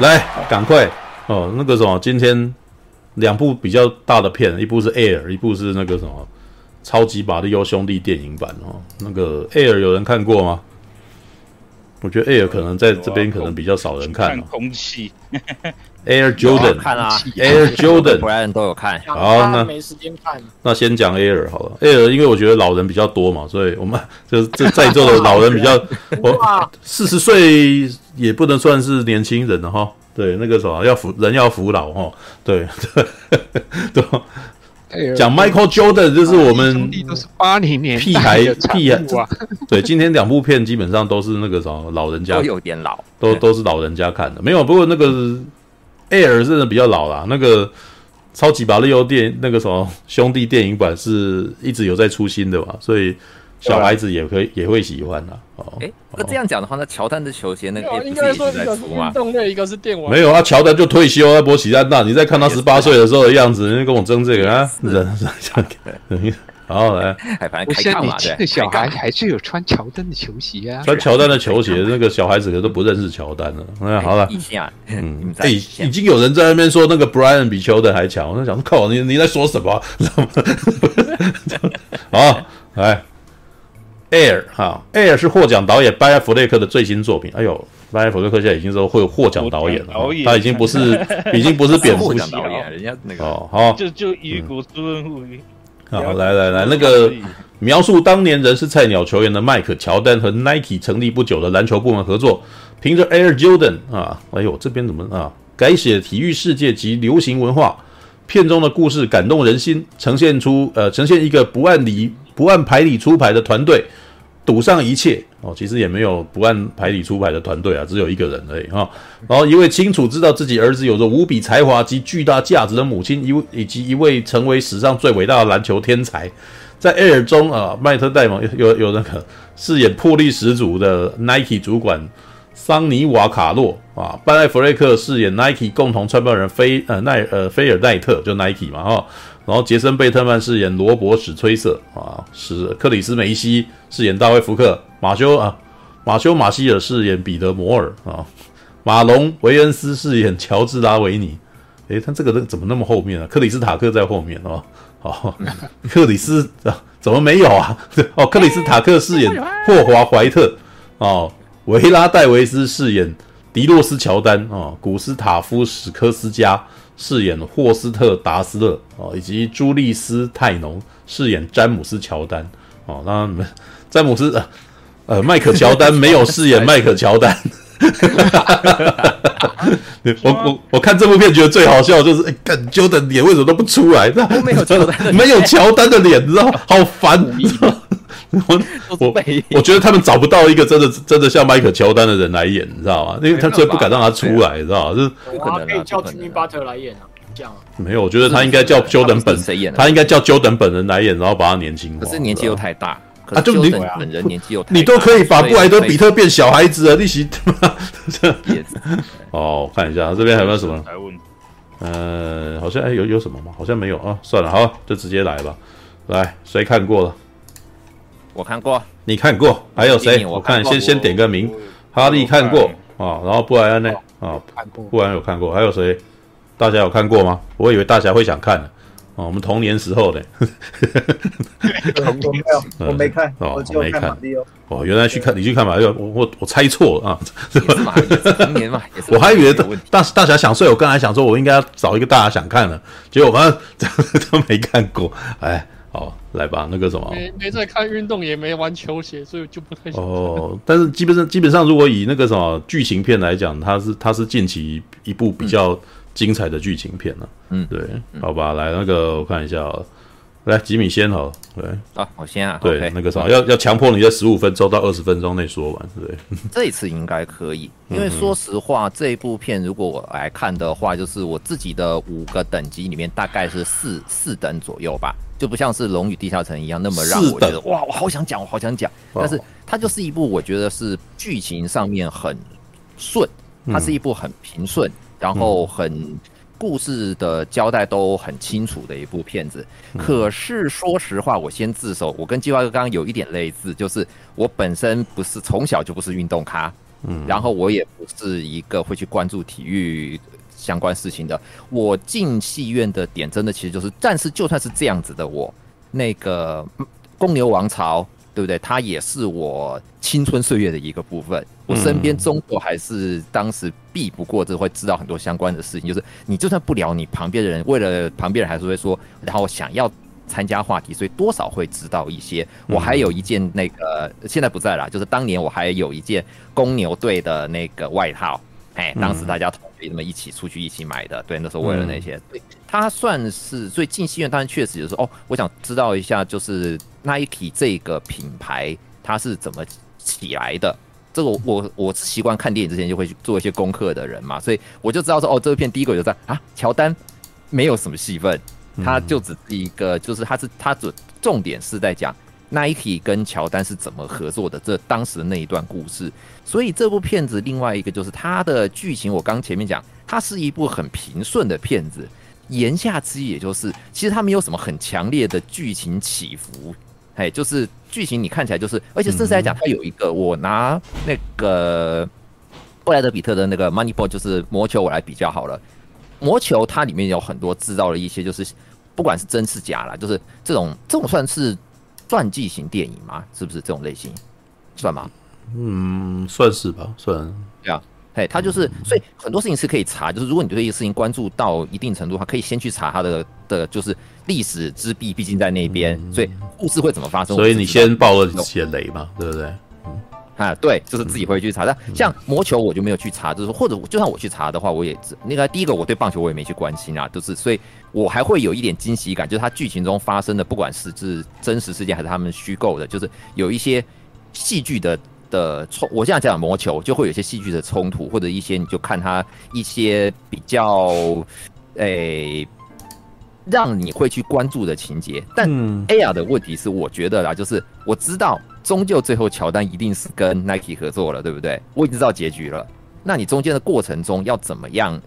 來，趕快哦！那個什麼，今天兩部比較大的片，一部是《Air》，一部是那個什麼《超級馬力歐兄弟》電影版哦。那個《Air》有人看過嗎？我覺得 Air 可能在這邊可能比較少人看，啊，空氣 Air Jordan 看啦，Air Jordan 不然人都有看。好，那沒時間看。那先講 Air 好了，Air 因為我覺得老人比較多嘛，所以我們就就在座的老人比較，我四十歲也不能算是年輕人了哈。對，那個時候，要服人要服老哈。對，對。對對講 Michael Jordan、哎、呦就是我們屁孩、嗯、都是八零年對，今天兩部片基本上都是那個什麼老人家，都有點老，都都是老人家看的。對 沒有，不過那個 Air 真的比較老啦。那個超級瑪利歐電，那個什麼兄弟電影版是一直有在出新的嘛，所以。小孩子也可以也會喜歡吶。哦，哎，那這樣講的話，那喬丹的球鞋，那應該是運動類，一個是電玩，沒有，他喬丹就退休，那不喜蛋單。你再看他十八歲的時候的樣子，人家跟我爭這個啊，好來。不像在你那個小孩還是有穿喬丹的球鞋啊？穿喬丹的球鞋，那個小孩子可能都不認識喬丹了。嗯，好了。嗯，哎，已經有人在那邊說那個 Brian 比喬丹還強，我在想說，靠你你在說什麼？什麼？啊，來。Air 哈，Air 是獲獎導演班艾佛列克的最新作品。哎呦，班艾佛列克現在已經說會有獲獎導演了，他已經不是已經不是蝙蝠俠了。 他是獲獎導演，人家那個哦，好，就就一古斯頓好，來來來，那個描述當年仍是菜鳥球員的麥可喬丹和 Nike 成立不久的籃球部門合作，憑着 Air Jordan 啊，哎呦，這邊怎麼啊？改寫體育世界及流行文化片中的故事，感動人心，呈現出呃，呈現一個不按理。不按牌理出牌的團隊，賭上一切哦。其實也沒有不按牌理出牌的團隊啊，只有一個人而已哈、哦。然後一位清楚知道自己兒子有着無比才華及巨大價值的母親，一以及一位成為史上最偉大的籃球天才，在 Air 中《Air、呃》中啊，麥特戴蒙有有，有那個飾演魄力十足的 Nike 主管桑尼瓦卡洛啊，班艾弗雷克飾演 Nike 共同創辦人菲呃奈呃菲爾奈特就 Nike 嘛哈。哦然後，傑森·貝特曼飾演羅伯·史崔瑟啊，史克里斯·梅西飾演大衛·福克，馬修啊，馬修·馬希爾飾演彼得·摩爾啊，馬龍·維恩斯飾演喬治·拉維尼。誒他這個人怎麼那麼後面啊？克里斯塔克在後面哦、啊啊，克里斯、啊、怎麼沒有啊？哦、啊，克里斯塔克飾演霍華·懷特哦、啊，維拉·戴維斯飾演迪洛斯·喬丹啊，古斯塔夫·史科斯加。飾演霍斯特·達斯勒哦，以及朱利斯·泰農飾演詹姆斯·喬丹哦，那詹姆斯呃，呃，邁克·喬丹沒有飾演邁克·喬丹，哈哈哈哈哈哈！我我我看這部片覺得最好笑的就是，哎、欸，幹，喬丹的臉為什麼都不出來？ 沒有喬丹的臉，你知道？好煩，知道？我我我覺得他們找不到一個真的真的像邁克喬丹的人來演，你知道嗎？因為他真的不敢讓他出來，啊、你知道嗎？就可他可以叫吉米巴特來演啊，這樣、啊啊、沒有。我覺得他應該叫喬丹本人本，他，他應該叫喬丹本人來演，然後把他年輕化。可是年紀又太大，是啊、可是你本人年紀又、啊你，啊、你都可以把布萊德彼特變小孩子啊！利息哦， 我看一下這邊還有沒有什麼？嗯、呃，好像哎、欸，有有什麼嗎？好像沒有啊，算了，好，就直接來吧。來，誰看過了？我看過，你看過，還有誰？我看先先點個名，哈利看過啊，然後布萊恩呢？啊，布萊恩有看過，還有誰？大俠有看過嗎？我以為大俠會想看的，我們童年時候的，我沒有，我沒看，我就看瑪利歐。哦，原來去看，你去看吧。我我我猜錯了啊，我還以為大大俠想睡，我剛才想說，我應該要找一個大俠想看的，結果我們都沒看過，哎。好，來吧，那個什麼，沒沒在看運動，也沒玩球鞋，所以就不太喜歡。哦，但是基本上基本上，如果以那個什麼劇情片來講，它是它是近期一部比較精彩的劇情片了。啊。嗯，對，好吧，嗯、來那個我看一下哦。來，吉米先哦，對。啊，我先啊，對，okay, 那個什麼要要強迫你在十五分鐘到二十分鐘內說完，對這一這次應該可以，嗯、哼因為說實話，這一部片如果我來看的話，就是我自己的五個等級裡面大概是四四等左右吧。就不像是《龍與地下城》一樣那麼讓我覺得的哇，我好想講，我好想講。哇但是它就是一部我覺得是劇情上面很順，嗯、它是一部很平順，然後很故事的交代都很清楚的一部片子。嗯、可是說實話，我先自首，我跟計劃哥剛剛有一點類似，就是我本身不是從小就不是運動咖，嗯，然後我也不是一個會去關注體育。相關事情的，我進戲院的點真的其實就是，但是就算是這樣子的我，那個公牛王朝，對不對？它也是我青春歲月的一個部分。我身邊中國還是當時避不過，這會知道很多相關的事情。嗯、就是你就算不聊你，你旁邊的人為了旁邊人還是會說，然後想要參加話題，所以多少會知道一些。嗯、我還有一件那個現在不在了，就是當年我還有一件公牛隊的那個外套，哎、欸，當時大家。他們一起出去一起買的，對，那時候為了那些，嗯、對，他算是最近戲院，當然確實也、就是哦，我想知道一下，就是 Nike 這個品牌它是怎麼起來的？這個我我、嗯、我是習慣看電影之前就會去做一些功課的人嘛，所以我就知道說哦，這一片第一個就在啊，啊，喬丹沒有什麼戲份，他就只是一個就是他是他主重點是在講。Nike 跟喬丹是怎麼合作的？這當時的那一段故事。所以這部片子另外一個就是它的劇情，我剛前面講，它是一部很平順的片子。言下之意也就是，其實它沒有什麼很強烈的劇情起伏。哎，就是劇情你看起來就是，而且甚至來講，它有一個、嗯、我拿那個布萊德彼特的那個 Moneyball 就是魔球，我來比較好了。魔球它裡面有很多制造了一些，就是不管是真是假啦，就是這種這種算是。傳記型電影嗎？是不是這種類型，算嗎？嗯，算是吧，算。對啊嘿，他就是，嗯、所以很多事情是可以查，就是如果你對這些事情關注到一定程度的話，可以先去查他的的，就是歷史之弊，畢竟在那邊，嗯、所以故事會怎麼發生？所以你先爆了些雷嘛，對不對？嗯啊，對，就是自己會去查的。但像魔球，我就沒有去查，就是說或者就算我去查的話，我也那個第一個，我對棒球我也沒去關心啊，就是，所以我還會有一點驚喜感，就是它劇情中發生的，不管是是真實事件還是他們虛構的，就是有一些戲劇的的衝。我現在講魔球，就會有些戲劇的衝突，或者一些你就看他一些比較，誒、哎，讓你會去關注的情節。但 AIR 的問題是，我覺得啊，就是我知道。終究最後，喬丹一定是跟 Nike 合作了，對不對？我已經知道結局了。那你中間的過程中要怎麼樣，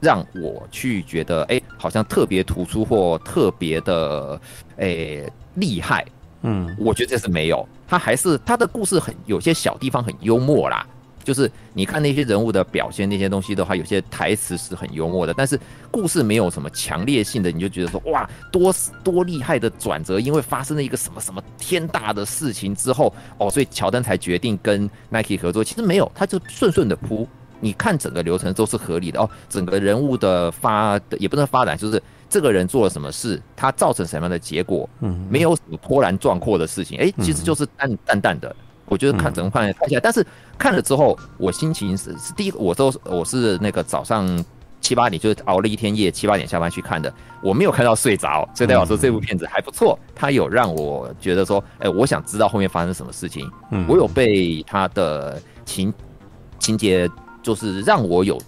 讓我去覺得，哎，好像特別突出或特別的，哎，厲害？嗯，我覺得這事沒有。他還是他的故事很有些小地方很幽默啦。就是你看那些人物的表現，那些東西的話，有些台詞是很幽默的，但是故事沒有什麼強烈性的，你就覺得說哇，多多厲害的轉折，因為發生了一個什麼什麼天大的事情之後哦，所以喬丹才決定跟 Nike 合作。其實沒有，他就順順的鋪，你看整個流程都是合理的哦，整個人物的發也不能發展，就是這個人做了什麼事，他造成什麼樣的結果，嗯，沒有什麼波瀾壯闊的事情，誒，其實就是淡淡淡的。嗯我覺得看整部片子看一來，嗯、但是看了之後，我心情是是第一個，我都我是那個早上七八點，就是熬了一天夜，七八點下班去看的，我沒有看到睡着，所以代表說這部片子還不錯，嗯、它有讓我覺得說，哎、欸，我想知道後面發生什麼事情，嗯，我有被它的情情節就是讓我有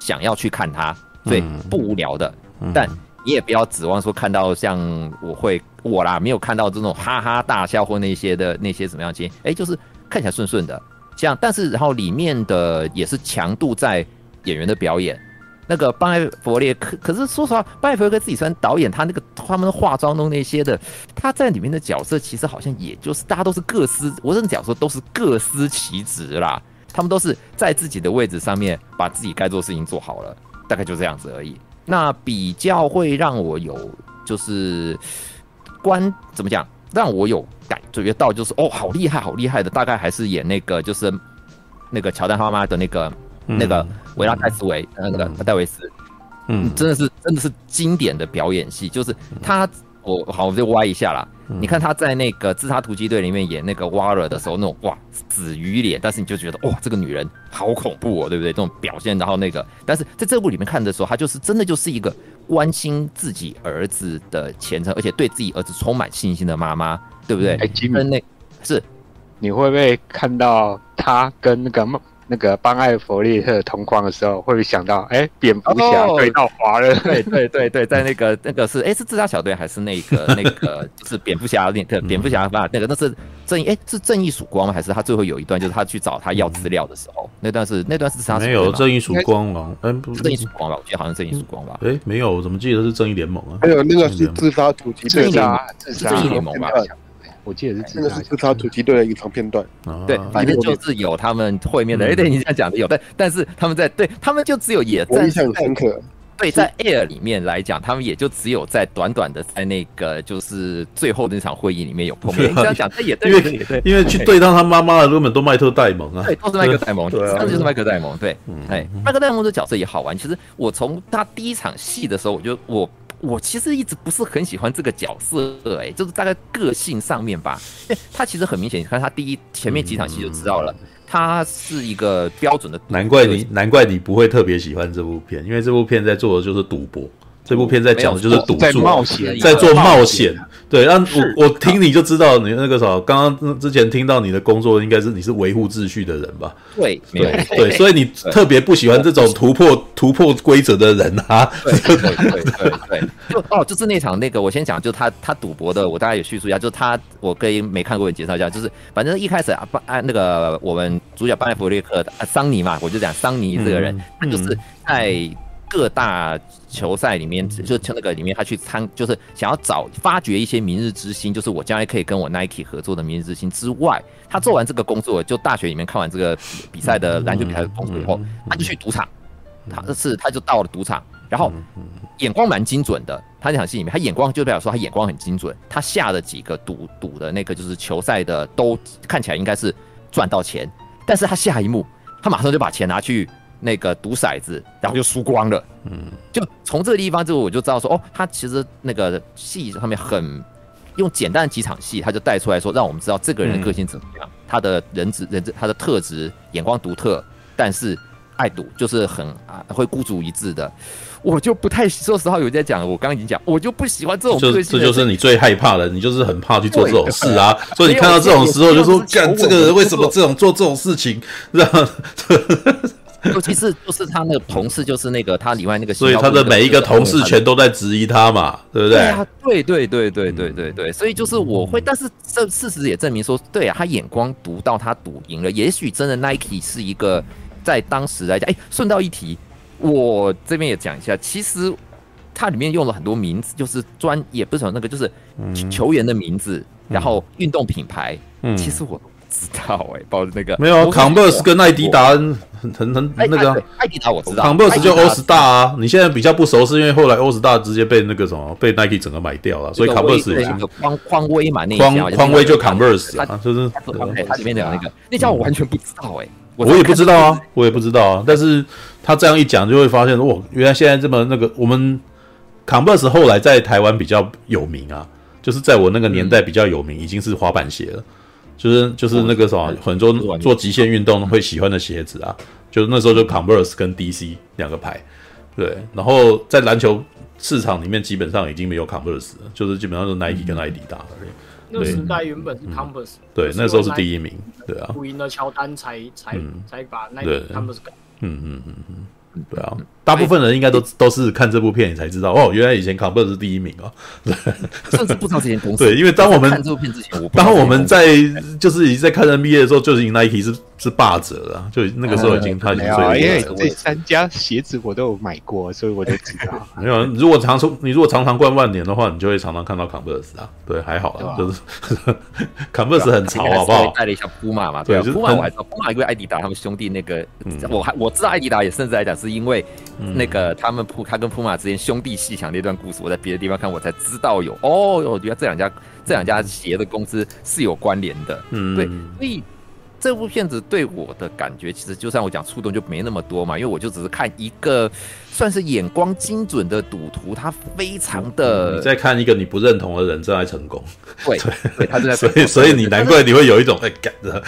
想要去看它，所以不無聊的，嗯、但。嗯你也不要指望說，看到像我會我啦，沒有看到這種哈哈大笑或那些的那些怎麼樣，其實哎，就是看起來順順的，這樣。但是然後裡面的也是強度在演員的表演，那個班艾佛列克，可是說實話，班艾佛列克自己雖然導演，他那個他們的化妝弄那些的，他在裡面的角色其實好像也就是大家都是各司，我正角色都是各司其職啦，他們都是在自己的位置上面把自己該做的事情做好了，大概就這樣子而已。那比較會讓我有就是觀，怎麼講，讓我有感感覺到就是哦，好厲害，好厲害的，大概還是演那個就是那個喬丹媽媽的那個、嗯、那個維拉泰斯維、嗯、那個戴維斯，嗯，嗯，真的是真的是經典的表演戲，就是他。嗯我、oh, 好，我就歪一下啦。嗯、你看他在那個《自殺突擊隊》裡面演那個 Waller 的時候，那種哇紫魚臉，但是你就覺得哇，這個女人好恐怖，哦，對不對？這種表現，然後那個，但是在這部裡面看的時候，她就是真的就是一個關心自己兒子的前程，而且對自己兒子充滿信心的媽媽，嗯、對不對？哎、欸，金恩內是，你會不會看到他跟那個？那個班艾佛列克同框的時候，會不會想到哎、欸，蝙蝠俠對到華人？Oh, 對對對對，在那個那個是哎、欸，是自殺小隊還是那個那個是蝙蝠俠 那個蝙蝠俠吧？那個那是正義哎、欸，是正義曙光嗎？還是他最後有一段就是他去找他要資料的時候，那段是那段是，那段是自殺？沒有正義曙光了，嗯、欸，不是正義曙光吧？我記得好像正義曙光吧？哎、欸，沒有，我怎麼記得是正義聯盟啊？沒有那個是自殺突擊隊啊，自殺殺聯殺盟嘛。嗯我記得真的是自殺突擊隊的一場片段啊，對，反正就是有他們會面的。哎，對，你這樣講的有，但但是他們在對他們就只有也在坎坷。對，在 Air 裡面來講，他們也就只有在短短的在那個就是最後那場會議裡面有碰面。你這樣講，也對，因為去對抗他媽媽的根本都麥克戴蒙啊，對，都是麥克戴蒙，對，他們就是麥克戴蒙，對，哎，麥克戴蒙的角色也好玩。其實我從他第一場戲的時候，我就我。我其實一直不是很喜歡這個角色，欸，哎，就是大概個性上面吧。哎，他其實很明顯，你看他第一前面幾場戲就知道了，嗯，他是一個標準的。難怪你難怪你不會特別喜歡這部片，因為這部片在做的就是賭博。這部片在講的就是賭注，在做冒險。對，那我我聽你就知道你那個時候剛剛之前聽到你的工作應該是你是維護秩序的人吧？對，對，對，所以你特別不喜歡這種突破突破規則的人啊。對對對。哦，就是那場那個，我先講，就是他他賭博的，我大概也敘述一下，就是他我跟沒看過人介紹一下，就是反正一開始啊啊那個我們主角班艾弗瑞克啊桑尼嘛，我就講桑尼這個人，他就是在。各大球賽裡面，就就那個裡面，他去參，就是想要找發掘一些明日之星，就是我將來可以跟我 Nike 合作的明日之星之外，他做完這個工作，就大學裡面看完這個比賽的籃球比賽的工作以後，他就去賭場，他這次他就到了賭場，然後眼光蠻精準的，他那場戲裡面，他眼光就代表說他眼光很精準，他下了幾個賭賭的那個就是球賽的都看起來應該是賺到錢，但是他下一幕，他馬上就把錢拿去。那個賭骰子，然後就輸光了。嗯，就從這個地方之後，我就知道說，哦，他其實那個戲上面很用簡單的幾場戲，他就帶出來說，讓我們知道這個人的個性怎麼樣，嗯、他的人質人質，他的特質，眼光獨特，但是愛賭，就是很、啊、會孤注一擲的。我就不太，說實話，有在講，我剛剛已經講，我就不喜歡這種。這就，就，就是你最害怕的，你就是很怕去做這種事啊。對所以你看到這種時候，就說，幹這個人為什麼這種做這種事情讓。嗯 尤其是就是他那個同事，就是那個他裡外那個，所以他的每一個同事全都在質疑他嘛，對不對？對啊，對對對對對對對，嗯、所以就是我會，但是這事實也證明說，對啊，他眼光獨到，他賭贏了。也許真的 Nike 是一個在當時來講，哎，順道一提，我這邊也講一下，其實它裡面用了很多名字，就是專也不是說那個，就是球員的名字，嗯、然後運動品牌，嗯，其實我。知道哎，抱着那個沒有啊，Converse 跟耐迪達很很很那個耐迪達我知道，Converse 就 All Star 啊。你現在比較不熟是因為後來 All Star 直接被那個什麼被 Nike 整個買掉了，所以 Converse 已經匡匡威嘛那家，匡威就 Converse 啊，就是它裡面的那個那家我完全不知道哎，我也不知道啊，我也不知道啊。但是他這樣一講，就會發現哦，原來現在這麼那個我們 Converse 後來在台灣比較有名啊，就是在我那個年代比較有名，已經是滑板鞋了。就是就是那個什麼，很多做極限運動會喜歡的鞋子啊，就是那時候就 Converse 跟 DC 兩個牌，對。然後在籃球市場裡面，基本上已經沒有 Converse 了，就是基本上是 Nike 跟阿迪達而已。那個時代原本是 Converse，對，嗯、對那時候是第一名，對啊。喬丹才 Converse 嗯嗯嗯嗯，對啊。對啊。大部分人應該都都是看這部片，你才知道哦，原來以前 Converse 是第一名哦，甚至不長時間。對，因為當我們看這部片之前，我當我們在就是已經在看 NBA 的時候，就是 Nike 是是霸者了，就那個時候已經他已經最厲害了。因為這三家鞋子我都有買過，所以我就知道。沒有，如果常出，你如果常常逛萬年的話，你就會常常看到 Converse 啊。對，還好啦，就是 Converse 很潮，好不好？帶了一下 Puma 嘛，對，Puma 我還知道 Puma，因為艾迪達他們兄弟那個，我還我知道艾迪達也甚至來講是因為。那個他們鋪，他跟 Puma 之間兄弟鬩牆那段故事，我在別的地方看，我才知道有哦，我覺得這兩家這兩家企業的公司是有關聯的，嗯，對，所以這部片子對我的感覺，其實就算我講觸動就沒那麼多嘛，因為我就只是看一個。算是眼光精準的賭徒，他非常的。嗯、你在看一個你不認同的人正在成功。對，他正在。所以，所以你難怪你會有一種預感的。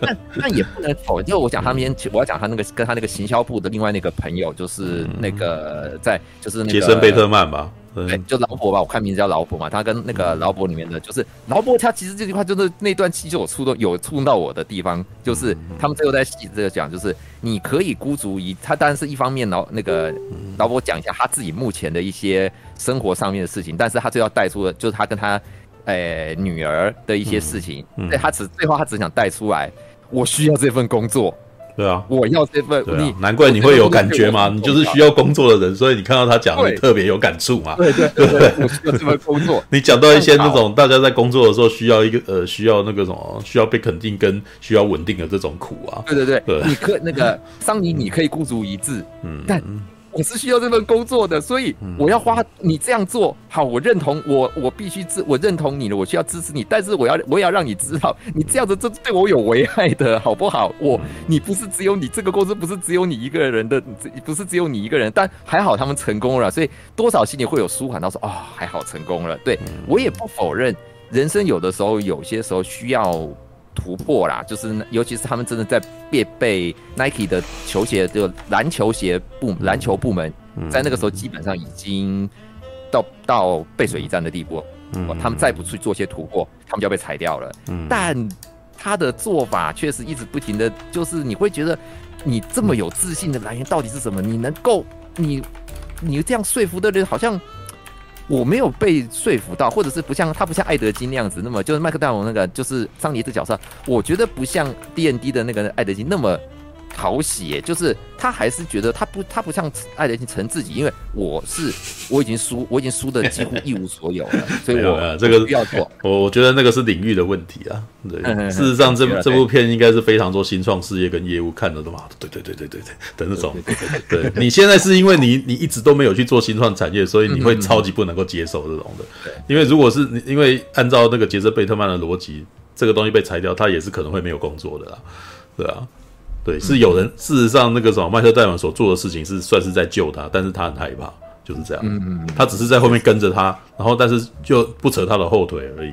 但但也不能否認，因為我講他面我要講他那個跟他那個行銷部的另外那個朋友，就是那個、嗯、在就是那個、傑森貝特曼吧。哎、嗯，就勞勃吧，我看名字叫勞勃嘛，他跟那個勞勃裡面的就是勞勃、嗯、他其實這句話就是那段戲就有觸動，有觸動到我的地方，就是他們最後在戲這個講，就是你可以孤注一擲，他，當然是一方面老那個勞勃講一下他自己目前的一些生活上面的事情，但是他最後帶出的，就是他跟他誒、欸、女兒的一些事情，嗯嗯、他只最後他只想帶出來，我需要這份工作。對啊，我要這份力，對啊、你難怪你會有感覺嘛！你就是需要工作的人，所以你看到他講，你特別有感觸嘛！對對，對對對，對對這份工作， 你講到一些那種大家在工作的時候需要一個呃，需要那個什麼，需要被肯定跟需要穩定的這種苦啊！對對對，對，你可那個桑尼，你可以孤注一擲， 嗯，但。我是需要這份工作的，所以我要花你這樣做好，我認同我，我必須支，我認同你了，我需要支持你。但是我要，我也要讓你知道，你這樣子這對我有危害的，好不好？我，你不是只有你這個公司，不是只有你一個人的，不是只有你一個人。但還好他們成功了，所以多少心裡會有舒緩，到說啊，還好成功了。對我也不否認，人生有的時候，有些時候需要。突破啦，就是尤其是他們真的在被被 Nike 的球鞋就籃球鞋部籃球部門，在那個時候基本上已經到到背水一戰的地步，嗯嗯嗯、他們再不去做些突破，他們就要被裁掉了。嗯、但他的做法確實一直不停的就是你會覺得，你這麼有自信的來源到底是什麼？你能夠你你這樣說服的人好像。我沒有被說服到，或者是不像他，不像愛德金那樣子，那麼就是麥克戴蒙那個，就是桑尼這角色，我覺得不像 D N D 的那個愛德金那麼。討喜，就是他還是覺得他不，他不像愛德希陳自己，因為我是我已經輸，我已經輸得幾乎一無所有了， 所以我沒有沒有、啊、這個我要做，我我覺得那個是領域的問題啊。對，嗯、哼哼事實上這、嗯、這部片應該是非常多新創事業跟業務看得懂嘛。對對對對對對，等這種，對你現在是因為你你一直都沒有去做新創產業，所以你會超級不能夠接受這種的。嗯嗯嗯，對，因為如果是你，因為按照那個傑森貝特曼的邏輯，這個東西被裁掉，他也是可能會沒有工作的啦，對啊。對，是有人。事實上，那個什麼，麥特戴蒙所做的事情是算是在救他，但是他很害怕，就是這樣。他只是在後面跟着他，然後但是就不扯他的後腿而已，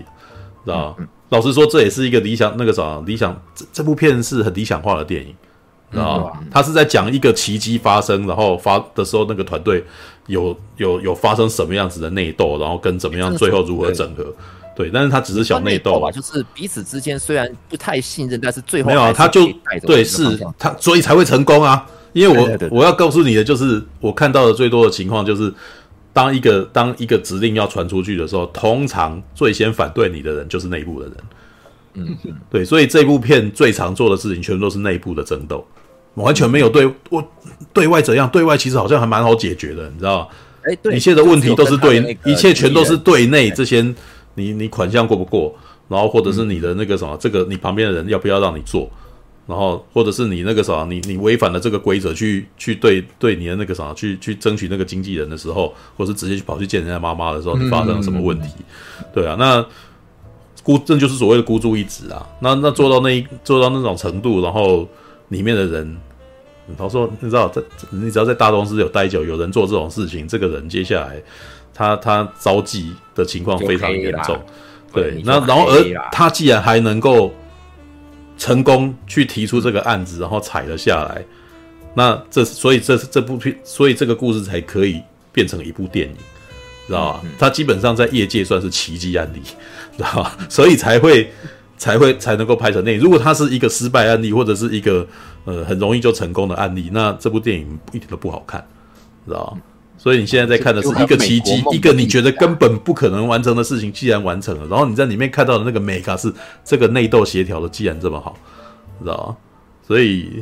知道嗎？老實說，這也是一個理想，那個啥，理想這這部片是很理想化的電影，知道吧？他是在講一個奇蹟發生，然後發的時候，那個團隊有有有發生什麼樣子的內鬥，然後跟怎麼樣，最後如何整合。對，但是他只是小內鬥吧，就是彼此之間雖然不太信任，但是最後是沒有、啊，他就對是他，所以才會成功啊！因為我對對對對我要告訴你的就是，我看到的最多的情況就是，當一個當一個指令要傳出去的時候，通常最先反對你的人就是內部的人。嗯哼，對，所以這部片最常做的事情全都是內部的爭鬥，完全沒有。對，我對外怎樣，對外其實好像還蠻好解決的，你知道嗎？哎、欸，對，一切的問題都是對，是一切全都是對內這些。欸你你款項過不過，然後或者是你的那個什麼，這個你旁邊的人要不要讓你做，然後或者是你那個啥，你你違反了這個規則去去對對你的那個啥，去去爭取那個經紀人的時候，或是直接去跑去見人家媽媽的時候，你發生了什麼問題？嗯嗯嗯嗯對啊，那孤這就是所謂的孤注一擲啊。那那做到那一做到那種程度，然後裡面的人，然後說，你知道在你只要在大公司有待久，有人做這種事情，這個人接下來。他他遭際的情況非常嚴重，對，那然後而他既然還能夠成功去提出這個案子，嗯、然後踩了下來，那這所以這這部片，所以這個故事才可以變成一部電影，嗯、知道吧？嗯、他基本上在業界算是奇蹟案例，知道吧？所以才會才會才能夠拍成電影。如果他是一個失敗案例，或者是一個呃很容易就成功的案例，那這部電影一點都不好看，知道吧？嗯所以你現在在看的是一個奇蹟，一個你覺得根本不可能完成的事情，既然完成了，然後你在裡面看到的那個美卡是這個內鬥協調的，既然這麼好，你知道嗎？所以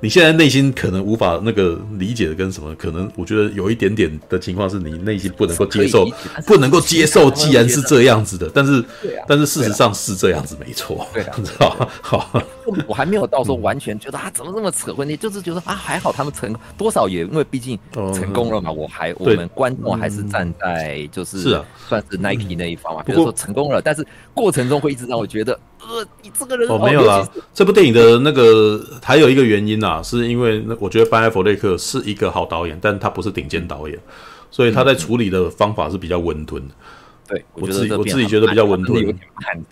你現在內心可能無法那個理解的跟什麼，可能我覺得有一點點的情況是你內心不能夠接受，不能夠接受，既然是這樣子的，但是，但是事實上是這樣子，沒錯，你知道嗎？好。 我還沒有到說完全覺得啊，怎麼這麼扯？婚、嗯，你就是覺得啊，還好他們成多少也，因為畢竟成功了嘛。嗯、我還我們觀眾還是站在就是算是 Nike 那一方嘛。嗯啊、比如說成功了，嗯、但是過程中會一直讓我覺得，嗯、呃，你這個人哦沒有啦，這部電影的那個還有一個原因啊，嗯、是因為我覺得班艾弗雷克是一個好導演，但他不是頂尖導演，所以他在處理的方法是比較溫吞。嗯嗯對，我自己，我覺得我自己覺得比較穩妥。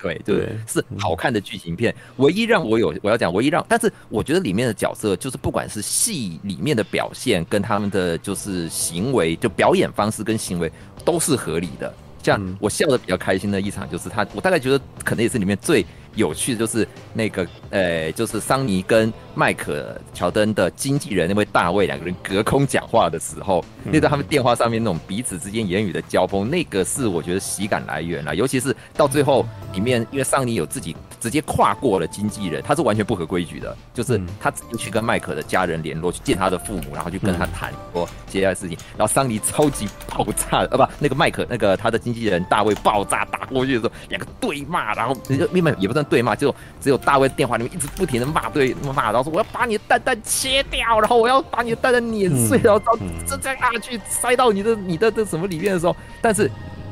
對對，是好看的劇情片。嗯。唯一讓我有我要講，唯一讓，但是我覺得裡面的角色，就是不管是戲裡面的表現，跟他們的就是行為，就表演方式跟行為都是合理的。像我笑得比較開心的一場，就是他，我大概覺得可能也是裡面最。有趣的就是那個呃、欸，就是桑尼跟麥克喬丹的經紀人那位大衛，兩個人隔空講話的時候，那段、個、他們電話上面那種彼此之間言語的交鋒，那個是我覺得喜感來源啦。尤其是到最後裡面，因為桑尼有自己直接跨過了經紀人，他是完全不合規矩的，就是他去跟麥克的家人聯絡，去見他的父母，然後去跟他談說接下來事情。然後桑尼超級爆炸，啊，不，那個麥克那個他的經紀人大衛爆炸打過去的時候，兩個對罵，然後面罵也不算。對嘛，就只有大衛電話裡面一直不停的罵對，對罵，然後說我要把你的蛋蛋切掉，然後我要把你的蛋蛋碾碎，然後裝直接下去塞到你的你的的什麼裡面的時候，但是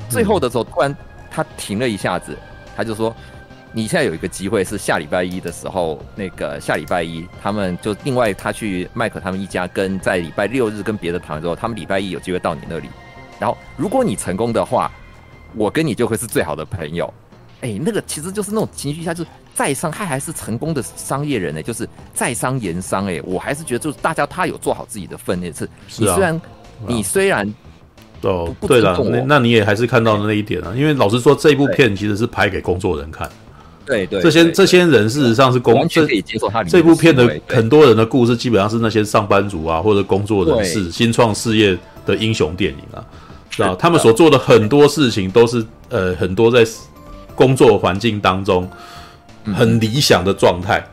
最後的時候突然他停了一下子，他就說你現在有一個機會是下禮拜一的時候，那個下禮拜一他們就另外他去麥克他們一家跟在禮拜六日跟別的朋友之後，他們禮拜一有機會到你那裡，然後如果你成功的話，我跟你就會是最好的朋友。哎，那個其實就是那種情緒下，就是在商，他還是成功的商業人呢，就是在商言商。哎，我還是覺得，就是大家他有做好自己的分內事。是啊，你雖然你雖然哦，對了，那那你也還是看到了那一點啊。因為老實說，這部片其實是拍給工作人看。對對，這些這些人事實上是工作，這部片的很多人的故事，基本上是那些上班族啊，或者工作人士新創事業的英雄電影啊，是他們所做的很多事情都是呃，很多在。工作環境當中很理想的狀態，嗯、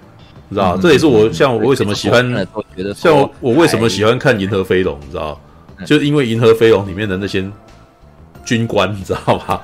你知道、嗯、這也是我，像我為什麼喜歡，像我為什麼喜歡看《銀河飛龍》，你知道？嗯、就因為《銀河飛龍》裡面的那些軍官，你知道吧？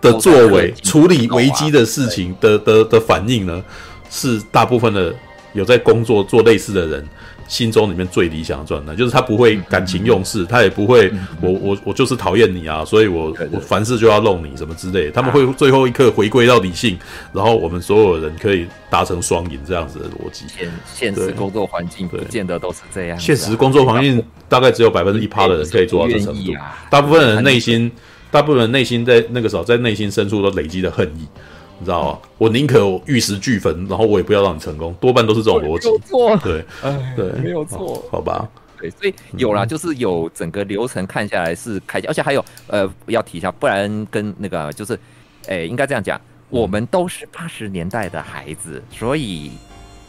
的作為、哦啊、處理危機的事情的的的，的反應呢，是大部分的有在工作做類似的人，心中裡面最理想的狀態，就是他不會感情用事，嗯嗯、他也不會，嗯、我我我就是討厭你啊，嗯、所以我、嗯、我凡事就要弄你什麼之類。他們會最後一刻回歸到理性，啊、然後我們所有人可以達成雙贏這樣子的邏輯。現現實工作環境不見得都是這樣，啊，現實工作環境大概只有百分之一趴的人可以做到這程度，大部分人內心，大部分人內心在那個時候在內心深處都累積的恨意。你知道嗎？嗯、我寧可有玉石俱焚，然後我也不要讓你成功。多半都是這種邏輯，對，對，沒有錯，好吧？對，所以有啦，嗯、就是有整個流程看下來是開，而且還有呃，要提一下，不然跟那個就是，哎、欸，應該這樣講，我們都是八十年代的孩子，所以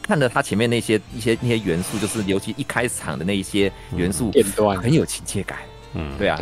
看着他前面那些一些那些元素，就是尤其一開場的那一些元素片段，嗯、很有親切感。嗯，對啊，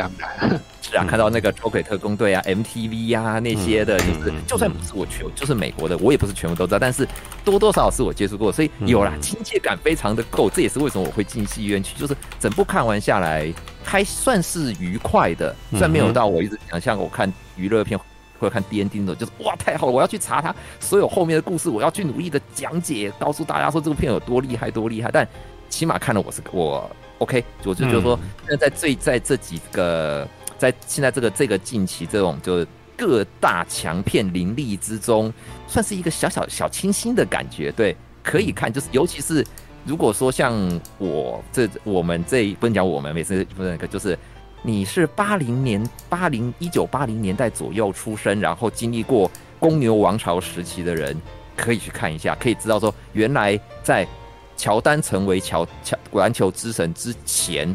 是、嗯、啊，看到那個捉鬼特工隊啊，MTV 啊，那些的，就是、嗯、就算不是我全，就是美國的，我也不是全部都知道，嗯、但是多多少少是我接觸過，所以有啦，親切、嗯、感，非常的夠。這也是為什麼我會進戲院去，就是整部看完下來還算是愉快的，雖然沒有到我一直想像我看娛樂片或者看 D N D 那種，就是哇太好了，我要去查它所有後面的故事，我要去努力的講解，告訴大家說這個片有多厲害多厲害。但起碼看了我是我。OK，我覺得就是說，那在，在最在這幾個，在現在這個這個近期這種，就是各大強片林立之中，算是一個小小小清新的感覺。對，可以看，就是尤其是如果說像我這我們這不能講我們，每次不能就是你是八零年八零一九八零年代左右出生，然後經歷過公牛王朝時期的人，可以去看一下，可以知道說原來在。喬丹成為喬喬籃球之神之前，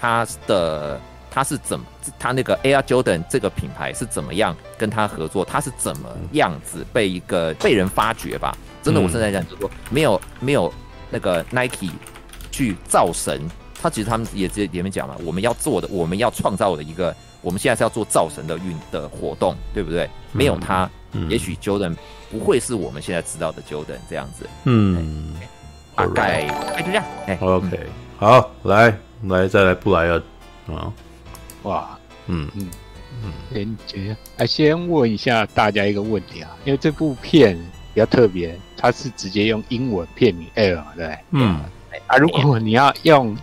他的他是怎麼他那個 Air Jordan 這個品牌是怎麼樣跟他合作？他是怎麼樣子被一個被人發掘吧？真的，我現在講就是說，嗯、沒有沒有那個 Nike 去造神，他其實他們也直接裡面講了，我們要做的，我們要創造的一個，我們現在是要做造神的運的活動，對不對？嗯、沒有他，嗯、也許 Jordan 不會是我們現在知道的 Jordan 這樣子。嗯。對嗯大概就這樣。Alright . OK，、嗯、好，來來再來布萊恩啊！哇，嗯嗯嗯，哎、嗯，先問一下大家一個問題啊，因為這部片比較特別，它是直接用英文片名《Air》對,對嗯，啊，如果你要用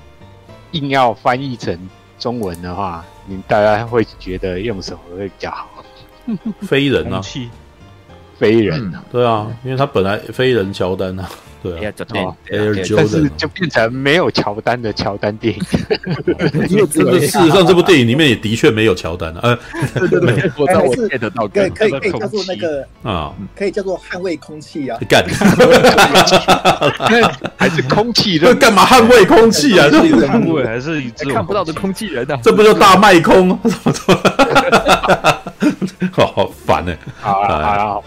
硬要翻譯成中文的話，你大家會覺得用什麼會比較好？飛 人啊，飛人啊、嗯，對啊，因為他本來飛人喬丹啊。對啊，沒錯，但是就變成沒有喬丹的喬丹電影。事實上，這部電影裡面也的確沒有喬丹啊。對對對，但是可以可以可以叫做那個啊，可以叫做捍衛空氣啊。幹，還是空氣人？幹嘛捍衛空氣啊？這捍衛還是看不到的空氣人呢？這不就大賣空？沒錯。好煩好啊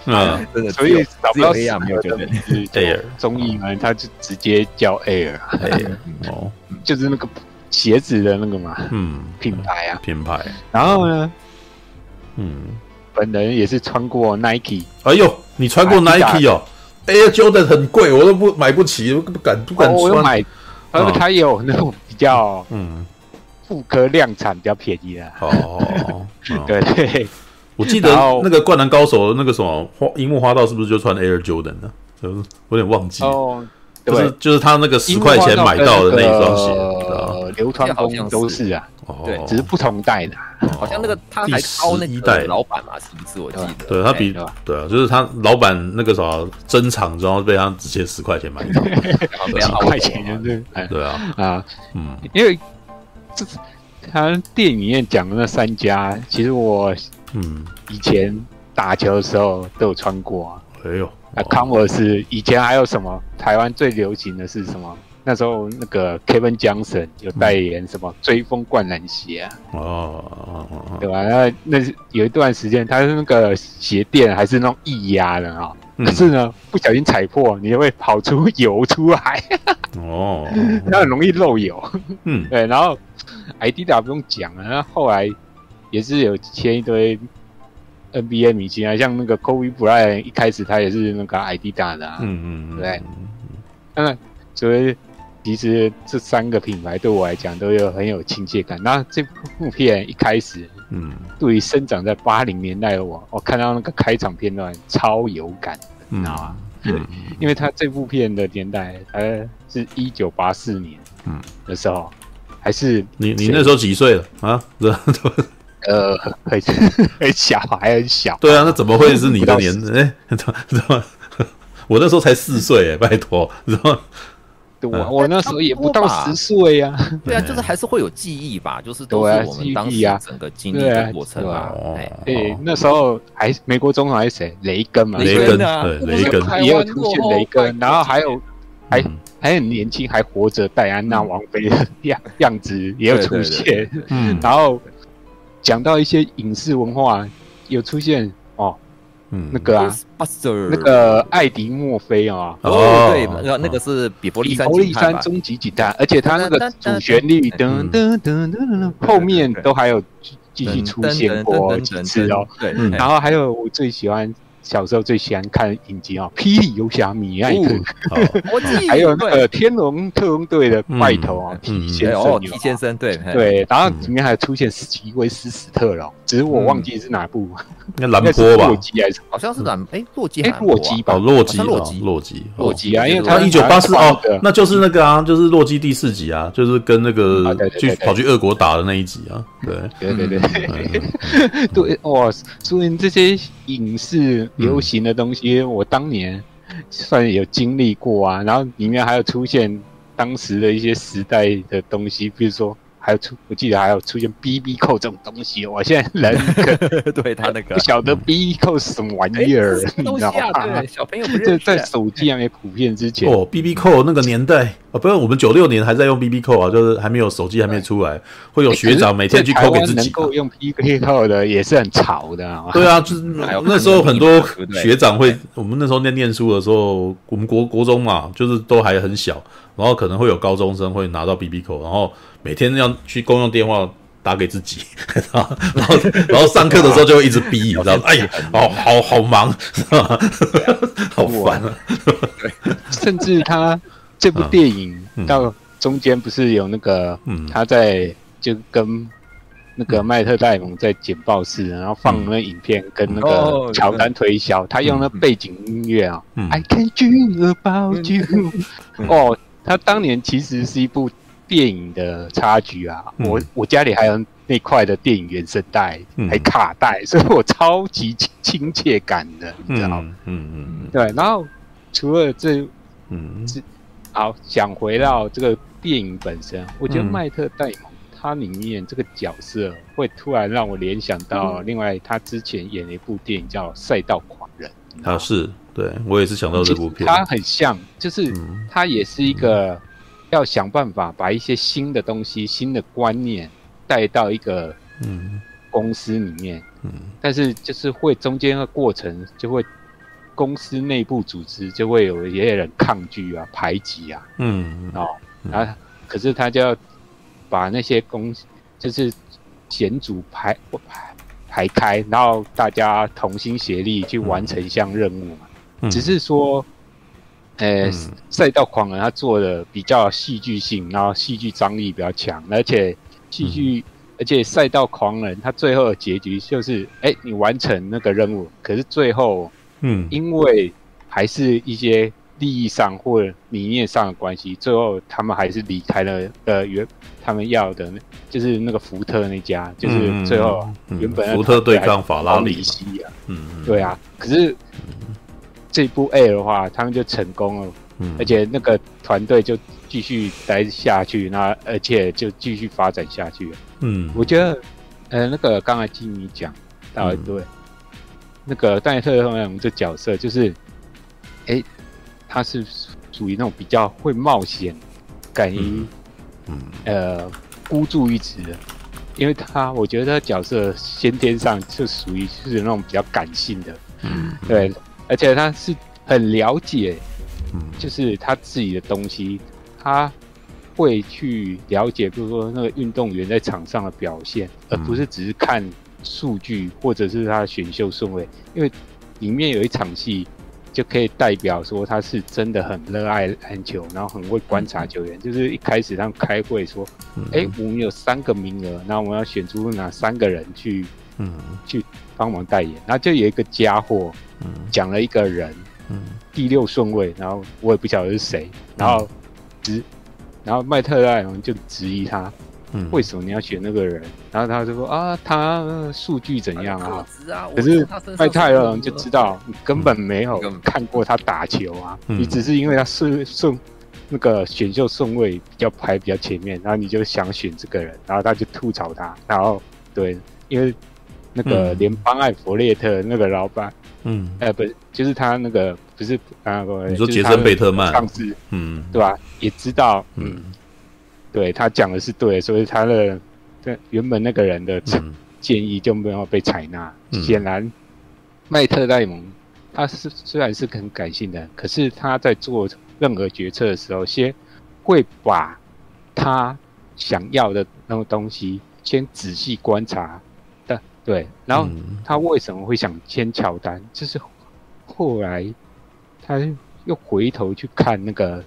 啊啊！所以找不到一樣沒有的，就是 Air 綜藝嘛，他就直接叫 Air，Air 哦，就是那個鞋子的那個嘛，嗯，品牌啊，品牌。然後呢，嗯，本人也是穿過 Nike，哎呦，你穿過 Nike 哦？Air Jordan 很貴，我都不買不起，不敢不敢穿。買，而且他有那種比較嗯，復刻量產比較便宜的。哦，對。我記得那個《灌籃高手》那個什麼櫻木花道是不是就穿 Air Jordan 呢？就是我有點忘記了，就是就是他那個十塊錢買到的那一雙鞋，流川楓好像都是啊，對，只是不同代的，好像那個他還高那一代老闆嘛，是不是？我記得，對他比對啊，就是他老闆那個什麼珍藏，然後被他只借十塊錢買到套，塊錢就是對啊啊，嗯，因為這他電影院講的那三家，其實我。嗯，以前打球的時候都有穿過啊。哎呦，那 Converse 以前還有什麼？台灣最流行的是什麼？那時候那個 Kevin Johnson 有代言什麼追風灌籃鞋啊？哦哦哦，對吧、啊？那那有一段時間，他是那個鞋墊還是那種液壓的啊？Wow. 可是呢，不小心踩破，你就會跑出油出來。哦，那很容易漏油。嗯，Wow. 對。然後愛迪達不用講了，那後來。也是有簽一堆 NBA 明星啊，像那個 Kobe Bryant 一開始他也是那個 Adidas 的啊，嗯嗯，嗯對。對。那所以其實這三個品牌對我來講都有很有親切感。那這部片一開始，嗯，對於生長在八零年代的我，嗯、我看到那個開場片段超有感的，嗯、你知道嗎？嗯，嗯，因為他這部片的年代呃是一九八四年，嗯，的時候還是你你那時候幾歲了對啊？ 呃，很，很小還很小。對啊，那怎麼會是你的年紀、欸？我那時候才四歲，哎，拜託。我、啊、我那時候也不到十歲呀、啊。對啊，就是還是會有記憶吧，就是都是我們當時啊整個經歷的過程啊。哎、啊啊，那時候還美國總統還是誰？雷根嘛，雷根對雷根也有出現雷根，然後還有還、嗯、還很年輕還活着戴安娜王妃的樣子、嗯、樣子也有出現，對對對對嗯，然後。講到一些影視文化，有出現哦，嗯，那個啊，那個艾迪·墨菲啊，哦，哦對，那個那個是比佛利、《比佛利山終極警探》，而且他那個主旋律噔噔噔噔後面都還有繼續出現過幾次哦，對，然後還有我最喜歡。嗯嗯小時候最喜歡看影集啊，嗯《霹靂游俠》米埃克，還有那個《天龍特攻隊》的怪頭啊，T 先生，T 先生對對，然後裡面還出現席維斯史特龍。其實我忘記是哪部，應該藍波吧，好像是蘭哎，洛基哎，洛基吧，洛基，洛基，洛基啊，因為他一九八四哦，那就是那個啊，就是洛基第四集啊，就是跟那個去跑去俄國打的那一集啊，對對對對，對哇，所以這些影視流行的東西，我當年算有經歷過啊，然後裡面還有出現當時的一些時代的東西，比如說。還有出，我記得還有出現 B B 扣這種東西，我現在人 對他那個不曉得 B B 扣是什麼玩意兒？欸、你知道小朋友們在手機還沒普遍之前哦，B B 扣那個年代啊，嗯哦，不是我們九六年還在用 B B 扣啊，就是還沒有手機還沒出來，對會有學長每天去扣給自己。用 B B 扣的也是很潮的，對啊，就是那時候很多學長會，我們那時候念念書的時候，我們國國中嘛，就是都還很小。然後可能會有高中生會拿到 B B 口，然後每天要去公用電話打給自己，然後然後上課的時候就會一直逼你知道嗎？哎呀，哦，好好忙，好煩啊！對，甚至他這部電影到中間不是有那個他在就跟那個麥特戴蒙在簡報室，然後放那影片跟那個喬丹推銷，他用那背景音樂啊，I can dream about you，哦。他當年其實是一部電影的插曲啊，嗯、我我家裡還有那塊的電影原聲帶，嗯、還卡帶，所以我超級親切感的，你知道？嗯嗯嗯，嗯嗯對。然後除了這，嗯，好，想回到這個電影本身，嗯、我覺得麥特戴蒙他裡面這個角色會突然讓我聯想到另外他之前演的一部電影叫《賽道狂人》，他、啊、是。對，我也是想到這部片，它很像，就是它也是一個要想辦法把一些新的東西、嗯、新的觀念帶到一個嗯公司裡面，嗯，但是就是會中間的過程就會公司內部組織就會有一些人抗拒啊、嗯、排擠啊，嗯，哦，啊、嗯，然後可是他就要把那些公就是險阻排排排開，然後大家同心協力去完成一項任務嘛。嗯只是說，呃、欸，賽道狂人，嗯，他做的比較戲劇性，然後戲劇張力比較強，而且戲劇，嗯、而且賽道狂人他最後的結局就是，哎、欸，你完成那個任務，可是最後，嗯，因為還是一些利益上或者理念上的關係，最後他們還是離開了，呃，原他們要的就是那個福特那家，就是最後原本福特對抗法拉利，嗯，對啊，可是。這一部 Air 的話，他們就成功了，嗯，而且那個團隊就繼續待下去，那而且就繼續發展下去了，嗯，我覺得，呃，那個剛才聽你講，啊，對，嗯、那個戴特先們這角色就是，哎、欸，他是屬於那種比較會冒險、敢於，嗯嗯、呃，孤注一擲的，因為他我覺得他的角色先天上是屬於是那種比較感性的，嗯，對。嗯而且他是很了解，就是他自己的東西，嗯、他會去了解，比如說那個運動員在場上的表現，嗯、而不是只是看數據或者是他的選秀順位。因為裡面有一場戲就可以代表說他是真的很熱愛籃球，然後很會觀察球員。嗯、就是一開始他們開會說，哎、嗯欸，我們有三個名額，那我們要選出哪三個人去，嗯，去。幫忙代言，然後就有一個傢伙講了一個人，嗯嗯、第六順位，然後我也不曉得是誰，然後直、嗯，然後麥特戴隆就質疑他，嗯、為什麼你要選那個人？然後他就說啊，他數據怎樣啊？啊啊可是麥特戴隆就知道你根本沒有看過他打球啊，嗯、你只是因為他順順那個選秀順位比較排比較前面，然後你就想選這個人，然後他就吐槽他，然後對，因為。那個聯邦愛佛列特那個老闆，嗯，呃，不，就是他那個不是啊，呃、你說傑森貝、那個、特曼，上司，嗯，對吧、啊？也知道，嗯，嗯，對，他講的是對，所以他的對原本那個人的建議就沒有被採納。顯、嗯、然，麥特戴蒙他是雖然是很感性的，可是他在做任何決策的時候，先會把他想要的那種東西先仔細觀察。對，然後他為什麼會想簽喬丹？嗯、就是後來他又回頭去看那個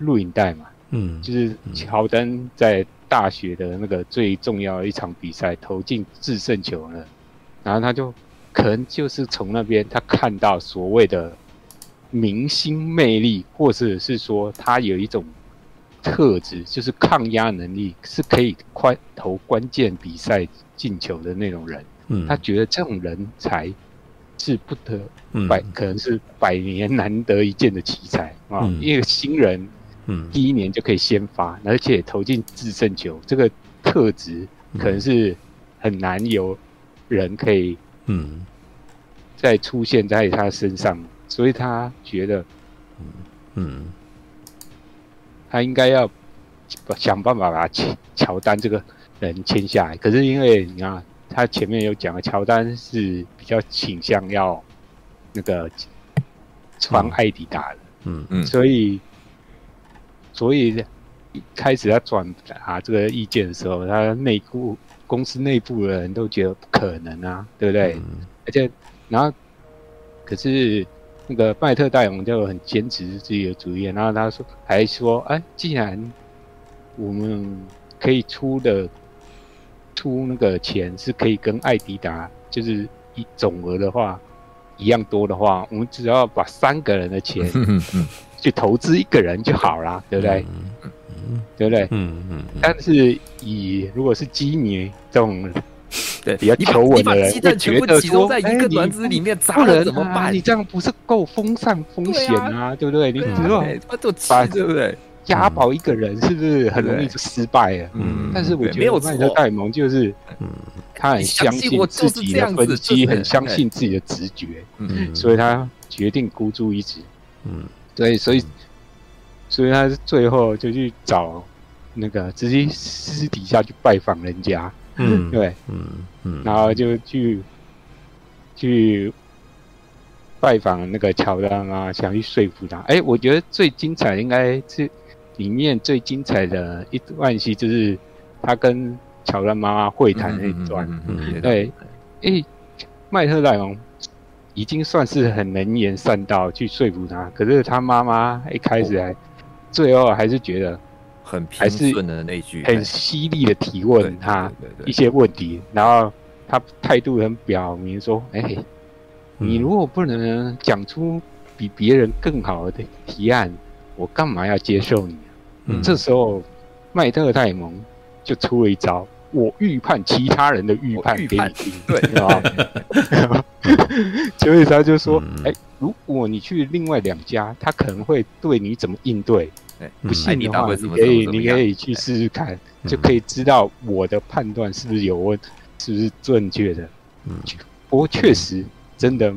錄影帶嘛，嗯，就是喬丹在大學的那個最重要一場比賽投進制勝球了，然後他就可能就是從那邊他看到所謂的明星魅力，或者是，是說他有一種。特質就是抗壓能力，是可以快投關鍵比賽進球的那種人。嗯，他覺得這種人才是不得百，嗯、可能是百年難得一見的奇才啊！嗯、因為新人，嗯，第一年就可以先發，嗯、而且投進制勝球，這個特質可能是很難有人可以嗯，再出現在他身上，所以他覺得，嗯。嗯他應該要想辦法把喬丹這個人簽下來，可是因為你看他前面有講了，喬丹是比較傾向要那個穿艾迪達的，嗯，嗯嗯，所以所以一開始他轉達這個意見的時候，他內部公司內部的人都覺得不可能啊，對不對？嗯、而且然後可是。那個麥特戴蒙就很堅持自己的主意，然後他說還說，哎、欸，既然我們可以出的出那個錢是可以跟艾迪達就是一總額的話一樣多的話，我們只要把三個人的錢去投資一個人就好啦，對不對？ 對不對？嗯嗯，嗯嗯嗯，但是以如果是基尼這種對，比較求穩的人覺得說，一個團子裡面砸了怎麼辦？你這樣不是夠分散風險啊？對不對？你只要把，對不對？押寶一個人是不是很容易就失敗？嗯，但是我覺得戴蒙就是，嗯，他很相信自己的分析，很相信自己的直覺，嗯，所以他決定孤注一擲，嗯，對，所以，所以他最後就去找那個直接私底下去拜訪人家。嗯，對，嗯嗯，嗯然後就去去拜訪那個喬丹啊，想去說服他。哎，我覺得最精彩應該是裡面最精彩的一段戲，就是他跟喬丹媽媽會談那一段。嗯嗯嗯嗯嗯、對，哎，麥特戴蒙已經算是，很能言善道去說服他，可是他媽媽一開始還，哦、最後還是覺得。很平順的那句還是很犀利的提問他一些問題，然後他態度很表明說：“哎、欸，嗯、你如果不能講出比別人更好的提案，我幹嘛要接受你、啊？”嗯、這時候，麥特戴蒙就出了一招：“我預判其他人的預判給你聽，對吧？”所以他就說：“哎、欸，如果你去另外兩家，他可能會對你怎麼應對。”不信的話，你可以你可以去試試看，就可以知道我的判斷是不是有問，是不是正確的。嗯，不過確實，真的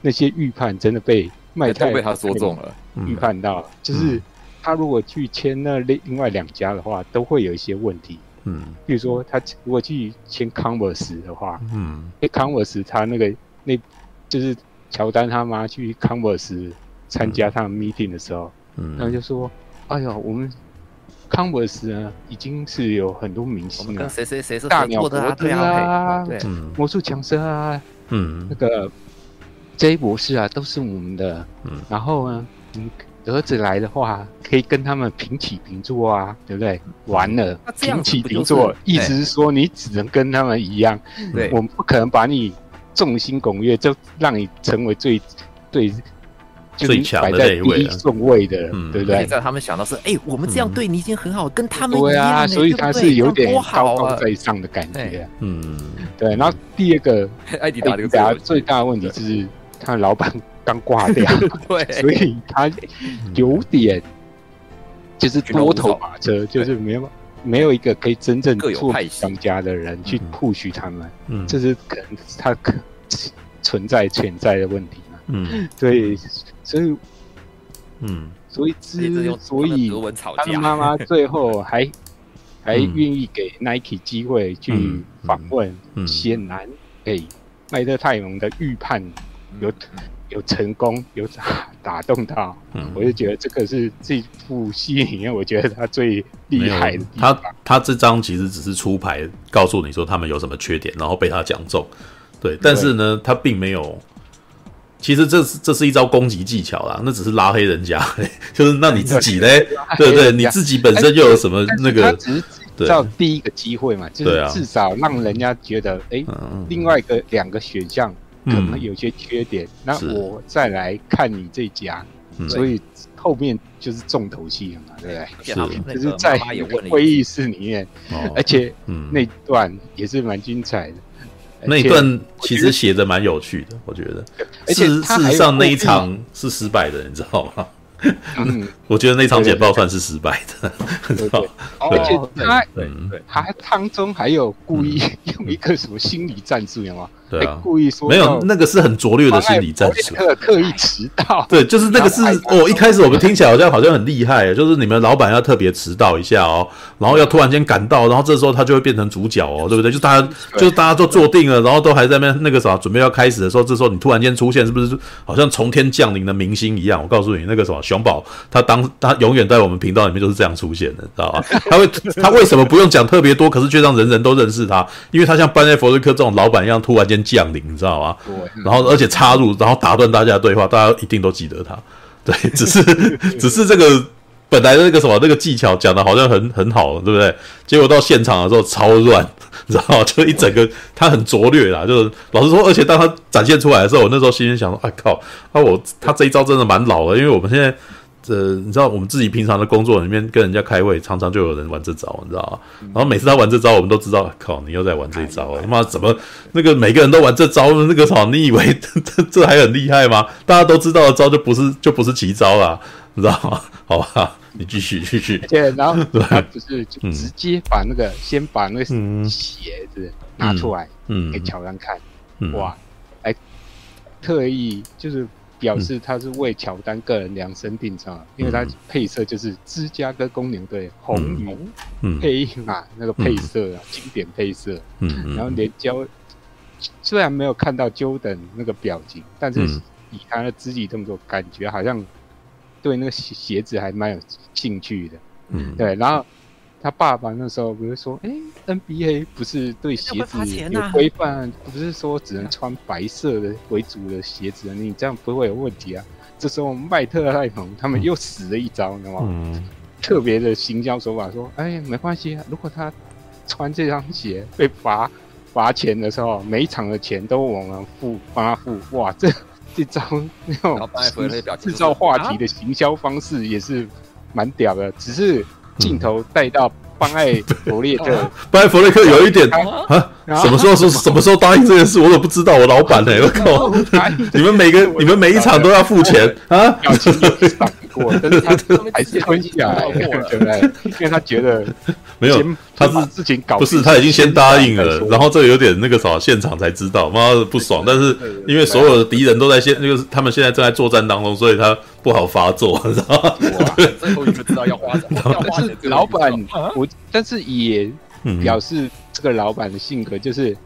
那些預判真的被麥太被他說中了，預判到了。就是他如果去簽那另另外兩家的話，都會有一些問題。嗯，比如說他如果去簽 Converse 的話，嗯，因為 Converse 他那個那就是喬丹他媽去 Converse 參加他們 meeting 的時候，嗯，然後就說。哎呦，我們 Converse 啊，已經是有很多明星了，跟誰誰誰是的、啊、大鳥博德，對啊，對，魔術強森啊，嗯對，那個 J 博士啊，都是我們的，嗯，然後呢，你兒子來的話，可以跟他們平起平坐啊，對不對？完了，就是、平起平坐，對意思是說你只能跟他們一樣，對，我們不可能把你眾星拱月，就讓你成為最對。就你擺在第一順位的的位對不對？在他們想到是哎、欸，我們這樣對你已經很好，嗯、跟他們、欸、對啊，所以他是有點高高在上的感覺。欸、嗯，對。然後第二個，艾 迪達最、最大的問題就是，他老板剛掛掉， 對 所以他有點就是多頭馬車，就是，對就是沒有沒有一個可以真正做當家的人去 push 他們。嗯，這是可能是他可存在潛在的問題。嗯，對，所以，嗯，所以之所以他媽媽最後還、嗯、還願意給 Nike 機會去訪問，顯然、嗯，哎、嗯，麥、嗯欸、特泰蒙的預判有有成功，有打打動他。嗯，我就覺得這個是這部戲裡面我覺得他最厲害的地方。他他這張其實只是出牌，告訴你說他們有什麼缺點，然後被他講中。對，對但是呢，他並沒有。其實這是這是一招攻擊技巧啦，那只是拉黑人家，就是那你自己嘞？對對，你自己本身就有什麼那個？對，造第一個機會嘛，就是至少讓人家覺得，哎，另外一個兩個選項可能有些缺點，那我再來看你這家，所以後面就是重頭戲了嘛，對不對？就是在會議室裡面，而且那段也是蠻精彩的。那一段其實寫的蠻有趣的，我覺得。而且事實上那一場是失敗的，你知道嗎？我覺得那場簡報算是失敗的，對，而且他，他當中還有故意用一個什麼心理戰術，你知道嗎？對啊，故意說沒有那個是很拙劣的心理戰術，特特意遲到，對，就是那個是哦，一開始我們聽起來好像好像很厲害，就是你們老板要特別遲到一下哦，然後要突然間趕到，然後這時候他就會變成主角哦，對不對？就大家就大家都坐定了，然後都還在那那個啥準備要開始的時候，這時候你突然間出現，是不是好像從天降臨的明星一樣？我告訴你，那個什麼熊寶，他當他永遠在我們頻道裡面就是這樣出現的，知道嗎、啊？ 他會他為什麼不用講特別多，可是卻讓人人都認識他？因為他像班艾佛列克這種老板一樣，突然間。降臨，你知道嗎？對，然後而且插入，然後打斷大家的對話，大家一定都記得他。對，只是只是這個本來那個什麼那個技巧講的好像很很好了，對不對？結果到現場的時候超亂，你知道嗎？就一整個他很拙劣啦。就是老實說，而且當他展現出來的時候，我那時候心裡想說：哎靠！啊我他這一招真的蠻老的，因為我們現在。這你知道，我們自己平常的工作裡面跟人家開會，常常就有人玩這招，你知道嗎？嗯、然後每次他玩這招，我們都知道，靠，你又在玩這一招他、哎、呀媽怎麼對那個每個人都玩這招？那個操，你以為這這這還很厲害嗎？大家都知道的招，就不是就不是奇招啦。你知道嗎？好吧，你繼續繼續，然後對，然後他就是就直接把那個、嗯、先把那個鞋子拿出來，嗯，給喬丹看，嗯、哇，還特意就是。嗯、表示他是為喬丹個人量身定做，嗯、因為他配色就是芝加哥公牛隊紅配音啊、嗯嗯、那個配色、啊嗯、經典配色，嗯嗯、然後連交，雖然沒有看到 Jordan 那個表情，嗯、但是以他的肢體動作感覺，好像對那個鞋子還蠻有興趣的，嗯，對，然後。他爸爸那時候不是說，哎、欸，NBA 不是對鞋子有規範，不是說只能穿白色的為主的鞋子的那，你這樣不會有問題啊？這時候麥特戴蒙他們又使了一招，嗯、你知道嗎？嗯、特別的行銷手法，說，哎、欸，沒關係啊，如果他穿這雙鞋被罰罰錢的時候，每一場的錢都我們付幫他付，哇，這這招那種製造話題的行銷方式也是蠻屌的，只是。鏡頭帶到班艾佛列克，班艾對、哦、佛列克有一點啊，什麼時候說什麼,什麼時候答應這件事，我都不知道。我老板呢、欸？我靠！哦、我你們每個你們每一場都要付錢啊！ 我跟他還是吞下，因為他覺得沒有，他是自己搞，不是他已經先答應了，然後這有點那個啥，現場才知道，媽的不爽。但是因為所有的敵人都在現，那個他們現在正在作戰當中，所以他不好發作，知道嗎？最後你們知道要發展，老闆，我但是也表示這個老闆的性格就是，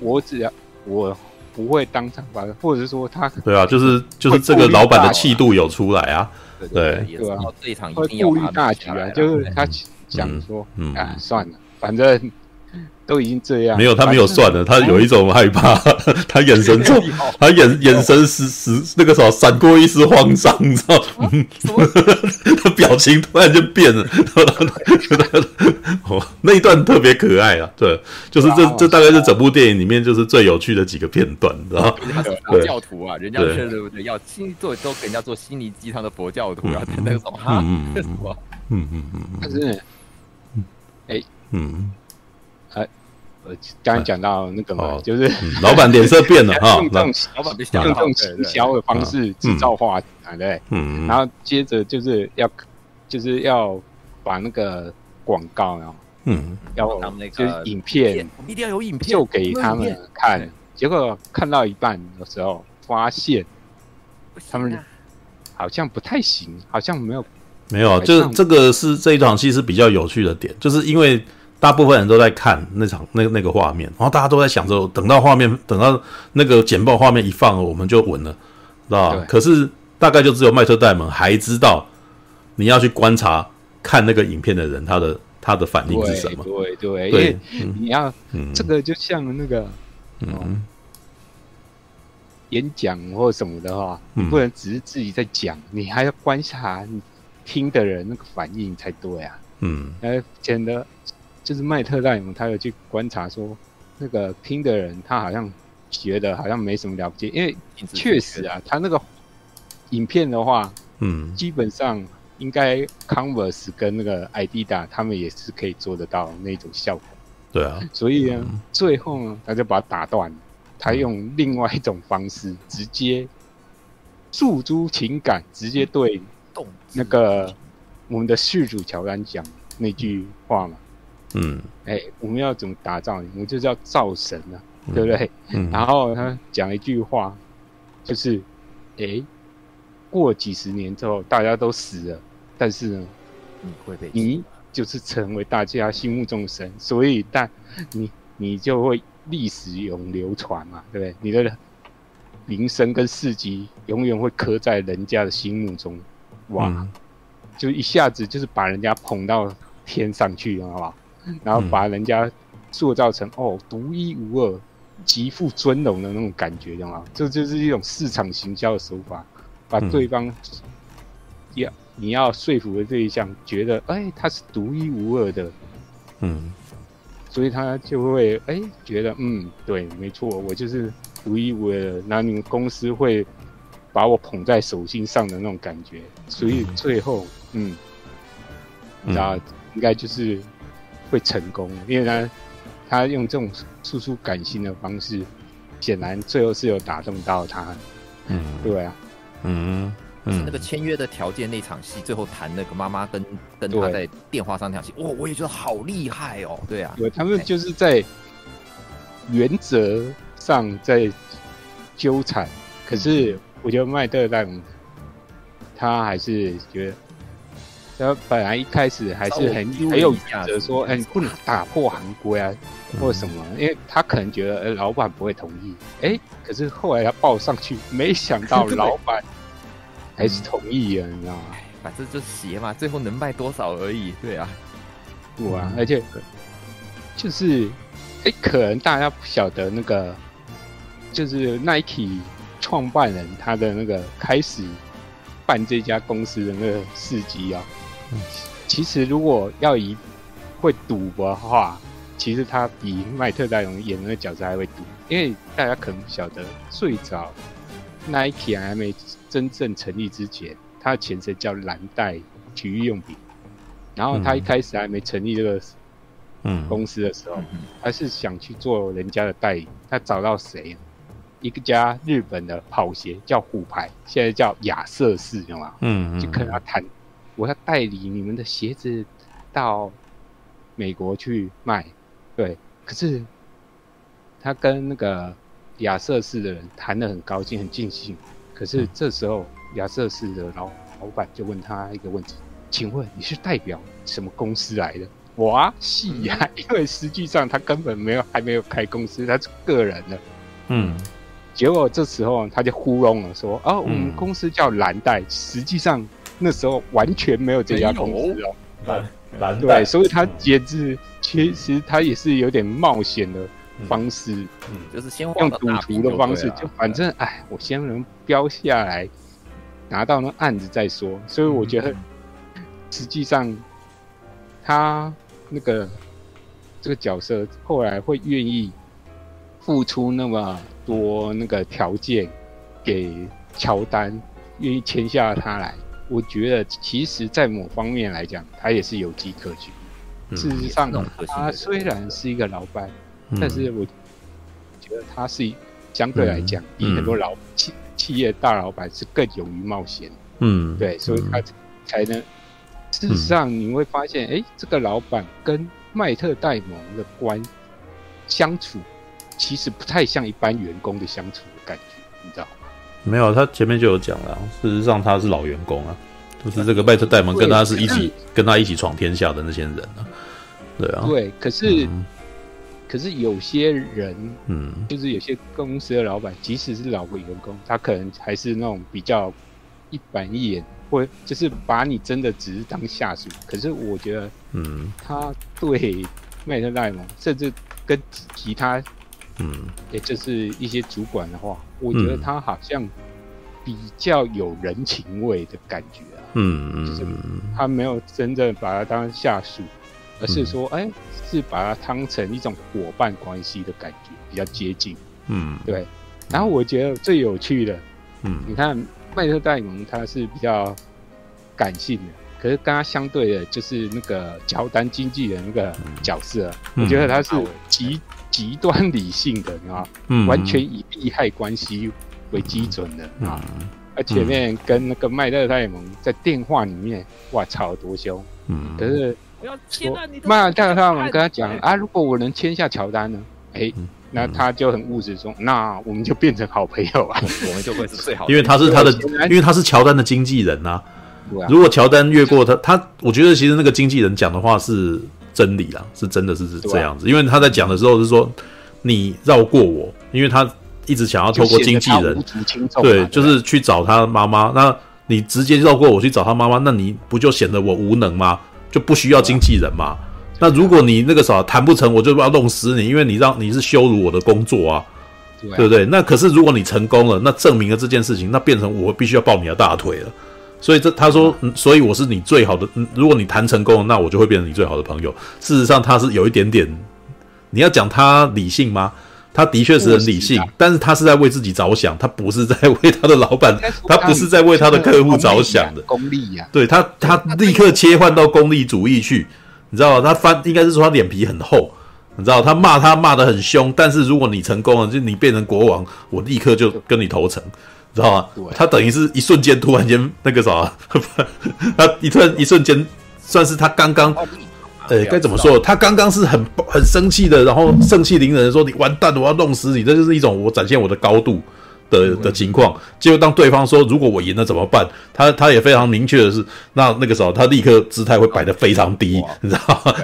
我只要我。不會當場發，或者說他對啊，就是就是這個老闆的氣度有出來啊，對、對對，然後這場一定要他顧大局啊，就是他講說、嗯嗯嗯、啊，算了，反正。都已經這樣，沒有他沒有算了，他有一種害怕，他眼神中，他眼眼神時時那個時候閃過一絲慌張，你知道嗎？他表情突然就變了，哦，那一段特別可愛啊，對，就是這這大概是整部電影裡面就是最有趣的幾個片段，知道他是佛教徒啊，人家要要新做都給人家做心靈雞湯的佛教徒啊，那個哈，嗯嗯嗯嗯嗯，嗯嗯。剛才講到那個，就是老闆臉色變了哈，用這種直銷的方式製造話題，對不對？嗯，然後接着就是要，就是要把那個廣告，然後嗯，要就是影片，一定要有影片，就給他們看。結果看到一半的時候，發現他們好像不太行，好像沒有沒有。就是這個是這一場戲是比較有趣的點，就是因為。大部分人都在看那場那那個畫面，然後大家都在想，着，等到畫面等到那個簡報畫面一放，我們就穩了，知道吧？對可是大概就只有麥特戴蒙還知道你要去觀察看那個影片的人，他的他的反應是什麼？對對，對對對因為你要、嗯、這個就像那個演講或什麼的話，你不能只是自己在講，嗯、你還要觀察你聽的人那個反應才對啊。嗯，呃，講的。就是麥特賴姆，他有去觀察說，那個拼的人，他好像覺得好像沒什麼了不起，因為確實啊，他那個影片的話，嗯，基本上應該 Converse 跟那個艾迪達他們也是可以做得到那種效果。對啊，所以啊，最後呢，他就把它打斷，他用另外一種方式直接訴諸情感，直接對那個我們的事主喬丹講那句話嘛。嗯，哎、欸，我們要怎麼打造你？我們就叫造神了，嗯、對不對？嗯、然後他講一句話，就是，哎、欸，過幾十年之後，大家都死了，但是呢，你會被你就是成為大家心目中的神，所以，但你你就會歷史永流傳嘛，對不對？你的名聲跟事跡永遠會刻在人家的心目中，哇，嗯、就一下子就是把人家捧到天上去，好不好？然後把人家塑造成、嗯、哦，獨一無二、極富尊榮的那種感覺，懂嗎？這就是一種市場行銷的手法，把對方要、嗯、你要說服的對象覺得，哎、欸，他是獨一無二的，嗯，所以他就會哎、欸、覺得，嗯，對，沒錯，我就是獨一無二的，然後你們公司會把我捧在手心上的那種感覺，所以最後，嗯，你知道，應該就是。會成功，因為他他用這種訴諸感性的方式，顯然最後是有打動到他。嗯，對啊，嗯嗯，嗯，可是那個簽約的條件那場戲，最後談那個媽媽跟跟他在電話上那場戲，哇對、哦，我也覺得好厲害哦。對啊，對他們就是在原則上在糾纏，哎、可是我覺得麥特蘭他還是覺得。他本來一開始還是很猶豫的說：“哎、嗯，不能打破行規啊，嗯、或者什麼？”因為他可能覺得，哎，老板不會同意。哎、欸，可是後來他報上去，沒想到老板還是同意啊，嗯、你知道嗎？反正、啊、就鞋嘛，最後能賣多少而已。對啊，我啊，嗯、而且就是，哎、欸，可能大家不曉得那個，就是 Nike 創辦人他的那個開始辦這家公司的那個事跡啊。嗯、其實，如果要以會賭的話，其實他比麥特戴蒙演的那個角色還會賭。因為大家可能不曉得，最早 Nike 還沒真正成立之前，他的前身叫藍帶體育用品。然後他一開始還沒成立這個嗯公司的時候，還、嗯嗯、是想去做人家的代理。他找到誰？一個家日本的跑鞋叫虎牌，現在叫亞瑟士，懂嗎？嗯嗯，嗯就跟他談。我要代理你們的鞋子到美國去賣，對。可是他跟那個亞瑟士的人談得很高興，很盡興。可是這時候亞瑟士的老老闆就問他一個問題：“請問你是代表什麼公司來的？”我啊，是呀，因為實際上他根本沒有還沒有開公司，他是個人的。嗯。結果這時候他就糊弄了說：“哦，我們公司叫藍帶。”實際上。那時候完全沒有這家公司哦，難難有對，所以他簡直其實他也是有點冒險的方式，嗯，就是先用賭徒的方式，就反正哎、嗯，我先能標下來，拿到那案子再說。所以我覺得，嗯、實際上他那個這個角色後來會願意付出那麼多那個條件給喬丹，願意簽下他來。我覺得，其實，在某方面來講，他也是有跡可循。嗯、事實上，他雖然是一個老闆，嗯、但是我覺得他是相對來講，嗯、比很多老企企業大老闆是更勇於冒險。嗯，對，所以他才能。嗯、事實上，你會發現，哎、嗯欸，這個老闆跟麥特戴蒙的關相處，其實不太像一般員工的相處的感覺，你知道嗎？沒有，他前面就有講了啊。事實上，他是老員工啊，就是這個麥特戴蒙跟他是一起，對跟他一起闖天下的那些人啊。對啊，對。可是，嗯，可是有些人，嗯，就是有些公司的老闆，即使是老員工，他可能還是那種比較一板一眼，或就是把你真的只是當下屬。可是，我覺得，嗯，他對麥特戴蒙，甚至跟其他。嗯，也、欸、就是一些主管的話，我覺得他好像比較有人情味的感覺啊。嗯嗯，就是他沒有真正把他當下屬，而是說，哎、嗯欸，是把他當成一種夥伴關係的感覺，比較接近。嗯，對。然後我覺得最有趣的，嗯，你看麥特戴蒙他是比較感性的，可是跟他相對的，就是那個喬丹經紀人那個角色、啊，嗯、我覺得他是極。極端理性的，啊，知完全以利害關係為基準的啊！而前面跟那個麥特戴蒙在電話裡面，哇，吵得多兇！嗯，可是麥特戴蒙跟他講啊，如果我能簽下喬丹呢？哎，那他就很務實說，那我們就變成好朋友了，我們就會是最好。因為他是他的，因為他是喬丹的經紀人啊。對啊，如果喬丹越過他，他我覺得其實那個經紀人講的話是。真理啦、啊，是真的，是是這樣子。啊、因為他在講的時候是說，你繞過我，因為他一直想要透過經紀人，對，就是去找他媽媽。那你直接繞過我去找他媽媽，那你不就顯得我無能嗎？就不需要經紀人嘛？啊、那如果你那個啥談不成，我就要弄死你，因為你讓你是羞辱我的工作啊，對，啊對不對？那可是如果你成功了，那證明了這件事情，那變成我必須要抱你的大腿了。所以這他說、嗯，所以我是你最好的。嗯、如果你談成功了，那我就會變成你最好的朋友。事實上，他是有一點點，你要講他理性嗎？他的確是很理性，啊、但是他是在為自己着想，他不是在為他的老板，他不是在為他的客戶着想的。功利呀，啊、對他，他立刻切換到功利主義去，你知道嗎？他翻應該是說他臉皮很厚，你知道他罵他罵得很兇，但是如果你成功了，就你變成國王，我立刻就跟你投誠。知道嗎？他等於是一瞬間，突然間那個啥， 他一突然一瞬間，算是他剛剛，呃，該怎麼說？他剛剛是很很生氣的，然後盛氣凌人說：“你完蛋了，我要弄死你！”這就是一種我展現我的高度。的的情況，結果當對方說，如果我贏了怎麼辦，他他也非常明確的是，那那個時候他立刻姿態會擺得非常低，啊、你知道嗎？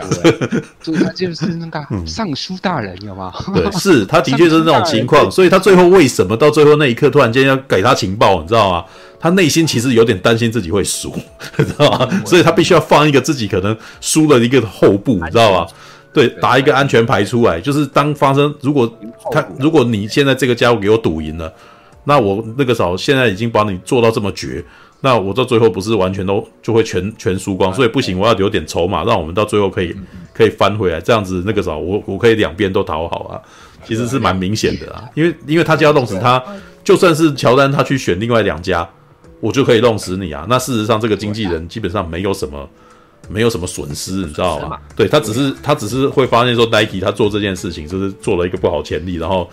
就、啊、 他就是那個尚書大人，嗯、有嗎？對，是他的確是那種情況，所以他最後為什麼到最後那一刻突然間要給他情報，你知道嗎？他內心其實有點擔心自己會輸，你知道嗎？嗯嗯、所以他必須要放一個自己可能輸了一個後部，你知道嗎？嗯嗯、對，打一個安全牌出來，就是當發生如果他如果你現在這個家伙給我賭贏了。那我那個時候，現在已經把你做到這麼絕，那我到最後不是完全都就會全全輸光，所以不行，我要留點籌碼，讓我們到最後可以可以翻回來，這樣子那個時候，我我可以兩邊都討好啊，其實是蠻明顯的啊，因為因為他就要弄死他，就算是喬丹他去選另外兩家，我就可以弄死你啊。那事實上，這個經紀人基本上沒有什麼沒有什麼損失，你知道嗎？對，他只是他只是會發現說，Nike 他做這件事情就是做了一個不好前例，然後。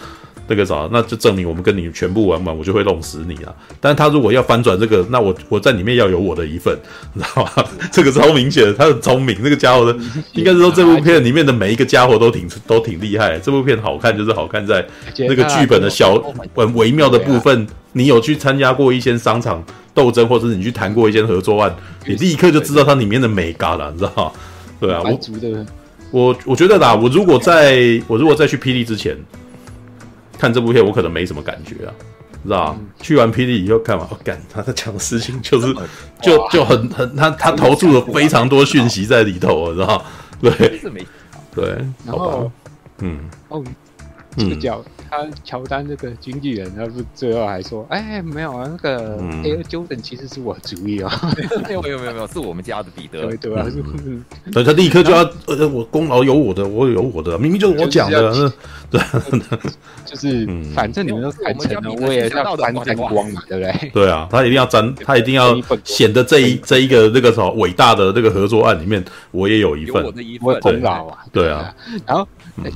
這個啥，那就證明我們跟你全部玩完，我就會弄死你了。但他如果要翻轉這個，那我我在裡面要有我的一份，你知道嗎？這個超明顯的，他很聰明，那個傢伙的，應該是說這部片裡面的每一個傢伙都挺都挺厲害的。這部片好看，就是好看在那個劇本的小很微妙的部分。你有去參加過一些商場鬥爭，或者是你去談過一些合作案，你立刻就知道它裡面的眉角啦，你知道嗎？對啊，我，我我覺得啦，我如果在我如果再去霹靂之前。看這部片，我可能沒什麼感覺啊，知道、嗯、去完 PD 以後看嘛，我、哦、幹？他在講的事情就是，就就很很他他投注了非常多訊息在裡頭，我哇知道，對，好對，然後，好嗯，哦，這個叫。嗯他喬丹這個經紀人，他不最後還說：“哎，沒有啊，那個 Air Jordan 其實是我主意啊，沒有沒有沒有，是我們家的彼得。”對啊，他立刻就要，我功勞有我的，我有我的，明明就是我講的，對，就是反正你們都談成了，我也要沾沾光嘛，對不對？對啊，他一定要沾，他一定要顯得這一這一個那個什麼偉大的那個合作案裡面，我也有一份，我的一份功勞啊，對啊。然後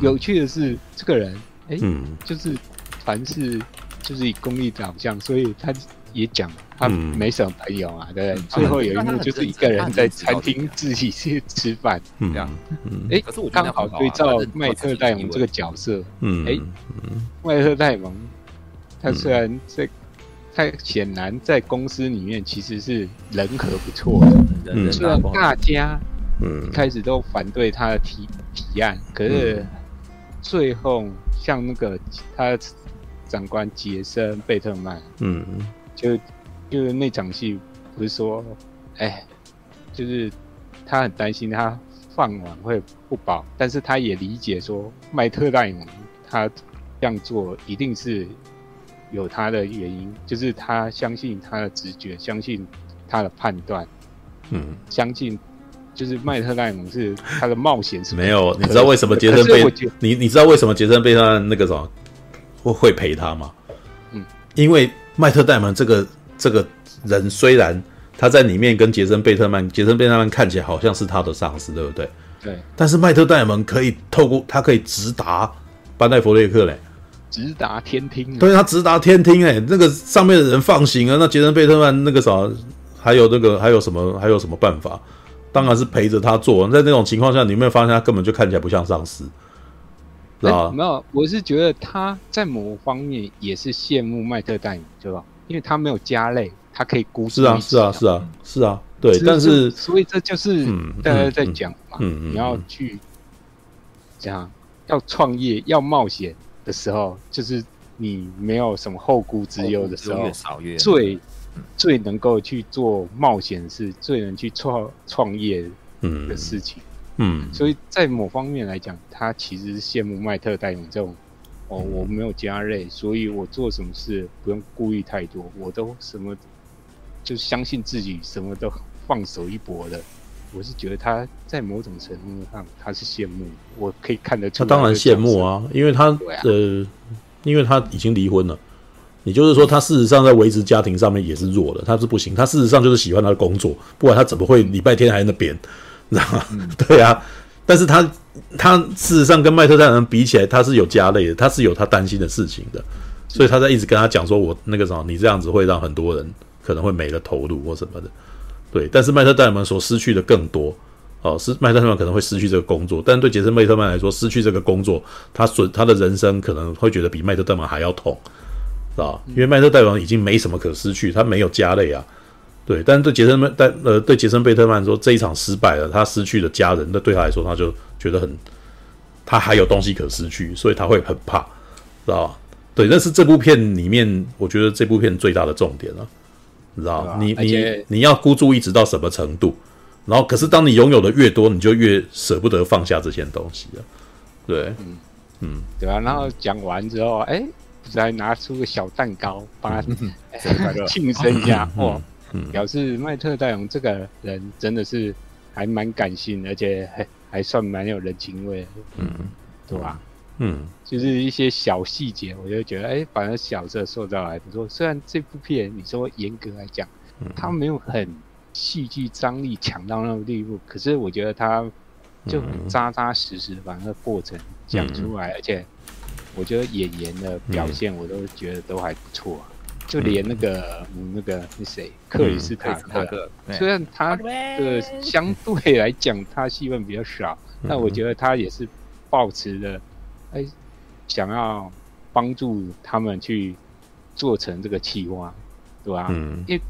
有趣的是，這個人。哎，欸嗯、就是，凡事就是以功利導向，所以他也講他沒什麼朋友啊，嗯、對，最後有一幕就是一個人在餐廳自己去吃飯，這樣。哎，剛好、啊、好對照麥特戴蒙這個角色，哎，麥特戴蒙他雖然在，他顯然在公司裡面其實是人和不錯的，嗯、雖然大家嗯開始都反對他的提提案，嗯、可是。最後，像那個他長官傑森貝特曼，嗯，就就是那場戲，不是說，哎，就是他很擔心他飯碗會不保，但是他也理解說麥特戴蒙他這樣做一定是有他的原因，就是他相信他的直覺，相信他的判斷，嗯，嗯，相信。就是邁特戴蒙是他的冒險是沒有？你知道為什麼傑森貝你你知道為什麼傑森貝特曼那個什麼會會陪他嗎？嗯，因為邁特戴蒙這個這個人雖然他在裡面跟傑森貝特曼傑森貝特曼看起來好像是他的上司，對不對？對，但是邁特戴蒙可以透過他可以直達班艾佛列克嘞，直達天聽、啊，對他直達天聽誒、欸，那個上面的人放行啊。那傑森貝特曼那個啥還有那個還有什麼還有什麼辦法？當然是陪着他做，在那種情況下，你有沒有發現他根本就看起來不像上司？是吧、啊欸？沒有，我是覺得他在某方面也是羨慕麥特戴爾，對吧？因為他沒有家累，他可以孤身，是啊，是啊，是啊，是啊，對。是但是所以這就是大家在講嘛，你要去講要創業要冒險的時候，就是你沒有什麼後顧之憂的時候，越少越最。最能夠去做冒險，是最能去創創業的事情。嗯，嗯，所以在某方面來講，他其實是羨慕麥特戴蒙這種哦，我沒有家累，所以我做什麼事不用顧慮太多，我都什麼就相信自己，什麼都放手一搏的。我是覺得他在某種程度上，他是羨慕，我可以看得出。他當然羨慕啊，因為他的、啊呃，因為他已經離婚了。也就是說，他事實上在維持家庭上面也是弱的，他是不行。他事實上就是喜歡他的工作，不管他怎麼會禮拜天還在那邊知道嗎？嗯、 對啊。但是他他事實上跟麥特戴蒙比起來，他是有家累的，他是有他擔心的事情的，所以他在一直跟他講說：“我那個什麼，你這樣子會讓很多人可能會沒了頭顱或什麼的。”對。但是麥特戴蒙們所失去的更多哦，是麥特戴蒙可能會失去這個工作，但對傑森麥特曼來說，失去這個工作，他損他的人生可能會覺得比麥特戴蒙還要痛。是吧？因為麥特戴蒙已經沒什麼可失去，他沒有家了呀，對。但是對傑森貝戴呃對傑森貝特曼說這一場失敗了，他失去了家人，那對他來說他就覺得很，他還有東西可失去，所以他會很怕，知道吧？對。但是這部片裡面，我覺得這部片最大的重點了、啊，你知道、啊、你你而且 你要孤注一擲到什麼程度？然後可是當你擁有的越多，你就越舍不得放下這些東西了、啊，對，嗯嗯，對吧、啊？然後講完之後，哎、欸。還拿出個小蛋糕幫他慶、 欸、 生一下，哇！表示麥特戴蒙這個人真的是還蠻感性，而且還還算蠻有人情味，嗯，對吧？嗯，就是一些小細節，我就覺得，哎、欸，反正小者受到來還不錯，雖然這部片你說嚴格來講，他沒有很戲劇張力強到那麼地步，可是我覺得他就很扎扎實實把那個過程講出來，嗯、而且。我覺得演員的表現，我都覺得都還不錯、啊，嗯、就連那個、嗯嗯、那個是誰？克里斯·塔克，嗯、雖然他的相對來講他戲份比較少，嗯、但我覺得他也是抱持的，想要幫助他們去做成這個企劃，對吧、啊？嗯，因為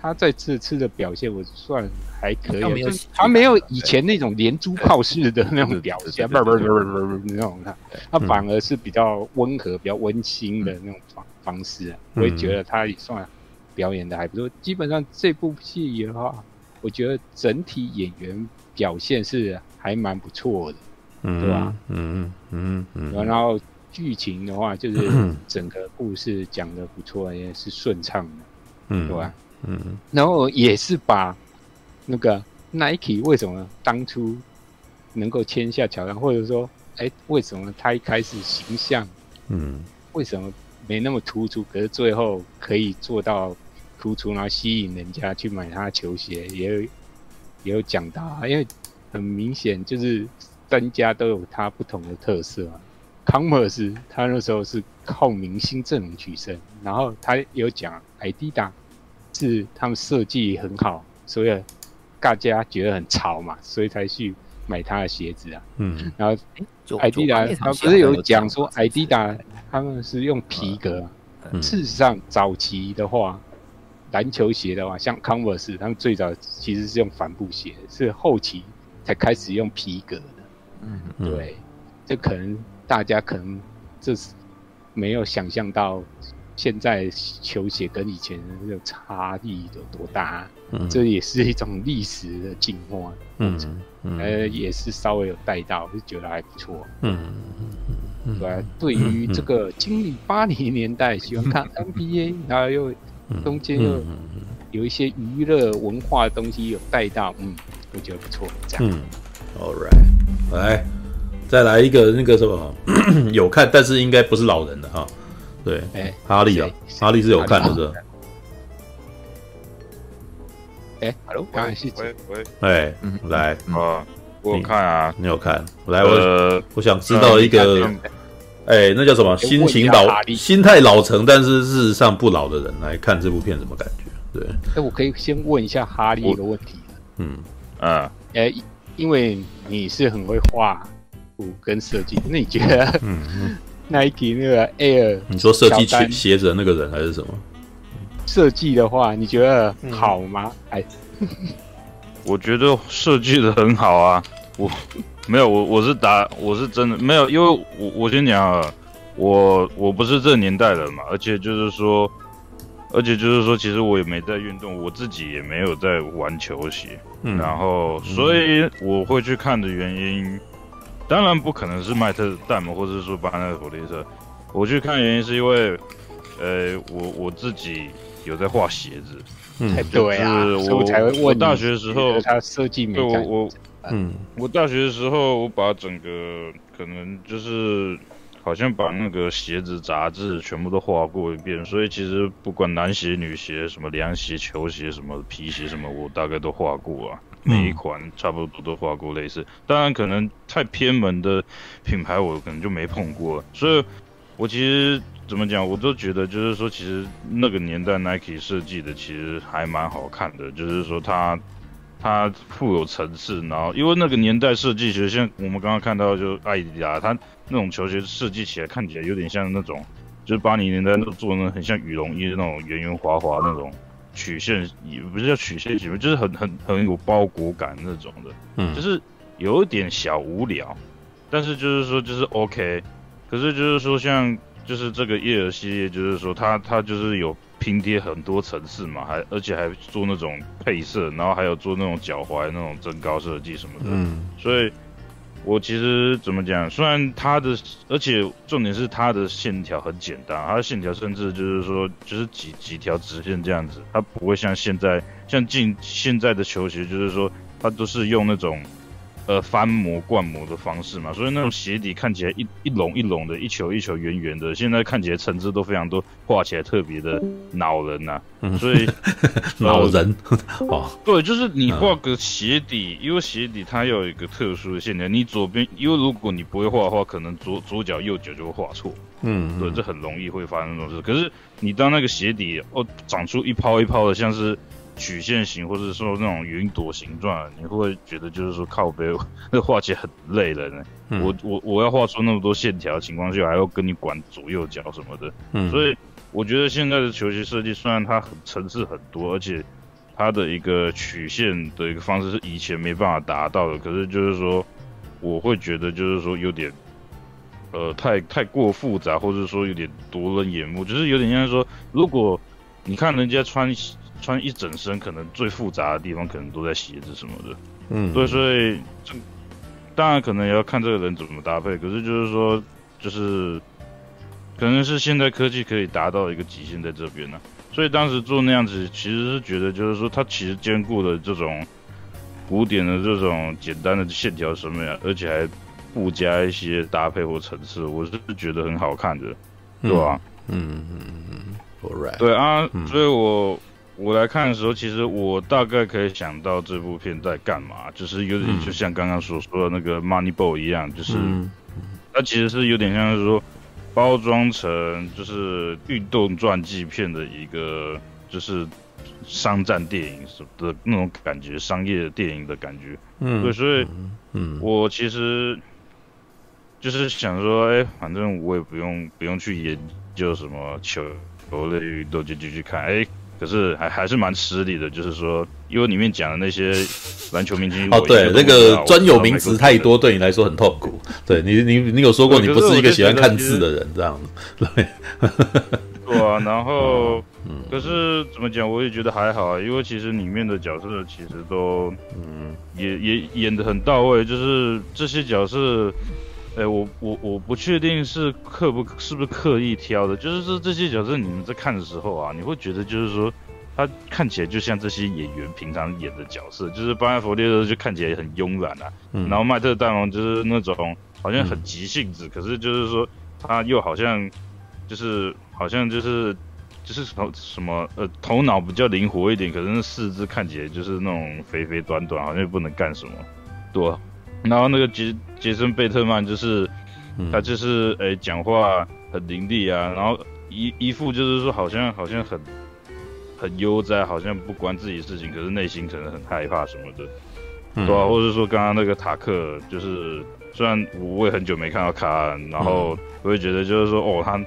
他在這次的表現，我算。還可以、啊，他沒，就他沒有以前那種連珠炮式的那種表現，不不不不不那種他，他反而是比較溫和、嗯、比較溫馨的那種方方式、啊。嗯、我也覺得他也算表演得還不錯。基本上這部戲的話，我覺得整體演員表現是還蠻不錯的，嗯、對吧？嗯嗯嗯嗯，嗯嗯然後劇情的話，就是整個故事講、嗯、得不錯，也是順暢的，嗯，對吧？嗯嗯，然後也是把。那個 Nike 為什麼當初能夠簽下喬丹，或者說，哎、欸，為什麼他一開始形象，嗯，為什麼沒那麼突出？可是最後可以做到突出，然後吸引人家去買他的球鞋，也也有講他，因為很明顯就是三家都有他不同的特色啊。Converse 他那時候是靠明星陣容取勝，然後他有講 Adidas 是他們設計很好，所以。大家覺得很潮嘛，所以才去買他的鞋子啊。嗯，然後哎，愛迪達，他不是有講說愛迪達他們是用皮革。嗯、事實上，早期的話，籃球鞋的話，像 Converse，他們最早其實是用帆布鞋，是後期才開始用皮革的。嗯，對，這、嗯、可能大家可能這是沒有想象到。現在球鞋跟以前的差異有多大？嗯，這也是一種歷史的進化嗯，嗯呃，也是稍微有帶到，我就覺得還不錯。嗯,嗯對，嗯對於這個經歷八零年,年代、嗯、喜歡看 NBA，、嗯、然後又中間又有一些娛樂文化的東西有帶到，嗯，我覺得不錯。這樣。嗯、All right，來再來一個那個什麼， 有看，但是應該不是老人的哈。對，哈利啊，哈利是有看，是不是？哎，Hello，喂，喂？哎，嗯，來啊，我看啊，你有看？來，我我想知道一個，哎，那叫什麼？心情老、心態老成，但是事實上不老的人，來看這部片怎麼感覺？對，哎，我可以先問一下哈利一個問題。嗯啊，哎，因為你是很會畫圖跟設計，那你覺得？嗯。Nike 那，那個 Air，你說設計鞋鞋子的那個人還是什麼？設計的話，你覺得好嗎？嗯、哎， 我覺得設計的很好啊。我沒有，我我是打，我是真的沒有，因為我我先講啊，我我不是這年代人嘛，而且就是說，而且就是說，其實我也沒在運動，我自己也沒有在玩球鞋，嗯、然後所以我會去看的原因。嗯當然不可能是邁特戴蒙，或者是說巴納姆弗利斯。我去看原因是因為，呃、欸，我我自己有在畫鞋子，嗯我、哎，對啊，我我大學時候對我我嗯，我大學的時候我把整個可能就是好像把那個鞋子雜誌全部都畫過一遍，所以其實不管男鞋、女鞋、什麼涼鞋、球鞋、什麼皮鞋什麼，我大概都畫過啊。每一款差不多都畫過類似，當然、嗯、可能太偏門的品牌我可能就沒碰過，所以，我其實怎麼講，我都覺得就是說，其實那個年代 Nike 設計的其實還蠻好看的，就是說它它富有層次，然後因為那個年代設計，其實像我們剛剛看到就愛迪達，它那種球鞋設計起來看起來有點像那種，就是八零年代那種做得很像羽絨衣那種圓圓滑滑那種。曲線也不是叫曲線型嘛，就是很很很有包裹感那種的，嗯，就是有一點小無聊，但是就是說就是 OK，可是就是說像就是這個葉爾系列，就是說它它就是有拼貼很多層次嘛，還而且還做那種配色，然後還有做那種腳踝那種增高設計什麼的，嗯，所以。我其實怎麼講？雖然它的，而且重點是它的線條很簡單，它的線條甚至就是說，就是幾幾條直線這樣子，它不會像現在，像近現在的球鞋，就是說它都是用那種。呃，翻模灌模的方式嘛，所以那種鞋底看起來一一籠一籠的，一球一球圓圓的，現在看起來層次都非常多，畫起來特別的惱人吶、啊。所以惱人哦，對，就是你畫個鞋底，因為鞋底它要有一個特殊的線條，你左邊，因為如果你不會畫的話，可能左左腳右腳就會畫錯，嗯，對，這很容易會發生這種事。可是你當那個鞋底哦，長出一泡一泡的，像是。曲線型，或者說那種雲朵形狀，你會不會覺得就是說靠背那畫起來很累了呢、嗯？我我我要畫出那麼多線條情況下，還要跟你管左右腳什麼的，嗯、所以我覺得現在的球鞋設計雖然它很層次很多，而且它的一個曲線的一個方式是以前沒辦法達到的，可是就是說我會覺得就是說有點呃太太過複雜，或者說有點奪人眼目，就是有點像說如果你看人家穿。穿一整身，可能最複雜的地方可能都在鞋子什麼的。嗯，對，所以這當然可能也要看這個人怎麼搭配。可是就是說，就是可能是現在科技可以達到一個極限在這邊呢、啊。所以當時做那樣子，其實是覺得就是說，它其實兼顧了這種古典的這種簡單的線條什麼呀，而且還不加一些搭配或層次，我是覺得很好看的，嗯、對吧？嗯嗯嗯、All right. 對啊，嗯、所以我。我來看的時候，其實我大概可以想到這部片在幹嘛，就是有點就像剛剛所說的那個 Money Ball 一樣，就是它其實是有點像是說包裝成就是運動傳記片的一個，就是商戰電影什麼的那種感覺，商業電影的感覺。嗯，對，所以，嗯，我其實就是想說，哎，反正我也不用不用去研究什麼球球類運動，就繼續看，哎。可是還還是蠻吃力的，就是說，因為裡面講的那些籃球明星 哦，對，那個專有名詞太多，對你來說很痛苦。 對你，你你有說過你不是一個喜歡看字的人，對實這樣對。 對啊，然後，嗯，可是怎麼講，我也覺得還好，啊，因為其實裡面的角色其實都，嗯，也也演的很到位，就是這些角色。哎，我我我不確定是刻不是不是刻意挑的，就是這這些角色，你們在看的時候啊，你會覺得就是說，他看起來就像這些演員平常演的角色，就是班艾佛列克時候就看起來很慵懶啊，嗯、然後麥特戴蒙就是那種好像很急性子，嗯、可是就是說他又好像就是好像就是就是頭什麼，什麼呃頭腦比較靈活一點，可是那四肢看起來就是那種肥肥短短，好像不能幹什麼，嗯、多。然後那個傑傑森貝特曼就是，他就是、嗯、誒講話很凌厲啊，然後一一副就是說好像好像很很悠哉，好像不關自己的事情，可是內心可能很害怕什麼的，嗯、對啊，或者說剛剛那個塔克，就是雖然我，我也很久沒看到卡恩，然後我也覺得就是說哦，他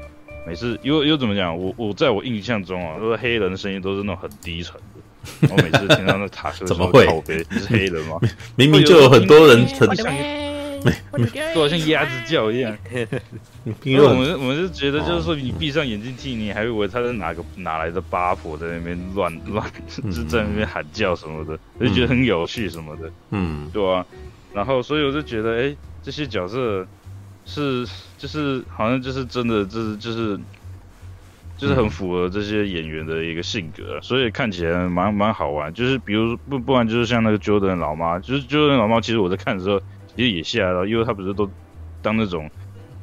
每次又又怎麼講？我我在我印象中啊，說黑人的聲音都是那種很低沉的。 我每次聽到那卡車，怎麼會？你是黑人嗎？明明就有很多人很，很像，都就好像鴨子叫一樣。因 為我們，我們就覺得，就是說，你閉上眼睛聽，你還以為他是哪個、嗯、哪來的八婆在那邊亂亂，就在那邊喊叫什麼的，我、嗯、就覺得很有趣什麼的。嗯，對啊，然後，所以我就覺得，哎、欸，這些角色是，就是好像就是真的，就是就是。就是很符合這些演員的一個性格，嗯、所以看起來蠻蠻好玩。就是比如不不然，就是像那個 Jordan 老媽，就是 Jordan 老媽，其實我在看的時候其實也嚇到，因為他不是都當那種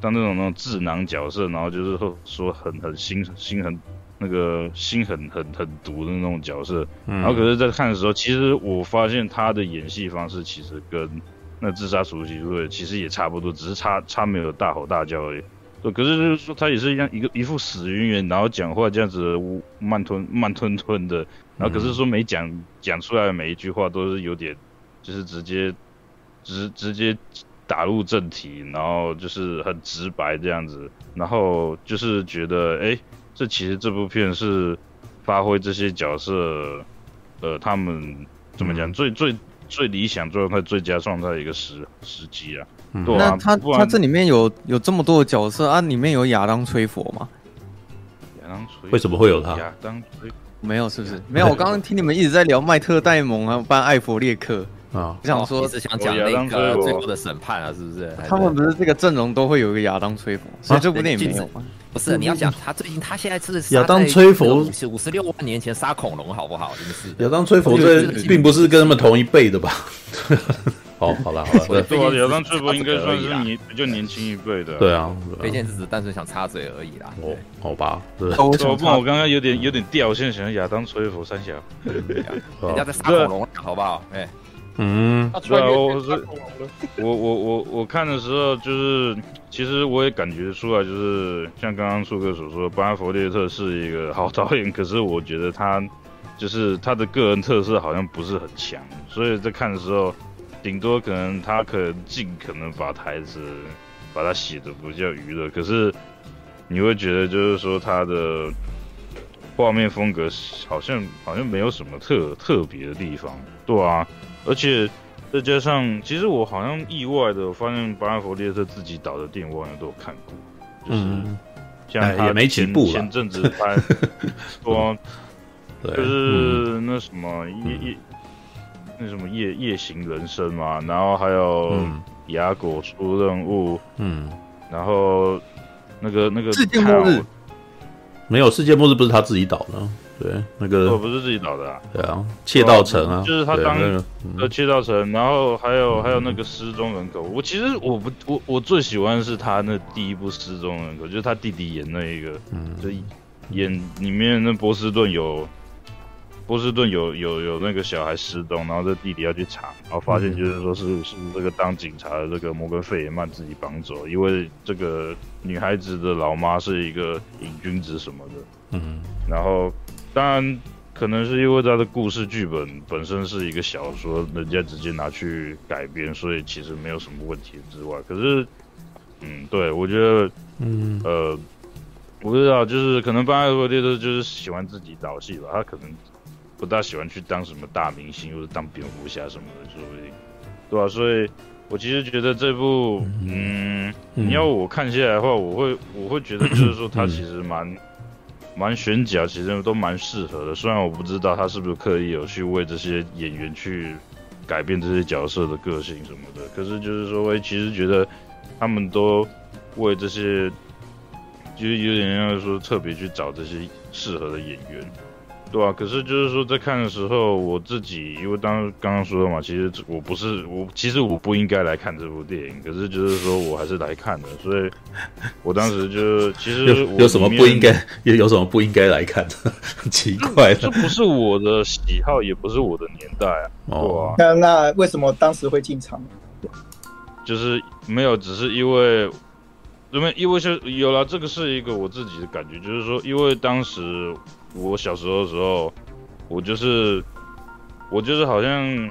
當那種那種智囊角色，然後就是說很很心心很那個心很很很毒的那種角色。嗯、然後可是，在看的時候，其實我發現他的演戲方式其實跟那自殺熟悉就的其實也差不多，只是差差沒有大吼大叫而已。呃，可是就是說，他也是一樣，一個一副死魚眼，然後講話這樣子慢吞慢吞吞的，然後可是說沒講講出來的每一句話都是有點，就是直接直直接打入正題，然後就是很直白這樣子，然後就是覺得哎，這其實這部片是發揮這些角色呃他們怎麼講最最最理想狀態最佳狀態的一個時時機啊。那、嗯、他他這裡面有有這麼多的角色啊？裡面有亞當·崔佛嗎？亞當·崔佛為什麼會有他？亞當、啊·崔佛沒有是不是？沒有。我剛剛聽你們一直在聊麥特·戴蒙啊，班艾弗列克啊，我想說，是想講那個最後的審判啊，是不是？他們不是這個陣容都會有一個亞當·崔佛？這部電影沒有嗎？不是你要講他最近，他現在是亞當·崔佛五十六萬年前殺恐龍，好不好？亞、這個、當·崔佛這並不是跟他們同一輩的吧？ 哦，好了好了，對啊，亞當崔佛應該算是年比較年輕一輩的。對啊，飛天獅子只單純想插嘴而已啦。哦，好吧，對，我我剛剛有點有點掉線，想亞當崔佛三小，人家在殺恐龍，好不好？哎，嗯，對我是我我我我看的時候，就是其實我也感覺出來，就是像剛剛舒哥所說，班艾佛列克是一個好導演，可是我覺得他就是他的個人特色好像不是很強，所以在看的時候，頂多可能他可能盡可能把台詞把它寫的比較娛樂，可是你會覺得就是說他的畫面風格好像好像沒有什麼特特別的地方，對啊，而且再加上其實我好像意外的我發現，巴拉弗列特自己導的電影，我好像都有看過，就是、嗯、像他前陣、哎、子拍說， 對就是、嗯、那什麼一。也那什麼夜夜行人生嘛，然後還有亞果出任務，嗯，嗯，然後那個那個世界末日，沒有世界末日不是他自己導的，對，那個我不是自己導的，啊，對啊，竊盜城啊，就是他當那個竊盜城，然後還有，嗯、還有那個失蹤人口，我其實我不我我最喜歡的是他那第一部失蹤人口，就是他弟弟演那一個，嗯、就演裡面那波士頓有。波士頓有有有那個小孩失蹤，然後這弟弟要去查，然後發現就是說是，嗯，是這個當警察的這個摩根費爾曼自己綁走，因為這個女孩子的老媽是一個癮君子什麼的。嗯，然後當然可能是因為他的故事劇本本身是一個小說，人家直接拿去改編，所以其實沒有什麼問題之外。可是，嗯，對，我覺得，嗯，呃，我不知道，就是可能巴爾沃蒂他就是喜歡自己導戲吧，他可能不大喜歡去當什麼大明星或者當蝙蝠俠什麼的，說不定，對吧，啊？所以，我其實覺得這部，嗯，你要我看下來的話，我會，我會覺得就是說，他其實蠻，蠻選角，其實都蠻適合的。雖然我不知道他是不是刻意有去為這些演員去改變這些角色的個性什麼的，可是就是說，我、欸、也其實覺得他們都為這些，就是有點要說特別去找這些適合的演員。對啊，可是就是說，在看的時候，我自己因為當剛剛說的嘛，其實我不是我，其實我不應該來看這部電影。可是就是說我還是來看的，所以我當時就其實 有，有什麼不應該，有什麼不應該來看的， 奇怪了，這不是我的喜好，也不是我的年代啊。對啊，那那為什麼當時會進場？就是沒有，只是因為。因為因為是有了這個是一個我自己的感覺，就是說，因為當時我小時候的時候，我就是我就是好像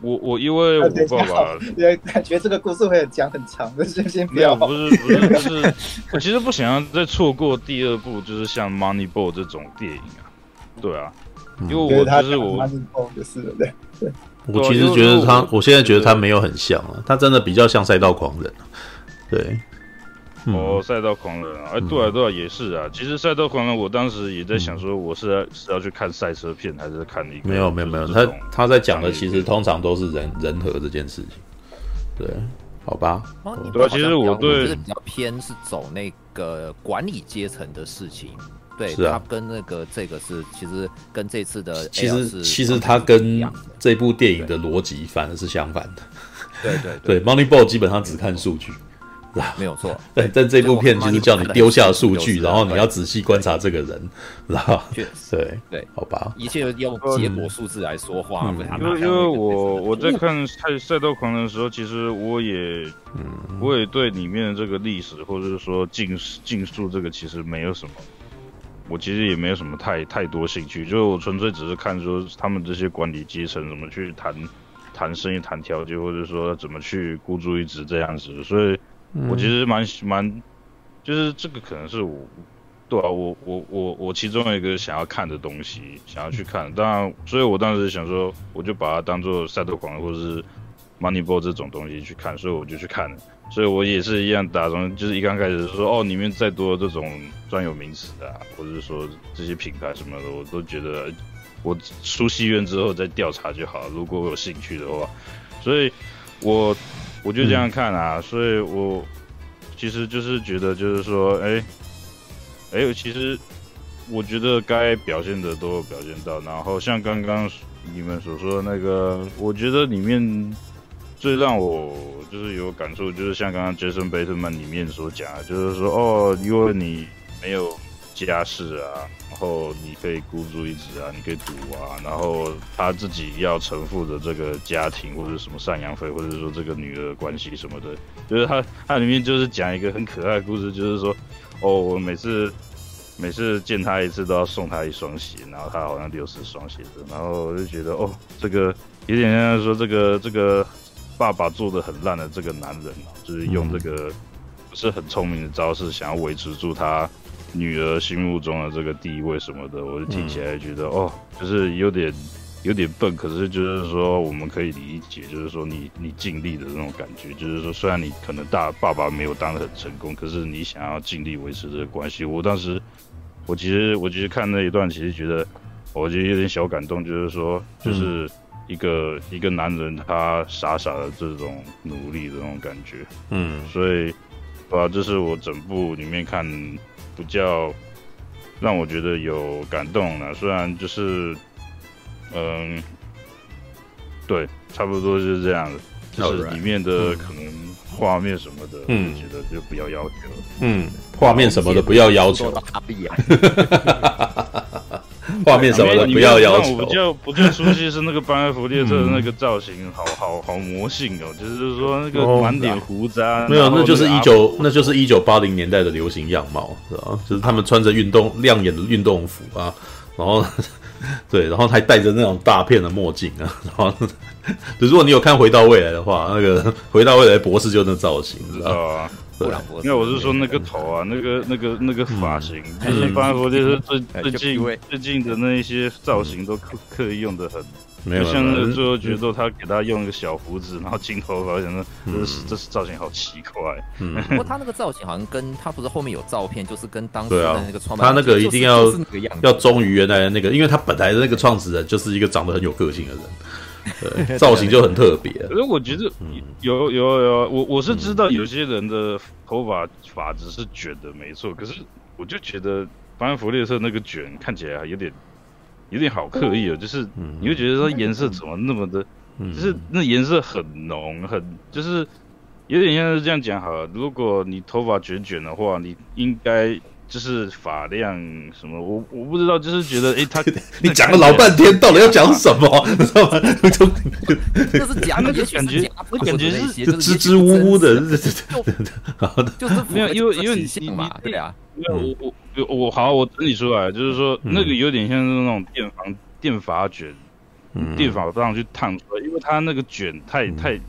我我因為我爸爸，因、啊、感覺這個故事會講很長，但是先先不要。不是不是不、 就是，我其實不想要再錯過第二部，就是像 Money Ball 這種電影啊，對啊，因為我就是我 Money Ball、嗯、對，Ball 就是了對，對，我其實覺得他，我現在覺得他沒有很像啊，他真的比較像賽道狂人，對。哦，賽道、嗯嗯嗯、狂人，哎、欸，對啊對啊，對啊，也是啊。其實賽道狂人，我當時也在想說，我是要，是要去看賽車片，還是看那個？沒有，沒有，沒有。他他在講的，其實通常都是人人和這件事情。對，好吧。哦，吧對、啊，其實我對比較偏是走那個管理階層的事情。對，是。他跟那個這個是，其實跟這次的，其實其實他跟這部電影的邏輯反而是相反的。對，對對對， 對，Moneyball 基本上只看數據。沒有錯，對，在這部片就是叫你丟下數據，然後你要仔細觀察這個人，然後對對，好吧，一切用結果數字來說話。因為因為我我在看《賽賽道狂人》的時候，其實我也我也對裡面的這個歷史或者是說競競速這個其實沒有什麼，我其實也沒有什麼太太多興趣，就我純粹只是看說他們這些管理階層怎麼去談談生意、談條件，或者說怎麼去孤注一擲這樣子，所以。我其實蠻蠻，就是這個可能是我，對啊，我我我我其中一個想要看的東西，想要去看，當然，所以我當時想說，我就把它當做賽道狂人或者是 Moneyball 這種東西去看，所以我就去看了，所以我也是一樣打，打從就是一剛開始說，哦，裡面再多這種專有名詞啊，或者說這些品牌什麼的，我都覺得我出戲院之後再調查就好，如果有興趣的話，所以我。我就這樣看啊，嗯、所以我其實就是覺得，就是說，哎、欸，哎、欸，其實我覺得該表現的都有表現到，然後像剛剛你們所說的那個，我覺得裡面最讓我就是有感觸，就是像剛剛 Jason Bateman 裡面所講，就是說，哦，因為你沒有家世啊。然後你可以孤注一擲啊，你可以賭啊。然後他自己要承負的這個家庭，或者是什麼贍養費，或者說這個女兒的關係什麼的。就是他，他裡面就是講一個很可愛的故事，就是說，哦，我每次每次見他一次都要送他一雙鞋，然後他好像六十雙鞋子，然後我就覺得，哦，這個有點像說這個這個爸爸做的很爛的這個男人，就是用這個不是很聰明的招式想要維持住他。女兒心目中的這個地位什麼的，我就聽起來覺得、嗯、哦，就是有點有點笨，可是就是說我們可以理解，就是說你你盡力的那種感覺，就是說雖然你可能大爸爸沒有當得很成功，可是你想要盡力維持這個關係。我當時我其實我其實看那一段，其實覺得我覺得有點小感動，就是說就是一個、嗯、一個男人他傻傻的這種努力的那種感覺，嗯，所以把這、啊就是我整部裡面看，比較讓我覺得有感動了，啊，雖然就是，嗯，對，差不多就是這樣子，就是裡面的可能畫面什麼的，我覺得就不要要求，嗯，畫面什麼的不要要求。嗯 畫面什麼的對不要搖頭。不就不就，我我熟悉，是那個班艾佛列克的那個造型， 好好好魔性哦。就是、就是說那個滿臉鬍渣，哦、沒有、啊，那就是一九、啊，那就是一九八零年代的流行樣貌，是吧、啊？就是他們穿着運動亮眼的運動服啊，然後 對，然後還戴着那種大片的墨鏡啊。然後， 如果你有看《回到未來》的話，那個《 回到未來》博士就那造型，是啊、知道吧、啊？對因為我是說那個頭啊，那個那個那個髮型，還、嗯、是髮拉就是最最近、嗯、最近的那一些造型都刻刻意用的很，沒有就像那個最後決鬥，他給他用一個小鬍子，嗯、然後鏡頭發現，現着、嗯、這是這是造型好奇怪。嗯，嗯 不過他那個造型好像跟他不是後面有照片，就是跟當時的那個創辦、啊，他那個一定要就是就是要忠於原來的那個，因為他本來的那個創始人就是一個長得很有個性的人。 造型就很特別，我覺得有有有，有，我我是知道有些人的頭髮髮質是捲的沒，沒錯、嗯。可是我就覺得班福列特那個捲看起來有點有點好刻意哦，哦就是你會覺得說顏色怎麼那麼的，嗯、哼就是那顏色很濃很，就是有點像這樣講好了，如果你頭髮捲捲的話，你應該。就是髮量什麼，我我不知道，就是覺得誒，他你講了老半天，到底要講什麼，你知道嗎？就就是講那個感覺，感覺是支支吾吾的，好的，就是沒有，因為因為你你你對啊，沒有我我我好，我整理出來，就是說那個有點像是那種電房電髮卷，電髮上去燙出來，因為它那個卷太太。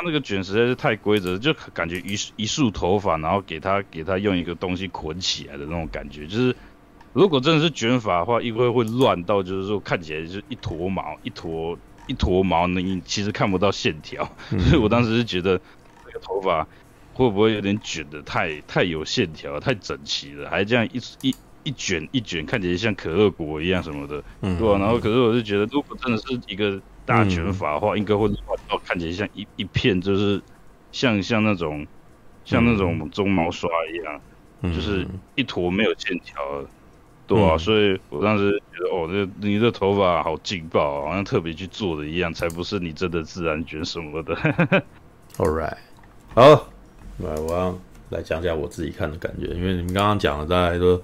他那個卷實在是太規則，就感覺一一束頭髮，然後給他給他用一個東西捆起來的那種感覺。就是如果真的是卷髮的話，因為會亂到就是說看起來就是一坨毛，一坨一坨毛，那其實看不到線條。所以、嗯、哼 我當時是覺得這個頭髮會不會有點卷得太太有線條、太整齊了，還這樣一一一卷一卷，看起來像可樂果一樣什麼的，嗯、哼對吧，然後可是我是覺得，如果真的是一個。大卷髮的話，嗯、應該會哦，看起來像一一片，就是像像那種像那種鬃毛刷一樣，嗯、就是一坨沒有線條，嗯、對啊，所以我當時覺得，嗯、哦，這你這頭髮好勁爆，好像特別去做的一樣，才不是你真的自然卷什麼的。 Alright，好，來，我要來講講我自己看的感覺，因為你們剛剛講的大家說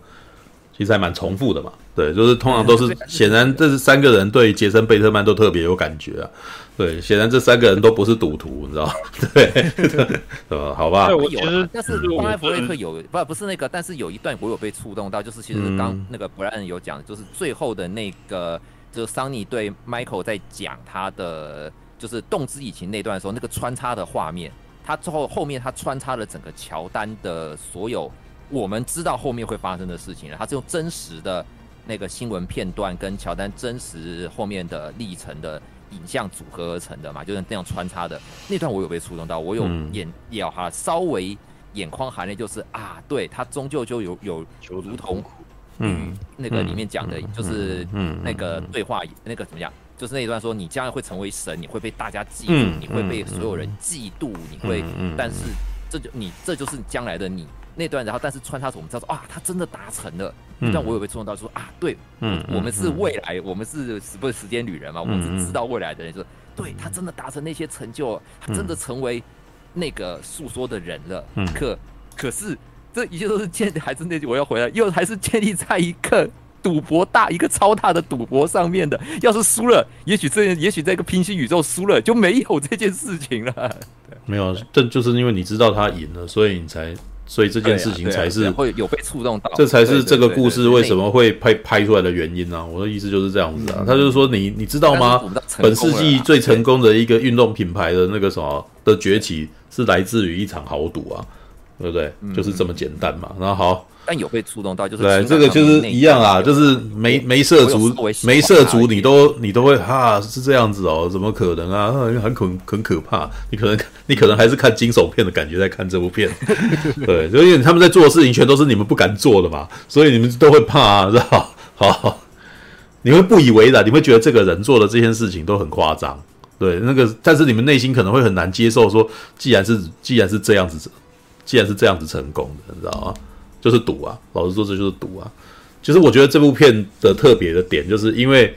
其實還蠻重複的嘛。對，就是通常都是顯然，這是三個人對傑森貝特曼都特別有感覺啊。對，顯然這三個人都不是賭徒，你知道，對，呃， 好吧。我其實、嗯嗯、但是剛才弗瑞克有不不是那個，但是有一段我有被觸動到，就是其實剛那個布萊恩有講，就是最後的那個就是桑尼對邁克在講他的就是動之以情那段的時候，那個穿插的畫面，他最後後面他穿插了整個喬丹的所有我們知道後面會發生的事情了，他是用真實的。那個新聞片段跟喬丹真實後面的歷程的影像組合而成的嘛，就是那樣穿插的那段，我有被觸動到，我有眼，要哈，稍微眼眶含淚，就是啊，對他終究就有有，如同嗯，那個裡面講的就是嗯，那個對話嗯嗯嗯嗯嗯那個怎麼樣，就是那一段說你將來會成為神，你會被大家嫉妒，你會被所有人嫉妒，你會，嗯嗯嗯但是。這就你這就是將來的你那段，然後但是穿插着我們知道說啊，他真的達成了。嗯、但我有被觸動到，說啊，對，嗯，我們是未來，嗯嗯、我們是不是時間旅人嘛，我們是知道未來的，人，說、嗯就是、對他真的達成那些成就，嗯、他真的成為那個訴說的人了。嗯、可可是這一切都是建立還是那句我要回來，又還是建立在一刻。賭博，大一個超大的賭博上面的，要是輸了，也許這，也許在一個平行宇宙輸了就沒有這件事情了。沒有，這就是因為你知道他贏了，嗯、所以你才，所以這件事情才是、對啊對啊對啊、會有被觸動到。這才是這個故事為什麼會拍對對對對對拍出來的原因呢、啊？我的意思就是這樣子啊，嗯、他就是說你你知道嗎？本世紀最成功的一個運動品牌的那個什麼對的崛起是來自於一場豪賭啊，對不對？嗯、就是這麼簡單嘛。那好。但有被觸動到，就是的對這個就是一樣啊，就是沒沒涉足，沒涉足，涉足你都你都會哈對、啊、是這樣子哦，怎麼可能啊？啊，因為很很很可怕，你可能你可能還是看驚悚片的感覺在看這部片， 對，因為他們在做的事情全都是你們不敢做的嘛，所以你們都會怕、啊，是吧？好，你會不以為然，你會覺得這個人做的這件事情都很誇張，對那個，但是你們內心可能會很難接受說，說既然是既然是這樣子，既然是這樣子成功的，你知道嗎？嗯就是賭啊！老實說，這就是賭啊。其實我覺得這部片的特別的點，就是因為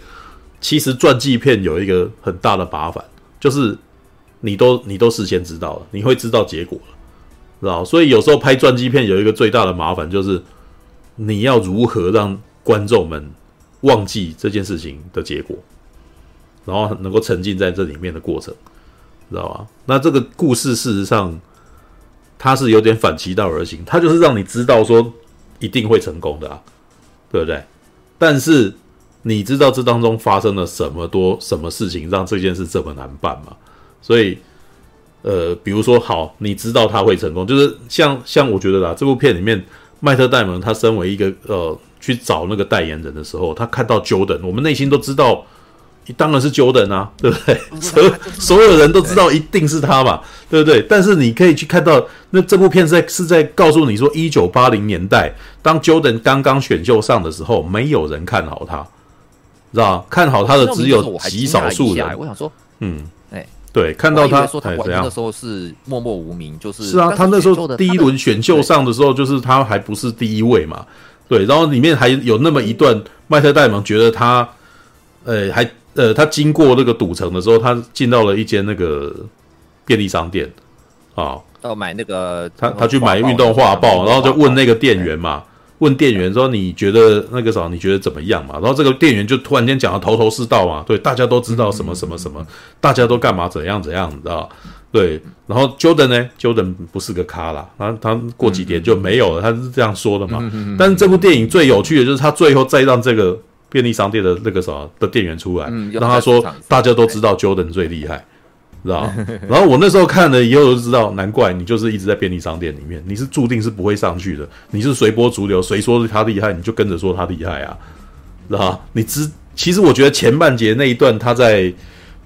其實傳記片有一個很大的麻煩，就是你都你都事先知道了，你會知道結果了，知道？所以有時候拍傳記片有一個最大的麻煩，就是你要如何讓觀眾們忘記這件事情的結果，然後能夠沉浸在這裡面的過程，知道吧？那這個故事事實上。他是有點反其道而行，他就是讓你知道說一定會成功的啊，對不對？但是你知道這當中發生了什麼多什麼事情讓這件事這麼難辦嗎？所以，呃，比如說好，你知道他會成功，就是像像我覺得啦，這部片裡面麥特戴蒙他身為一個呃去找那個代言人的時候，他看到喬丹，我們內心都知道。當然是 Jordan 啊，對不對？所 所有人都知道一定是他嘛，對不對？但是你可以去看到，那這部片是在是在告訴你說，一九八零年代，當 Jordan 剛剛選秀上的時候，沒有人看好他，知道吧？看好他的只有極少數的人。我想說，嗯，對，看到他怎樣的時候是默默無名，就是是啊，他那時候第一輪選秀上的時候，就是他還不是第一位嘛，對。然後裡面還有那麼一段，對麥特戴蒙覺得他，呃、哎，還。呃，他經過那個賭城的時候，他進到了一間那個便利商店啊，要、哦、買那個他他去買運動畫報，報然後就問那個店員嘛，嗯、問店員說你覺得那個啥，嗯、你覺得怎麼樣嘛？然後這個店員就突然間講得頭頭是道嘛，對，大家都知道什麼什麼什麼，嗯嗯嗯、大家都幹嘛怎樣怎樣，你知道？對，然後 Jordan 呢，Jordan 不是個咖啦，他他過幾天就沒有了，嗯、他是這樣說的嘛。嗯嗯嗯、但是這部電影最有趣的就是他最後再讓這個。便利商店的那個什麼的店員出來，嗯、讓他說大家都知道 Jordan 最厲害，知道、嗯、吧？ 然後我那時候看了以後就知道，難怪你就是一直在便利商店裡面，你是注定是不會上去的，你是隨波逐流，誰說是他厲害，你就跟着說他厲害啊，知道吧？你知其實我覺得前半節那一段他在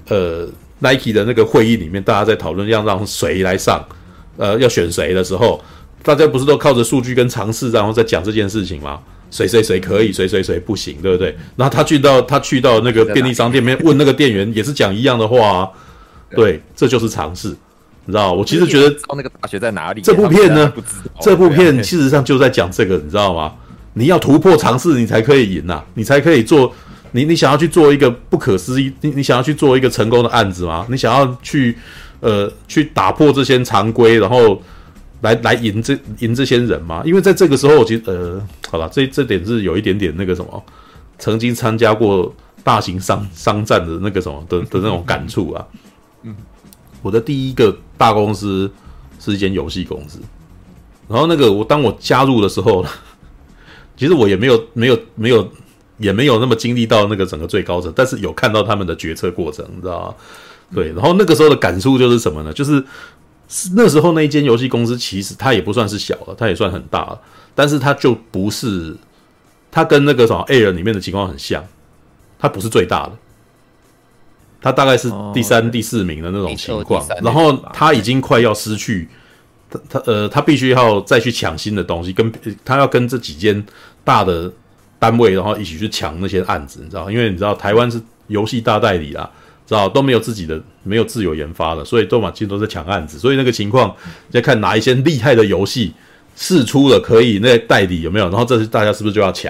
呃 Nike 的那個會議裡面，大家在討論要讓誰來上，呃，要選誰的時候，大家不是都靠着數據跟嘗試，然後再講這件事情嗎？誰誰誰可以，誰誰誰不行，對不對？然後他去到他去到那個便利商店裡面問那個店員，也是講一樣的話啊，對，這就是嘗試，你知道？我其實覺得那個大學在哪裡？這部片呢？這部片事實上就在講這個，你知道嗎？你要突破嘗試，你才可以贏吶啊，你才可以做，你你想要去做一個不可思議，你你想要去做一個成功的案子嗎？你想要去呃去打破這些常規，然後。來來贏這贏這些人嗎？因為在這個時候我其實，我覺呃，好了，這這點是有一點點那個什麼，曾經參加過大型商商戰的那個什麼的的，的那種感觸啊。嗯，我的第一個大公司是一間遊戲公司，然後那個我當我加入的時候，其實我也沒有沒有沒有也沒有那麼經歷到那個整個最高層，但是有看到他們的決策過程，你知道嗎？對，然後那個時候的感觸就是什麼呢？就是。是那時候那一間遊戲公司，其實它也不算是小了，它也算很大了，但是它就不是，它跟那個什麼 A 人裡面的情況很像，它不是最大的，它大概是第三、第四名的那種情況。Oh, okay. 然後它已經快要失去，它它呃，它必須要再去搶新的東西，跟它要跟這幾間大的單位，然後一起去搶那些案子，你知道？因為你知道台灣是遊戲大代理啦。知道都沒有自己的，沒有自有研發的，所以都嘛其實都在搶案子。所以那個情況，再看哪一些厲害的遊戲釋出了可以那代理有沒有，然後這是大家是不是就要搶，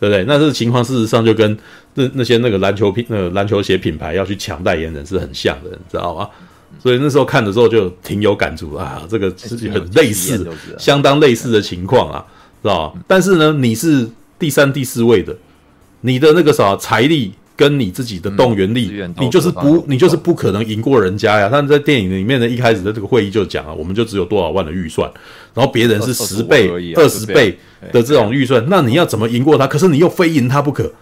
對不對？那這個情況事實上就跟那那些那個籃球品、那個籃球鞋品牌要去搶代言人是很像的，你知道嗎？所以那時候看的時候就挺有感觸啊，這個自己很類似，欸、相當類似的情況啊，知道。嗯、但是呢，你是第三、第四位的，你的那個啥財力。跟你自己的動員力，你就是不，你就是不可能贏過人家呀。但是在電影裡面的一開始的這個會議就講啊，我們就只有多少萬的預算，然後別人是十倍、二十倍的這種預算，那你要怎麼贏過他？可是你又非贏他不可。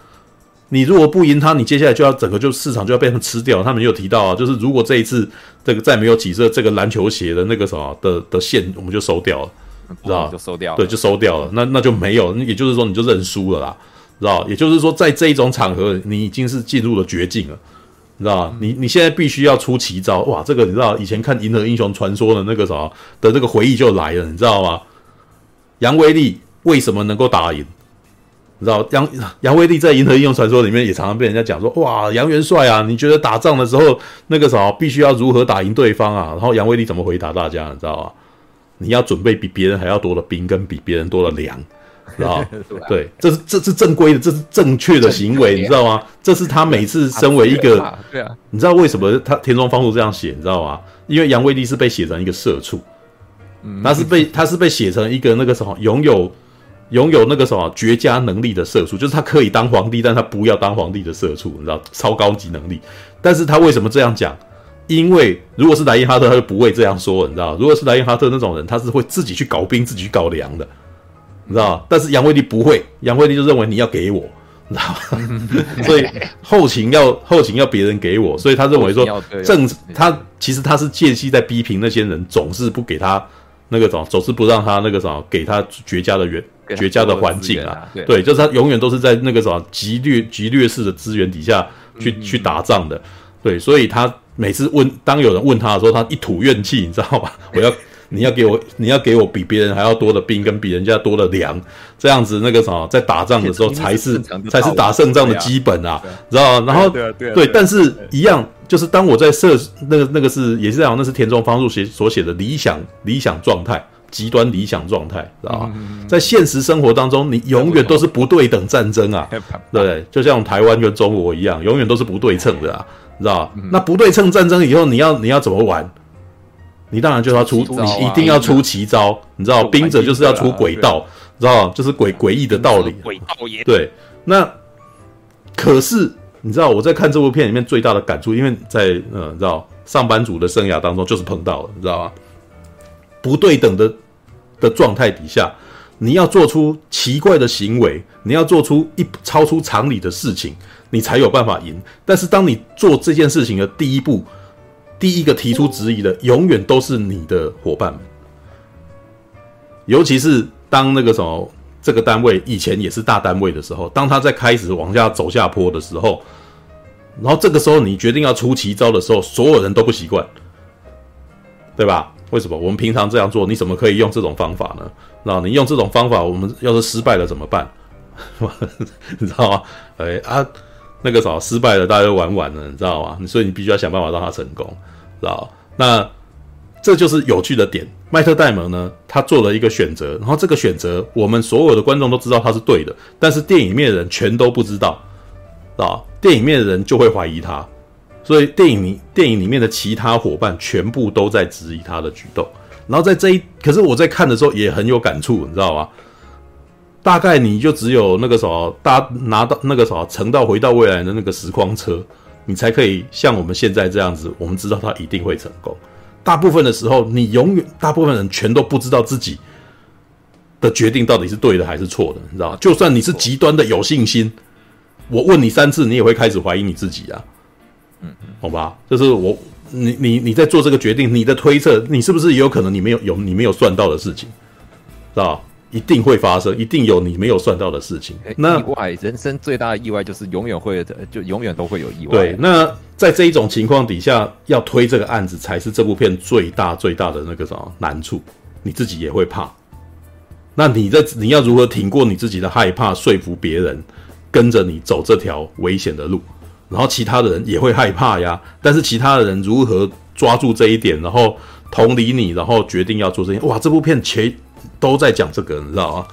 你如果不贏他，你接下來就要整個就市場就要被他們吃掉。他們有提到啊，就是如果這一次這個再沒有起色這個籃球鞋的那個什麼的的線，我們就收掉了，知道吧？就收掉了，對，就收掉了。那那就沒有，也就是說你就認輸了啦。你知道，也就是說，在這一種場合，你已經是進入了絕境了，你知道，你你現在必須要出奇招，哇！這個你知道，以前看《銀河英雄傳說》的那個啥的這個回憶就來了，你知道嗎？楊威利為什麼能夠打贏？你知道，楊楊威利在《銀河英雄傳說》裡面也常常被人家講說，哇，楊元帥啊，你覺得打仗的時候那個啥必須要如何打贏對方啊？然後楊威利怎麼回答大家？你知道嗎？你要準備比別人還要多的兵，跟比別人多的糧。啊， 對，這是這是正規的，這是正確的行為， 你知道嗎？這是他每次身為一個， 啊、你知道為什麼他田中芳樹這樣寫，你知道嗎？因為楊威利是被寫成一個社畜 他是被他是被寫成一個那個什麼擁有擁有那個什麼絕佳能力的社畜，就是他可以當皇帝，但他不要當皇帝的社畜，你知道，超高級能力。但是他為什麼這樣講？因為如果是萊因哈特，他就不會這樣說，你知道嗎？如果是萊因哈特那種人，他是會自己去搞兵，自己去搞糧的。你知道，但是楊惠麗不會，楊惠麗就認為你要給我，你知道嗎？ 所以後勤要後勤要別人給我，所以他認為說，正他其實他是借機在批評那些人總是不給他那個什麼，總是不讓他那個什麼，給他絕佳的原，絕佳的環境啊。啊對，就是他永遠都是在那個什麼，極劣極劣勢的資源底下去去打仗的。嗯嗯嗯對，所以他每次問當有人問他的時候，他一吐怨氣，你知道吧？我要。 你要給我，你要給我比別人還要多的兵，跟比人家多的糧，這樣子那個什麼，在打仗的時候才是才是打勝仗的基本啊，然後然後對，但是一樣，就是當我在設那個那個是也是這樣，那是田中芳樹寫所寫的理想理想狀態，極端理想狀態，知道嗎？在現實生活當中，你永遠都是不對等戰爭啊，對不對？就像台灣跟中國一樣，永遠都是不對稱的啊，知道嗎？那不對稱戰爭以後，你要你要怎麼玩？你當然就要出，出啊、你一定要出奇招，嗯、你知道，兵者就是要出詭道，你知道，就是詭詭異的道理。詭道也對。那可是你知道，我在看這部片裡面最大的感觸，因為在嗯、呃，你知道，上班族的生涯當中就是碰到了，你知道嗎？不對等的的狀態底下，你要做出奇怪的行為，你要做出一超出常理的事情，你才有辦法贏。但是當你做這件事情的第一步。第一個提出質疑的，永遠都是你的夥伴們。尤其是當那個什麼，這個單位以前也是大單位的時候，當他在開始往下走下坡的時候，然後這個時候你決定要出奇招的時候，所有人都不習慣，對吧？為什麼？我們平常這樣做，你怎麼可以用這種方法呢？那你用這種方法，我們要是失敗了怎麼辦？ 你知道嗎？哎、欸、啊！那個早失敗了，大家就玩完了，你知道嗎？所以你必須要想辦法讓他成功，知道？那這就是有趣的點。麥特戴蒙呢，他做了一個選擇，然後這個選擇我們所有的觀眾都知道他是對的，但是電影裡面的人全都不知道，知道嗎？電影裡面的人就會懷疑他，所以電影裡電影裡面的其他夥伴全部都在質疑他的舉動。然後在這一，可是我在看的時候也很有感觸，你知道嗎？大概你就只有那個啥，大拿到那個啥，乘到回到未來的那個時光車，你才可以像我們現在這樣子。我們知道它一定會成功。大部分的時候，你永遠大部分人全都不知道自己，的決定到底是對的還是錯的，你知道，就算你是極端的有信心，我問你三次，你也會開始懷疑你自己啊。嗯，好吧，就是我，你你你在做這個決定，你的推測，你是不是也有可能你沒有有你沒有算到的事情，是吧？一定會發生，一定有你沒有算到的事情。欸、那、意外，人生最大的意外就是永遠會，就永遠都會有意外、啊。對，那在這一種情況底下，要推這個案子才是這部片最大最大的那個什麼難處。你自己也會怕，那你在你要如何挺過你自己的害怕，說服別人跟着你走這條危險的路？然後其他的人也會害怕呀，但是其他的人如何抓住這一點，然後同理你，然後決定要做這些？哇，這部片前都在講這個，你知道啊，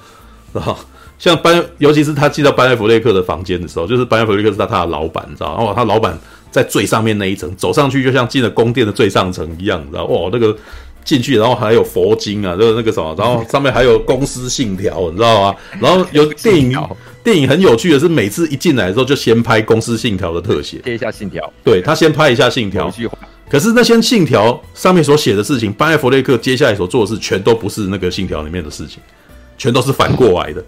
知道嗎？然後像班，尤其是他進到班艾佛列克的房間的時候，就是班艾佛列克是他他的老闆，你知道？哇，他老闆在最上面那一層，走上去就像進了宮殿的最上層一樣，知道？哇，那個進去，然後還有佛經啊，就是那個什麼，然後上面還有公司信條，你知道嗎？然後有電影，信條。電影很有趣的是，每次一進來的時候，就先拍公司信條的特寫，貼一下信條，對他先拍一下信條。可是那些信條上面所寫的事情，班艾弗雷克接下來所做的事，全都不是那個信條裡面的事情，全都是反過來的。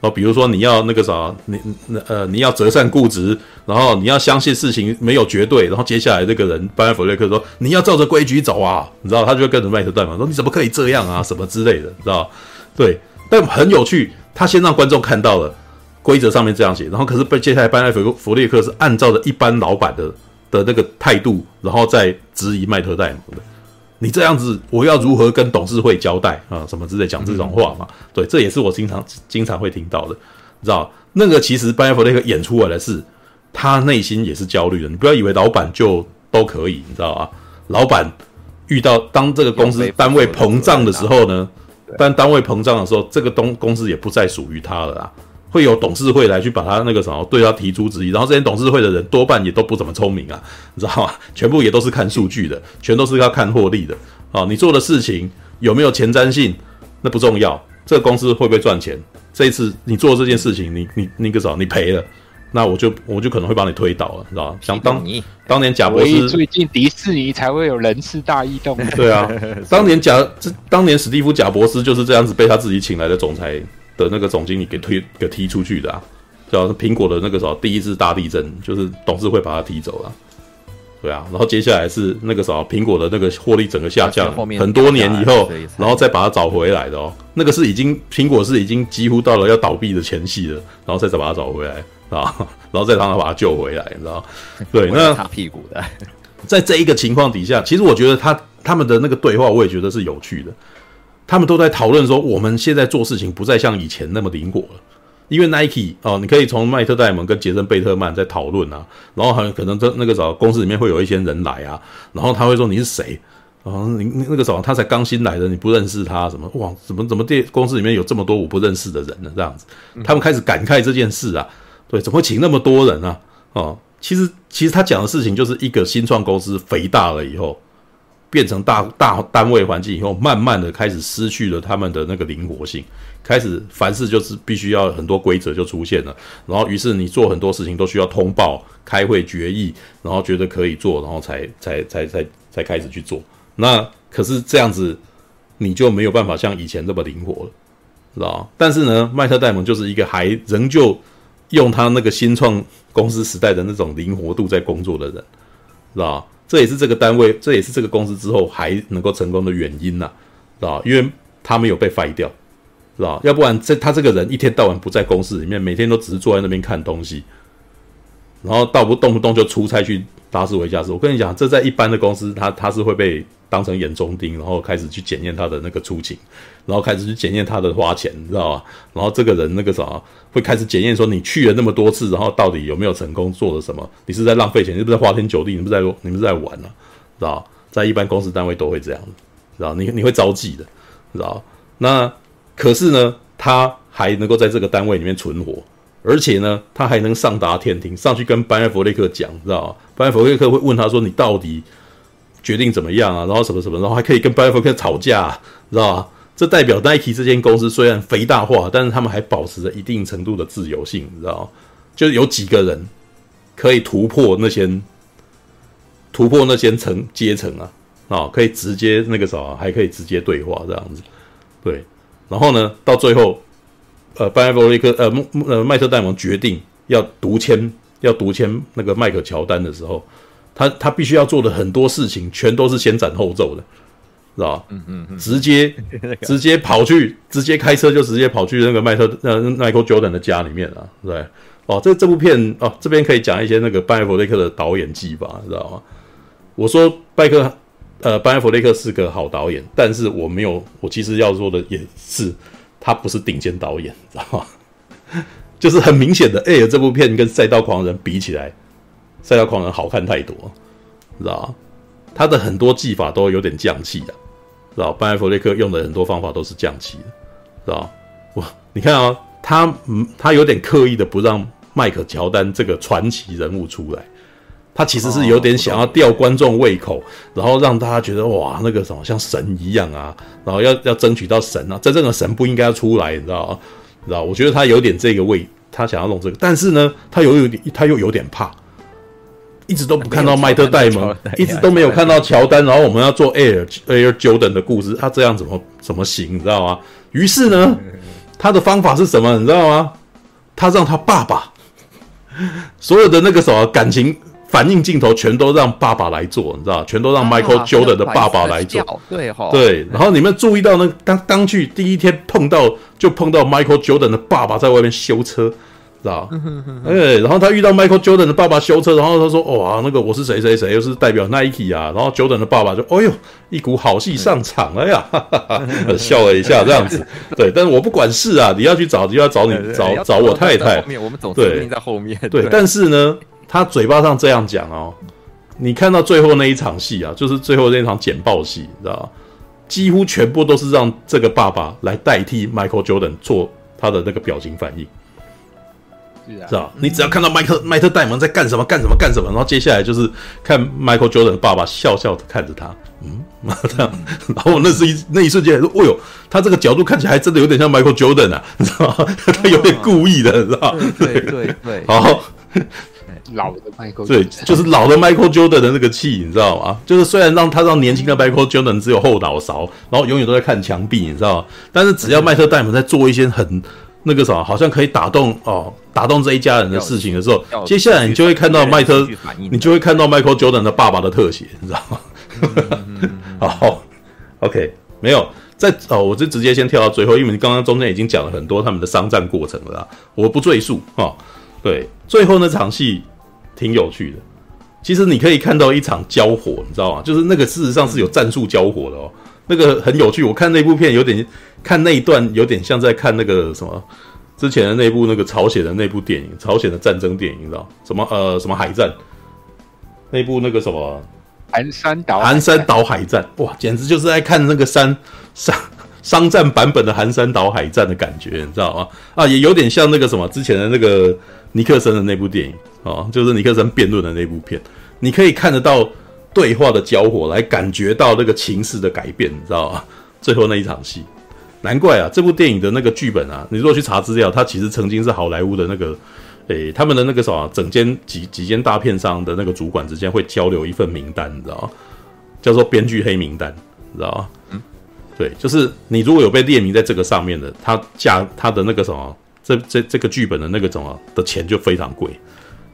哦，比如說你要那個啥，你那呃你要擇善固執，然後你要相信事情沒有絕對，然後接下來那個人班艾弗雷克說你要照着規矩走啊，你知道，他就會跟着麥特戴蒙說你怎麼可以這樣啊什麼之類的，你知道？對，但很有趣，他先讓觀眾看到了規則上面這樣寫，然後可是被接下來班艾弗弗雷克是按照着一般老闆的。的那個態度，然後再質疑麥特戴蒙的，你這樣子，我要如何跟董事會交代啊？什麼之類講這種話嘛？嗯、對，這也是我經常經常會聽到的，你知道？那個其實班艾佛列克那個演出來的是，他內心也是焦慮的。你不要以為老板就都可以，你知道啊。老板遇到當這個公司單位膨脹的時候呢，當對單位膨脹的時候，這個東公司也不再屬於他了啊。會有董事會來去把他那個什麼，對他提出質疑。然後這些董事會的人多半也都不怎麼聰明啊，你知道嗎？全部也都是看數據的，全都是要看獲利的。啊。你做的事情有沒有前瞻性，那不重要。這個公司會不會賺錢？這一次你做這件事情，你你那個什麼，你賠了，那我就我就可能會把你推倒了，你知道嗎？想當當年賈伯斯，所以最近迪士尼才會有人事大異動的。對啊，當年賈這當年史蒂夫賈伯斯就是這樣子被他自己請來的總裁的那個總經理給推給踢出去的。啊，主要是蘋果的那個時候，第一次大地震，就是董事會把他踢走了。啊，對啊，然後接下來是那個時候，蘋果的那個獲利整個下降，很多年以後，然後再把它找回來的哦，那個是已經蘋果是已經幾乎到了要倒閉的前夕了，然後再把它找回來啊，然後再讓他把它救回來，你知道？對，那擦屁股的，在這一個情況底下，其實我覺得他他們的那個對話，我也覺得是有趣的。他們都在討論說，我們現在做事情不再像以前那麼靈活了，因為 Nike 哦，你可以從邁特戴蒙跟傑森貝特曼在討論啊，然後還可能他那個時候，公司裡面會有一些人來啊，然後他會說你是誰啊？哦，你那個時候他才剛新來的，你不認識他什麼哇？怎麼怎麼這公司裡面有這麼多我不認識的人呢？這樣子，他們開始感慨這件事啊，對，怎麼會請那麼多人呢？啊？哦，其實其實他講的事情就是一個新創公司肥大了以後。變成大大單位環境以後，慢慢的開始失去了他們的那個靈活性，開始凡事就是必須要很多規則就出現了，然後於是你做很多事情都需要通報、開會決議，然後覺得可以做，然後才才才才才開始去做。那可是這樣子，你就沒有辦法像以前那麼靈活了，知道吧？但是呢，麥特戴蒙就是一個還仍舊用他那個新創公司時代的那種靈活度在工作的人，知道吧？這也是這個單位，這也是這個公司之後還能夠成功的原因吶，啊，是吧？因為他沒有被廢掉，是吧？要不然這他這個人一天到晚不在公司裡面，每天都只是坐在那邊看東西，然後倒不動不動就出差去拉斯維加斯。我跟你講，這在一般的公司，他他是會被當成眼中釘，然後開始去檢驗他的那個出勤。然後開始去檢驗他的花錢，你知道吧？然後這個人那個啥會開始檢驗說，你去了那麼多次，然後到底有沒有成功做了什麼？你是，是在浪費錢，你不是在花天酒地，你不是在，你不是在玩了，啊，知道吧？在一般公司單位都會這樣，你知道你你會着急的，你知道？那可是呢，他還能夠在這個單位裡面存活，而且呢，他還能上達天庭，上去跟班艾佛列克講，你知道吧？班艾佛列克會問他說，你到底決定怎麼樣啊？然後什麼什麼，然後還可以跟班艾佛列克吵架，你知道吧？這代表 Nike 這間公司雖然肥大化，但是他們還保持着一定程度的自由性，你知道，就是有幾個人可以突破那些突破那些層階層啊，啊、哦，可以直接那個啥，還可以直接對話這樣子，對。然後呢，到最後，呃，拜爾伯利克，ique, 呃，呃，麥特戴蒙決定要獨簽，要獨簽那個麥克喬丹的時候，他他必須要做的很多事情，全都是先斬後奏的。知道，嗯嗯，哼嗯， 直接直接跑去，直接開車就直接跑去那個邁特呃邁克爾喬丹的家裡面了，對哦，這這部片哦，這邊可以講一些那個班艾佛列克的導演技法吧，知道嗎？我說拜克呃班艾佛列克是個好導演，但是我沒有我其實要說的也是他不是頂尖導演，知道嗎？就是很明顯的，哎、欸、這部片跟賽道狂人比起來《賽道狂人》比起來，《賽道狂人》好看太多，知道他的很多技法都有點匠氣的、啊。知道，班艾佛列克用的很多方法都是降級的，知道？哇，你看啊，他嗯，他有點刻意的不讓邁克喬丹這個傳奇人物出來，他其實是有點想要吊觀眾胃口，哦、然後讓大家覺得哇，那個什麼像神一樣啊，然後要要爭取到神啊，真正的神不應該要出來，你知道？你知道？我覺得他有點這個味，他想要弄這個，但是呢，他有有點，他又有點怕。一直都不看到邁特戴蒙，一直都沒有看到喬丹，啊啊啊啊、然後我們要做 Air、嗯、Air Jordan 的故事，他這樣怎麼怎麼行，你知道嗎？於是呢，嗯嗯、他的方法是什麼，你知道嗎？他讓他爸爸所有的那個什麼感情反應鏡頭全都讓爸爸來做，你知道嗎，全都讓 Michael、啊、Jordan 的爸爸來做，啊、對、哦對嗯、然後你們注意到那剛剛去第一天碰到就碰到 Michael Jordan 的爸爸在外面修車。.知道、嗯欸，然後他遇到 Michael Jordan 的爸爸修車，然後他說：“哇，那個我是誰誰誰，又是代表 Nike 啊。”然後 Jordan 的爸爸就：“哎呦，一股好戲上場了呀！”嗯、哈哈，哈，哈、嗯、哼哼笑了一下，這樣子。 對，但是我不管事啊，你要去找就要找你，對對對，找找我太太。後面我們總對在後面對，對對，但是呢，他嘴巴上這樣講哦， 你看到最後那一場戲啊，就是最後那場簡報戲，知道嗎？幾乎全部都是讓這個爸爸來代替 Michael Jordan 做他的那個表情反應。是吧、啊？嗯、你只要看到麥特麥特戴蒙在幹什麼幹什麼幹什麼，然後接下來就是看 Michael Jordan 的爸爸笑笑的看着他，嗯，那這樣，然後那是一那一瞬間，說、哎、哦呦，他這個角度看起來還真的有點像 Michael Jordan 呢、啊，你知道吧？他有點故意的，你知道對對對然後好老的 Michael，對，就是老的 Michael Jordan 的那個氣，你知道嗎？就是雖然讓他讓年輕的 Michael Jordan 只有後腦勺，然後永遠都在看牆壁，你知道，但是只要麥特戴蒙在做一些很。那個啥，好像可以打動哦，打動這一家人的事情的時候，接下來你就會看到邁特，你就會看到邁克爾·喬丹的爸爸的特寫，你知道嗎？嗯嗯嗯、 好，OK，沒有在哦，我就直接先跳到最後，因為剛剛中間已經講了很多他們的商戰過程了啦，我不贅述啊、哦。對，最後那場戲挺有趣的，其實你可以看到一場交火，你知道嗎？就是那個事實上是有戰術交火的哦，嗯、那個很有趣。我看那部片有點。看那一段有點像在看那個什麼之前的那部那個朝鮮的那部電影，朝鮮的戰爭電影，你知道嗎？什麼呃什麼海戰？那部那個什麼？寒山島。寒山島海戰，哇，簡直就是在看那個商商商戰版本的寒山島海戰的感覺，你知道嗎？啊，也有點像那個什麼之前的那個尼克森的那部電影啊，就是尼克森辯論的那部片，你可以看得到對話的交火來感覺到那個情勢的改變，你知道嗎？最後那一場戲。難怪啊！這部電影的那個劇本啊，你如果去查資料，它其實曾經是好萊塢的那個，誒、欸，他們的那個什麼、啊，整間幾幾間大片商的那個主管之間會交流一份名單，你知道嗎？叫做編劇黑名單，你知道嗎？嗯，對，就是你如果有被列名在這個上面的，他加他的那個什麼，這這這個劇本的那個什麼的錢就非常貴，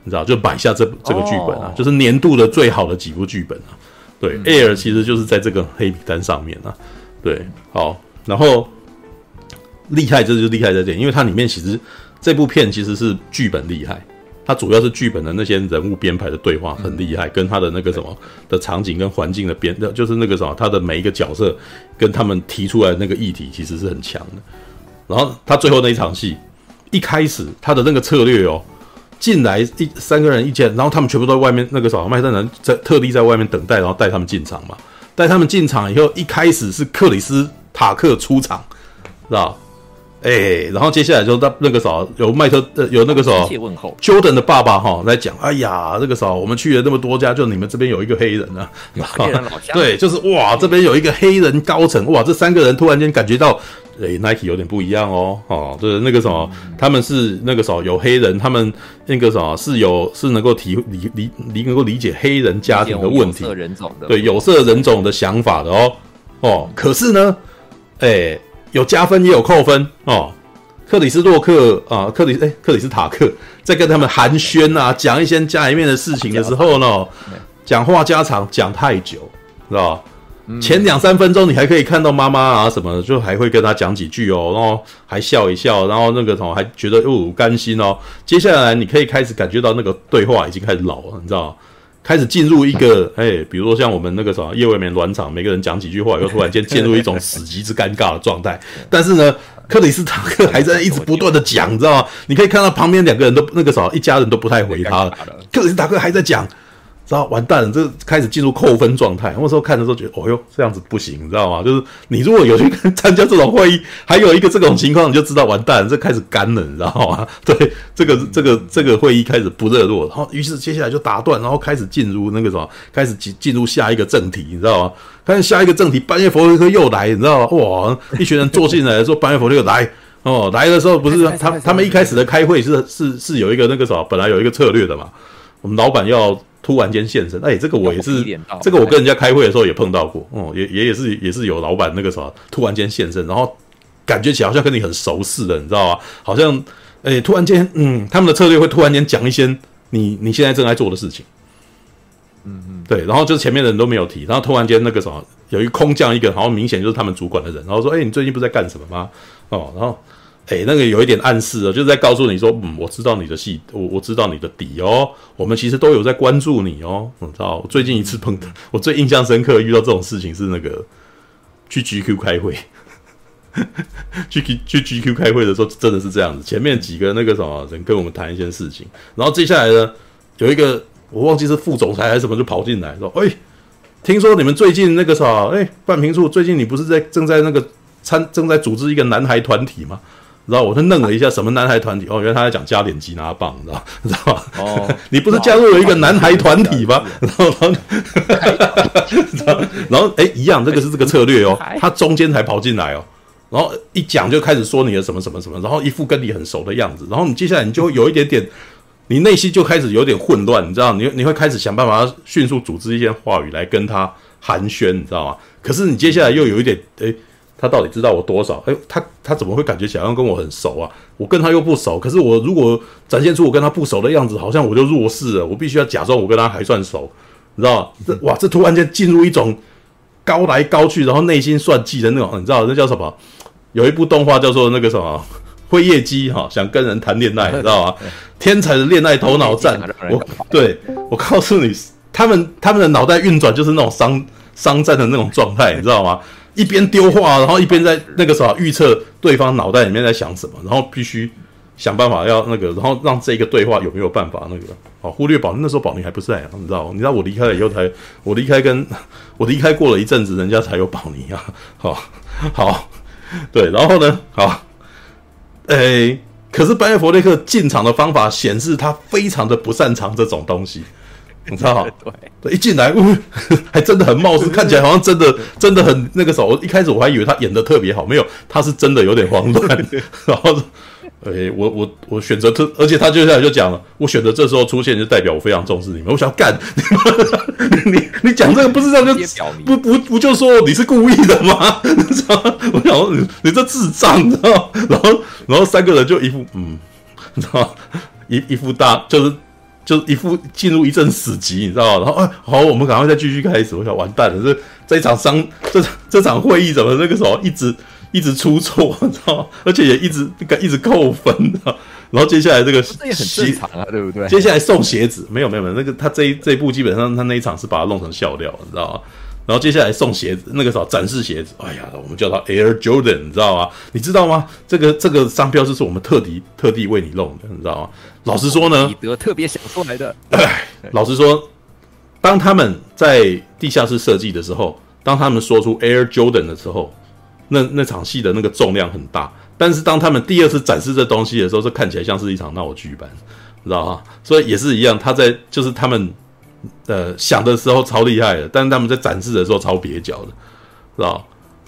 你知道，就買下這這個劇本啊，哦、就是年度的最好的幾部劇本啊。對、嗯、，Air 其實就是在這個黑名單上面啊。對，好。然後厲害這就厲害在這點，因為它裡面其實這部片其實是劇本厲害，它主要是劇本的那些人物編排的對話很厲害，跟他的那個什麼的場景跟環境的編，的就是那個什麼，他的每一個角色跟他們提出來的那個議題其實是很強的。然後他最後那一場戲，一開始他的那個策略哦，進來一三個人一見，然後他們全部都在外面，那個什麼麥當勞在特地在外面等待，然後帶他們進場嘛，帶他們進場以後，一開始是克里斯。塔克出場，是吧？哎、欸，然後接下來就是那那個什麼有邁克、呃，有那個什麼喬丹的爸爸哈在、哦、講，哎呀，那個什麼我們去了那麼多家，就你們這邊有一個黑人啊， 人老家對，就是哇，這邊有一個黑人高層，哇，這三個人突然間感覺到，哎、欸、，Nike 有點不一樣哦，哦，就是那個什麼，嗯、他們是那個什麼有黑人，他們那個什麼是有是能夠體理理理能夠理解黑人家庭的問題，有色人種的，對有色人種的想法的哦，嗯、哦，可是呢。哎、欸，有加分也有扣分哦。克里斯洛克啊，克里誒克里斯塔克在跟他們寒暄啊，講一些家裡面的事情的時候呢，嗯、講話家常講太久，知道吧？嗯、前兩三分鐘你還可以看到媽媽啊什麼的，就還會跟她講幾句哦，然後還笑一笑，然後那個時候還覺得哦、呃、甘心哦。接下來你可以開始感覺到那個對話已經開始老了，你知道。開始進入一個哎、欸，比如說像我們那個什麼夜未眠暖場，每個人講幾句話，又突然間進 入一種死寂之尷尬的狀態。但是呢，克里斯塔克還在一直不斷的講，你知道嗎？你可以看到旁邊兩個人都那個什麼，一家人都不太回他了，克里斯塔克還在講。知道完蛋了，這開始進入扣分狀態。很多時候看的時候覺得，哦喲，這樣子不行，你知道嗎？就是你如果有去參加這種會議，還有一個這種情況，你就知道完蛋了，這開始乾冷，你知道嗎？對，這個這個這個會議開始不熱絡，然後於是接下來就打斷，然後開始進入那個什麼，開始進進入下一個正題，你知道嗎？開始下一個正題，班艾佛列克又來，你知道嗎？哇，一群人坐進來說班艾佛列克來哦，來的時候不是他他們一開始的開會是是是有一個那個什麼，本來有一個策略的嘛，我們老闆要。突然間現身，哎，這個我也是，這個我跟人家開會的時候也碰到過，哦，也也也是也是有老板那個什麼，突然間現身，然後感覺起來好像跟你很熟似的，你知道吧？好像，哎，突然間，嗯，他們的策略會突然間講一些你你現在正在做的事情，嗯嗯，對，然後就是前面的人都沒有提，然後突然間那個什麼，有一空降一個，然後明顯就是他們主管的人，然後說，哎，你最近不是在幹什麼嗎？哦，然後。誒、欸，那個有一點暗示啊，就是在告訴你說，嗯，我知道你的戲，我我知道你的底哦。我們其實都有在關注你哦。我知道我最近一次碰，到，我最印象深刻的遇到這種事情是那個去 GQ 開會，呵呵去去 GQ 開會的時候真的是這樣子。前面幾個那個什麼人跟我們談一件事情，然後接下來呢，有一個我忘記是副總裁還是什麼，就跑進來說，誒、欸，聽說你們最近那個啥，誒、欸，半瓶醋最近你不是在正在那個參正在組織一個男孩團體嗎？然後我就愣了一下，什麼男孩團體？哦，原來他在講加點吉拿棒，你知道知道嗎？哦， 你不是加入了一個男孩團體嗎？哦， 然後， 然後，然後，哎，一樣，這個是這個策略哦。他中間才跑進來哦，然後一講就開始說你的什麼什麼什麼，然後一副跟你很熟的樣子，然後你接下來你就有一點點， 你內心就開始有點混亂，你知道，你你會開始想辦法迅速組織一些話語來跟他寒暄，你知道嗎？可是你接下來又有一點，哎。他到底知道我多少？哎、欸，他他怎麼會感覺想要跟我很熟啊？我跟他又不熟，可是我如果展現出我跟他不熟的樣子，好像我就弱勢了。我必須要假裝我跟他還算熟，你知道吧、嗯？這哇，這突然間進入一種高來高去，然後內心算計的那種，你知道那叫什麼？有一部動畫叫做那個什麼輝夜姬哈，想跟人談戀愛，你知道嗎？嗯、天才的戀愛頭腦戰。我對我告訴你，他們他們的腦袋運轉就是那種商商戰的那種狀態，你知道嗎？ 一邊丟話，然後一邊在那個時候預測對方腦袋裡面在想什麼，然後必須想辦法要那個，然後讓這個對話有沒有辦法那個啊忽略保，那時候保寧還不在、啊，你知道嗎？你知道我離開了以後才，我離開跟我離開過了一陣子，人家才有保寧啊，好好對，然後呢，好，哎，可是班艾佛列克進場的方法顯示他非常的不擅長這種東西。你知道嗎？對，對，一進來、嗯，還真的很冒失，看起來好像真的，真的很那個時候，我一開始我還以為他演的特別好，沒有，他是真的有點慌亂。然後，哎、欸，我我我選擇特，而且他接下來就講了，我選擇這時候出現就代表我非常重視你們，我想要幹你，你你講這個不是這樣就不不不就說你是故意的嗎？你知道，我想說你你這智障，你知道嗎？然後然後三個人就一副嗯，你知道嗎？一一副大就是。就一副進入一陣死寂，你知道嗎？然後啊，哎，好，我們趕快再繼續開始。我想完蛋了，這這一場商這這場會議怎麼那個時候一直一直出錯，你知道嗎？而且也一直一直扣分，然後接下來這個這很淒慘啊，對不對？接下來送鞋子，沒有沒有沒有，那個他這一這一步基本上他那一場是把他弄成笑料，你知道嗎？然後接下來送鞋子，那個時候展示鞋子。哎呀，我們叫它 Air Jordan，你知道嗎？你知道嗎？這個這個商標就是我們特地特地為你弄的，你知道嗎？老實說呢，彼得特別想出來的。老實說，當他們在地下室設計的時候，當他們說出 Air Jordan 的時候，那那場戲的那個重量很大。但是當他們第二次展示這東西的時候，這看起來像是一場鬧劇般，你知道嗎？所以也是一樣，他在就是他們。呃，想的時候超厲害的，但是他們在展示的時候超蹩腳的，知道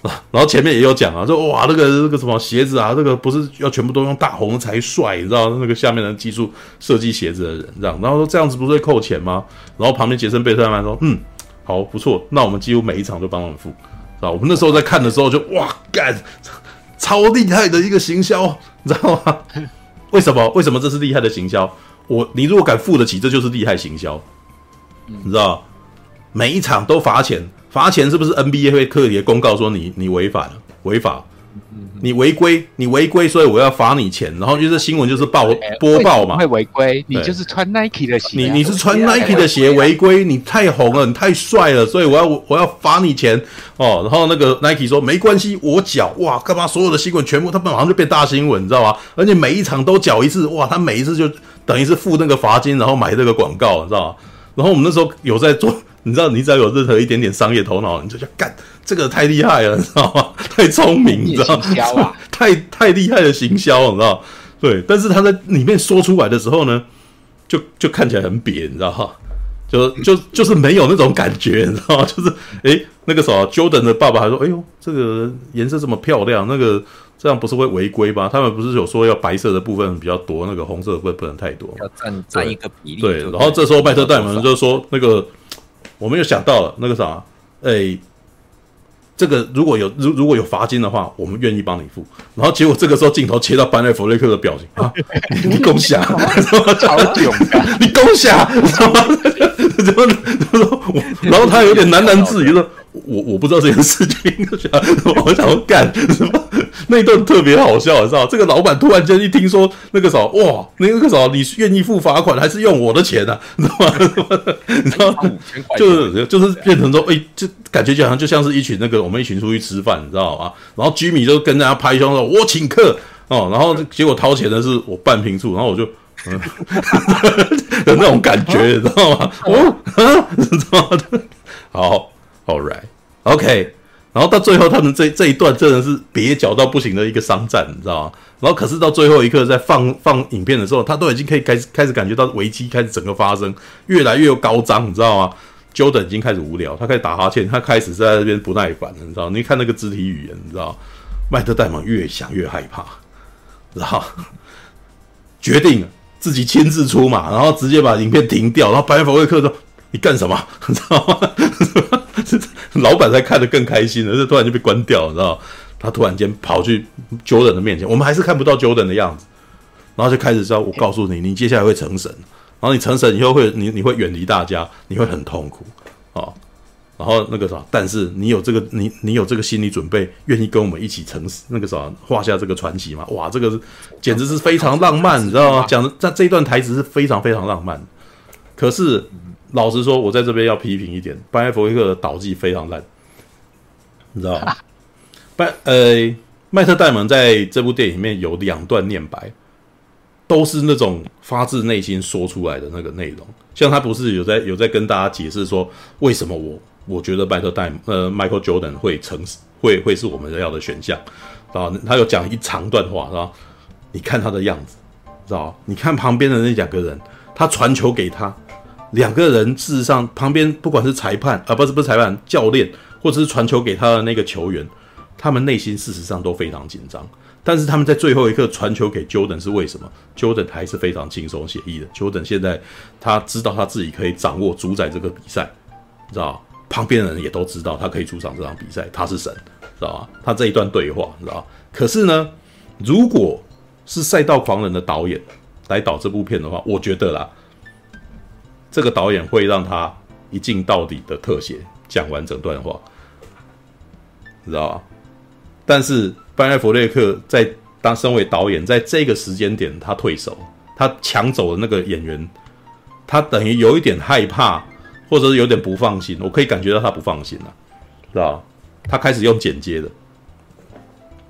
吧？然後前面也有講啊，說哇，那個那個什麼鞋子啊，這個不是要全部都用大紅才帥，你知道？那個下面的技術設計鞋子的人，這樣，然後說這樣子不是會扣錢嗎？然後旁邊傑森貝特曼說，嗯，好不錯，那我們幾乎每一場都幫他們付，是吧？我們那時候在看的時候就哇，幹，超厲害的一個行銷，你知道嗎？為什麼？為什麼這是厲害的行銷？我，你如果敢付得起，這就是厲害行銷。你知道，每一場都罰錢，罰錢是不是 NBA 會特別公告說，你你違反了違法，你違規你違規，所以我要罰你錢，然後就是新聞就是報對對對播報嘛，會違規，對你就是穿 Nike 的、啊、的鞋，你你是穿 Nike 的鞋違規，你太紅了，你太帥了，所以我要我要罰你錢哦，然後那個 Nike 說沒關係，我繳。哇，幹嘛所有的新聞全部他們馬上就變大新聞，你知道嗎？而且每一場都繳一次，哇，他每一次就等於是付那個罰金，然後買這個廣告，你知道嗎？然後我們那時候有在做，你知道，你只要有任何一點點商業頭腦，你就去幹這個太厲害了，你知道嗎？太聰明，你知道嗎？啊、太太厲害的行銷，你知道？對，但是他在裡面說出來的時候呢，就就看起來很癟，你知道嗎？就就就是沒有那種感覺，你知道嗎？就是哎、欸，那個時候 Jordan 的爸爸還說：“哎呦，這個顏色這麼漂亮，那個這樣不是會違規吧？他們不是有說要白色的部分比較多，那個紅色的部分不能太多，要占一個比例。”對。對嗯、然後這時候邁特戴蒙就是說：“嗯嗯嗯嗯、那個，我們又想到了那個啥，哎、欸，這個如果有如如果有罰金的話，我們願意幫你付。”然後結果這個時候鏡頭切到班內弗瑞克的表情啊，你恭喜啊，你恭喜啊，怎麼怎麼？ 然後他有點喃喃自語說：“我我不知道這件事情，我想，我想要幹什麼？”那一段特別好笑，你知道？這個老闆突然間一聽說那個啥，哇，那個啥，你是願意付罰款還是用我的錢啊？你知道嗎？你知道？ 就是就是變成說，哎、欸，就感覺就好像就像是一群那個我們一群出去吃飯，你知道嗎？然後居民就跟大家拍胸說：“我請客哦。”然後結果掏錢的是我半瓶醋，然後我就。的 那種感覺，oh、my God, 你知道嗎？哦，知道的？好，All right, OK。然後到最後，他們這這一段真的是蹩腳到不行的一個商戰，你知道嗎？然後可是到最後一刻，在放放影片的時候，他都已經可以開始開始感覺到危機開始整個發生，越來越高漲，你知道嗎？Jordan 已經開始無聊，他開始打哈欠，他開始在那邊不耐煩了，你知道？你看那個肢體語言，你知道？麥特戴蒙越想越害怕，你知道？ 決定。自己親自出馬，然後直接把影片停掉，然後白佛瑞克說：“你幹什麼？你知道嗎？”老闆才看得更開心了，這突然就被關掉了，你知道？他突然間跑去 Jordan 的面前，我們還是看不到 Jordan 的樣子，然後就開始說：“我告訴你，你接下來會成神，然後你成神以後會，你你會遠離大家，你會很痛苦。哦”好。然後那個啥，但是你有這個你你有這個心理準備，願意跟我們一起成那個啥，畫下這個傳奇嘛？哇，這個簡直是非常浪漫，這段，你知道嗎？講的在這一段台詞是非常非常浪漫。可是老實說，我在這邊要批評一點，班艾佛列克的導技非常爛，你知道吧？班，呃，邁特戴蒙在這部電影裡面有兩段念白，都是那種發自內心說出來的那個內容，像他不是有在有在跟大家解釋說為什麼我。我覺得拜托戴，呃，邁克爾喬丹會成，會會是我們要的選項，啊，他又講一長段話，啊，你看他的樣子，知道嗎？你看旁邊的那兩個人，他傳球給他，兩個人事實上旁邊不管是裁判啊，不是不是裁判，教練或者是傳球給他的那個球員，他們內心事實上都非常緊張，但是他們在最後一刻傳球給 Jordan 是為什麼？Jordan 還是非常輕鬆寫意的，Jordan 現在他知道他自己可以掌握主宰這個比賽，知道嗎？旁邊的人也都知道他可以出場這場比賽，他是神，知道吧？他這一段對話，知道，可是呢，如果是《賽道狂人》的導演來導這部片的話，我覺得啦，這個導演會讓他一鏡到底的特寫講完整段話，知道吧？但是，班艾弗列克在當身為導演，在這個時間點他退守，他搶走了那個演員，他等於有一點害怕。或者是有點不放心，我可以感覺到他不放心了、啊，是吧？他開始用剪接的，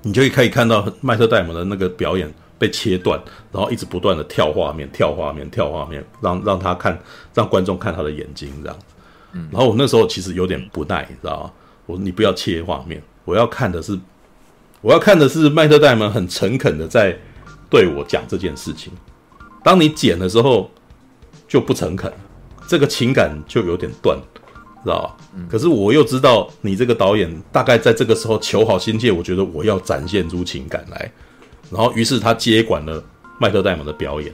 你就可以看到麥特戴蒙的那個表演被切斷，然後一直不斷的跳畫面、跳畫面、跳畫面，讓讓他看，讓觀眾看他的眼睛這樣子。然後我那時候其實有點不耐，你知道嗎？我說你不要切畫面，我要看的是，我要看的是麥特戴蒙很誠懇的在對我講這件事情。當你剪的時候，就不誠懇。這個情感就有點斷，知道吧？嗯、可是我又知道你這個導演大概在這個時候求好心切，我覺得我要展現出情感來。然後於是他接管了麥特·戴蒙的表演，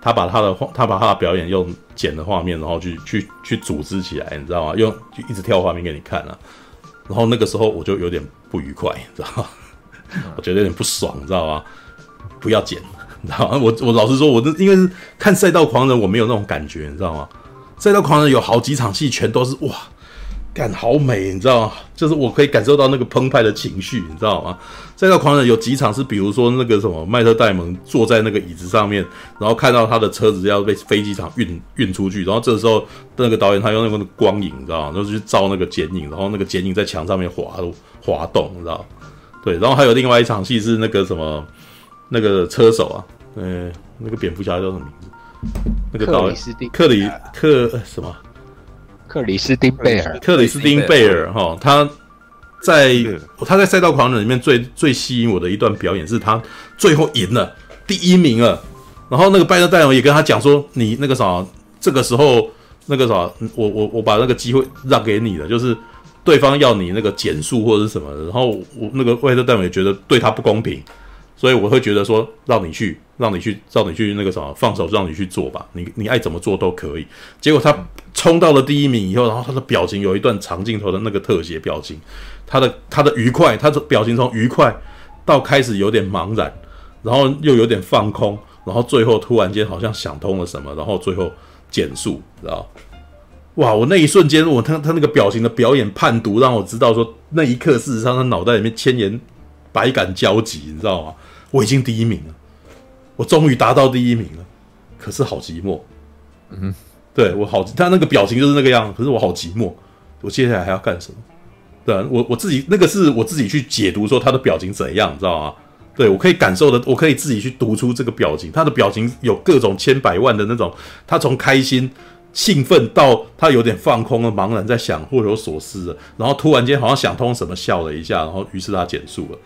他把他的畫，他把他的表演用剪的畫面，然後去去去組織起來，你知道嗎？用就一直跳畫面給你看了、啊。然後那個時候我就有點不愉快，你知道嗎？嗯、 我覺得有點不爽，你知道嗎？不要剪，你知道嗎？我我老實說，我這因為是看《賽道狂人》，我沒有那種感覺，你知道嗎？《賽道狂人》有好幾場戲，全都是哇，幹好美，你知道嗎？就是我可以感受到那個澎湃的情緒，你知道嗎？《賽道狂人》有幾場是，比如說那個什麼邁特戴蒙坐在那個椅子上面，然後看到他的車子要被飛機場運運出去，然後這個時候那個導演他用那個光影，你知道嗎？就是去照那個剪影，然後那個剪影在牆上面滑滑動，你知道嗎？對，然後還有另外一場戲是那個什麼那個車手啊，哎，那個蝙蝠俠叫什麼名字？那個克里斯丁克里克什麼？克里斯丁貝爾，克里，克，克里斯丁貝爾哈，他在他在《賽道狂人》裡面最最吸引我的一段表演，是他最後贏了第一名了。然後那個麥特戴蒙也跟他講說：“你那個啥，這個時候那個啥，我我我把那個機會讓給你了，就是對方要你那個減速或者是什麼。然後我那個麥特戴蒙覺得對他不公平，所以我會覺得說，讓你去。”讓你去，讓你去那個什麼，放手讓你去做吧，你你愛怎麼做都可以。結果他衝到了第一名以後，然後他的表情有一段長鏡頭的那個特寫表情，他的他的愉快，他的表情從愉快到開始有點茫然，然後又有點放空，然後最後突然間好像想通了什麼，然後最後減速，知道嗎？哇，我那一瞬間，我他他那個表情的表演判讀，讓我知道說那一刻事實上他腦袋裡面千言百感交集，你知道嗎？我已經第一名了。我終於達到第一名了，可是好寂寞。嗯，對我好，他那個表情就是那個樣子。可是我好寂寞，我接下來還要幹什麼？對啊，我我自己那個是我自己去解讀說他的表情怎樣，你知道嗎？對，我可以感受的，我可以自己去讀出這個表情。他的表情有各種千百萬的那種，他從開心、興奮到他有點放空了、茫然在想、若有所思的，然後突然間好像想通什麼笑了一下，然後於是他減速了。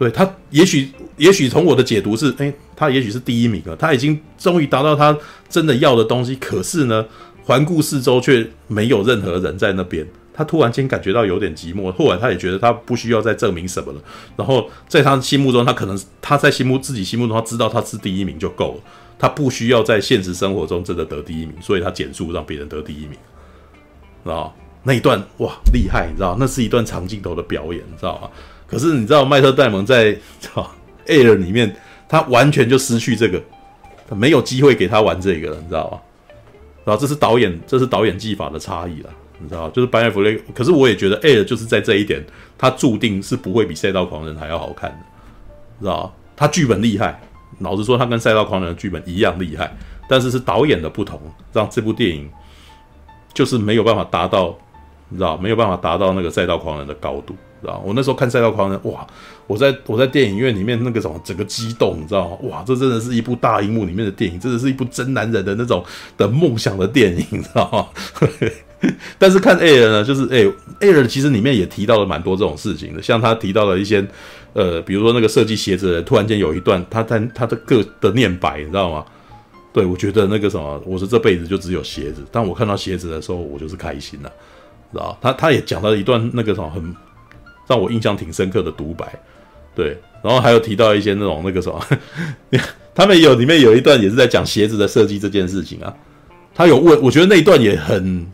對，他也許也許從我的解讀是，誒，他也許是第一名了，他已經終於達到他真的要的東西。可是呢，環顧四周卻沒有任何人在那邊，他突然間感覺到有點寂寞。後來他也覺得他不需要再證明什麼了。然後在他心目中，他可能他在心目自己心目中，他知道他是第一名就夠了，他不需要在現實生活中真的得第一名，所以他減速讓別人得第一名，知道嗎？那一段哇，厲害，你知道，那是一段長鏡頭的表演，你知道嗎？可是你知道，邁特戴蒙在啊、《Air》裡面，他完全就失去這個，他沒有機會給他玩這個了，你知道吧？然後、啊、這是導演，這是導演技法的差異了，你知道嗎？就是班艾佛列克。Ly, 可是我也覺得，《Air》就是在這一點，他注定是不會比《賽道狂人》還要好看的，你知道嗎？他劇本厲害，老實說，他跟《賽道狂人》的劇本一樣厲害，但是是導演的不同，讓這部電影就是沒有辦法達到，你知道嗎？沒有辦法達到那個《賽道狂人》的高度。知道，我那時候看《賽道狂人》，哇，我在我在電影院裡面那個什麼，整個激動，你知道嗎？哇，這真的是一部大熒幕裡面的電影，真的是一部真男人的那種的夢想的電影，你知道嗎？ 但是看 Air 呢，就是 Air，Air 其實裡面也提到了蠻多這種事情的，像他提到了一些呃，比如說那個設計鞋子的，突然間有一段他他他的個的念白，你知道嗎？對，我覺得那個什麼，我是這輩子就只有鞋子，但我看到鞋子的時候，我就是開心了，知道他他也講到一段那個什麼很。讓我印象挺深刻的獨白，對，然後還有提到一些那種那個什麼，呵呵他們有裡面有一段也是在講鞋子的設計這件事情啊，他有問，我覺得那一段也很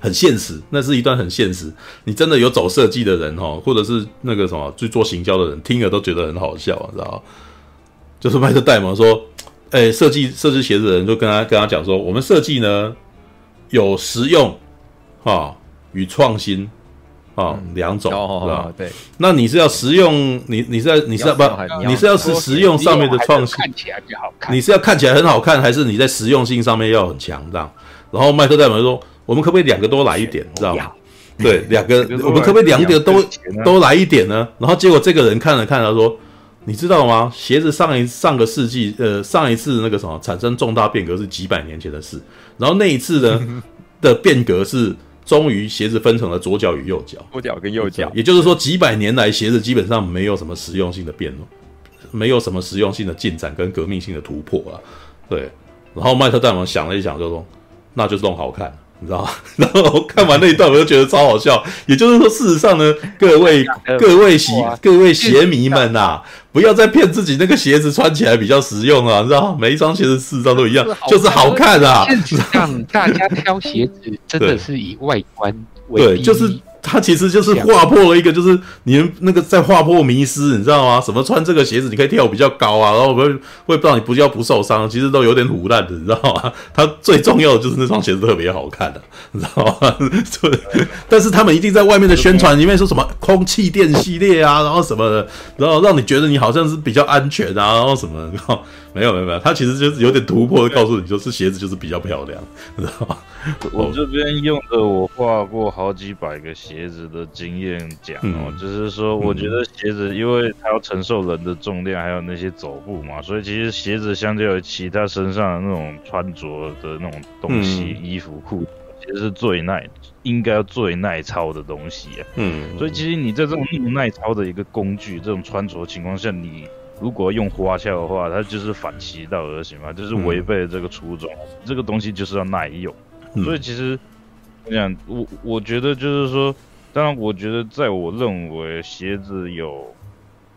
很現實，那是一段很現實，你真的有走設計的人哦，或者是那個什麼去做行銷的人，聽了都覺得很好笑、啊，知道嗎？就是麥特戴蒙說，哎、欸，設計設計鞋子的人就跟他跟他講說，我們設計呢有實用啊、哦、與創新。哦，兩種是吧？對，那你是要實用？你你是要，你是不？你是要實實用上面的創新？看起來就好看。你是要看起來很好看，還是你在實用性上面要很強？這樣。然後麥克代表說：“我們可不可以兩個都來一點？知道嗎？對，兩個我們可不可以兩個都都來一點呢？”然後結果這個人看了看他說：“你知道嗎？鞋子上一上個世紀，呃，上一次那個什麼產生重大變革是幾百年前的事。然後那一次呢的變革是。”終於，鞋子分成了左腳與右腳，左腳跟右腳。也就是說，幾百年來，鞋子基本上沒有什麼實用性的變動，沒有什麼實用性的進展跟革命性的突破啊。對，然後麥特戴蒙想了一想，就說：“那就是弄好看。”你知道嗎？然後看完那一段，我就覺得超好笑。也就是說，事實上呢，各位各位鞋各位鞋迷們啊，不要再騙自己，那個鞋子穿起來比較實用啊。你知道嗎？每一雙鞋子事實上都一樣，就是，就是好看啊。現實上大，大家挑鞋子真的是以外觀為主主，對，對，就是。他其實就是劃破了一個，就是你們那個在劃破迷思，你知道嗎？什麼穿這個鞋子你可以跳比較高啊，然後會會不知道你不叫不受傷，其實都有點唬爛的，你知道嗎？他最重要的就是那雙鞋子特別好看、啊，你知道嗎？ 但是他們一定在外面的宣傳裡面說什麼空氣墊系列啊，然後什麼的，然後讓你覺得你好像是比較安全啊，然後什麼的你知道沒有沒有沒有，他其實就是有點突破，告訴你就是鞋子就是比較漂亮，你知道嗎？我這邊用的我畫過好幾百個鞋。鞋子的經驗講哦，嗯、就是說，我覺得鞋子，因為它要承受人的重量，還有那些走步嘛，所以其實鞋子相較於其他身上的那種穿着的那種東西，嗯、衣服、褲子，其實是最耐，應該要最耐操的東西。嗯，所以其實你在這種耐操的一個工具、嗯、這種穿着情況下，你如果用花俏的話，它就是反其道而行嘛，就是違背了這個初衷。嗯、這個東西就是要耐用，嗯、所以其實。我樣，我我覺得就是說，當然，我覺得在我認為鞋子有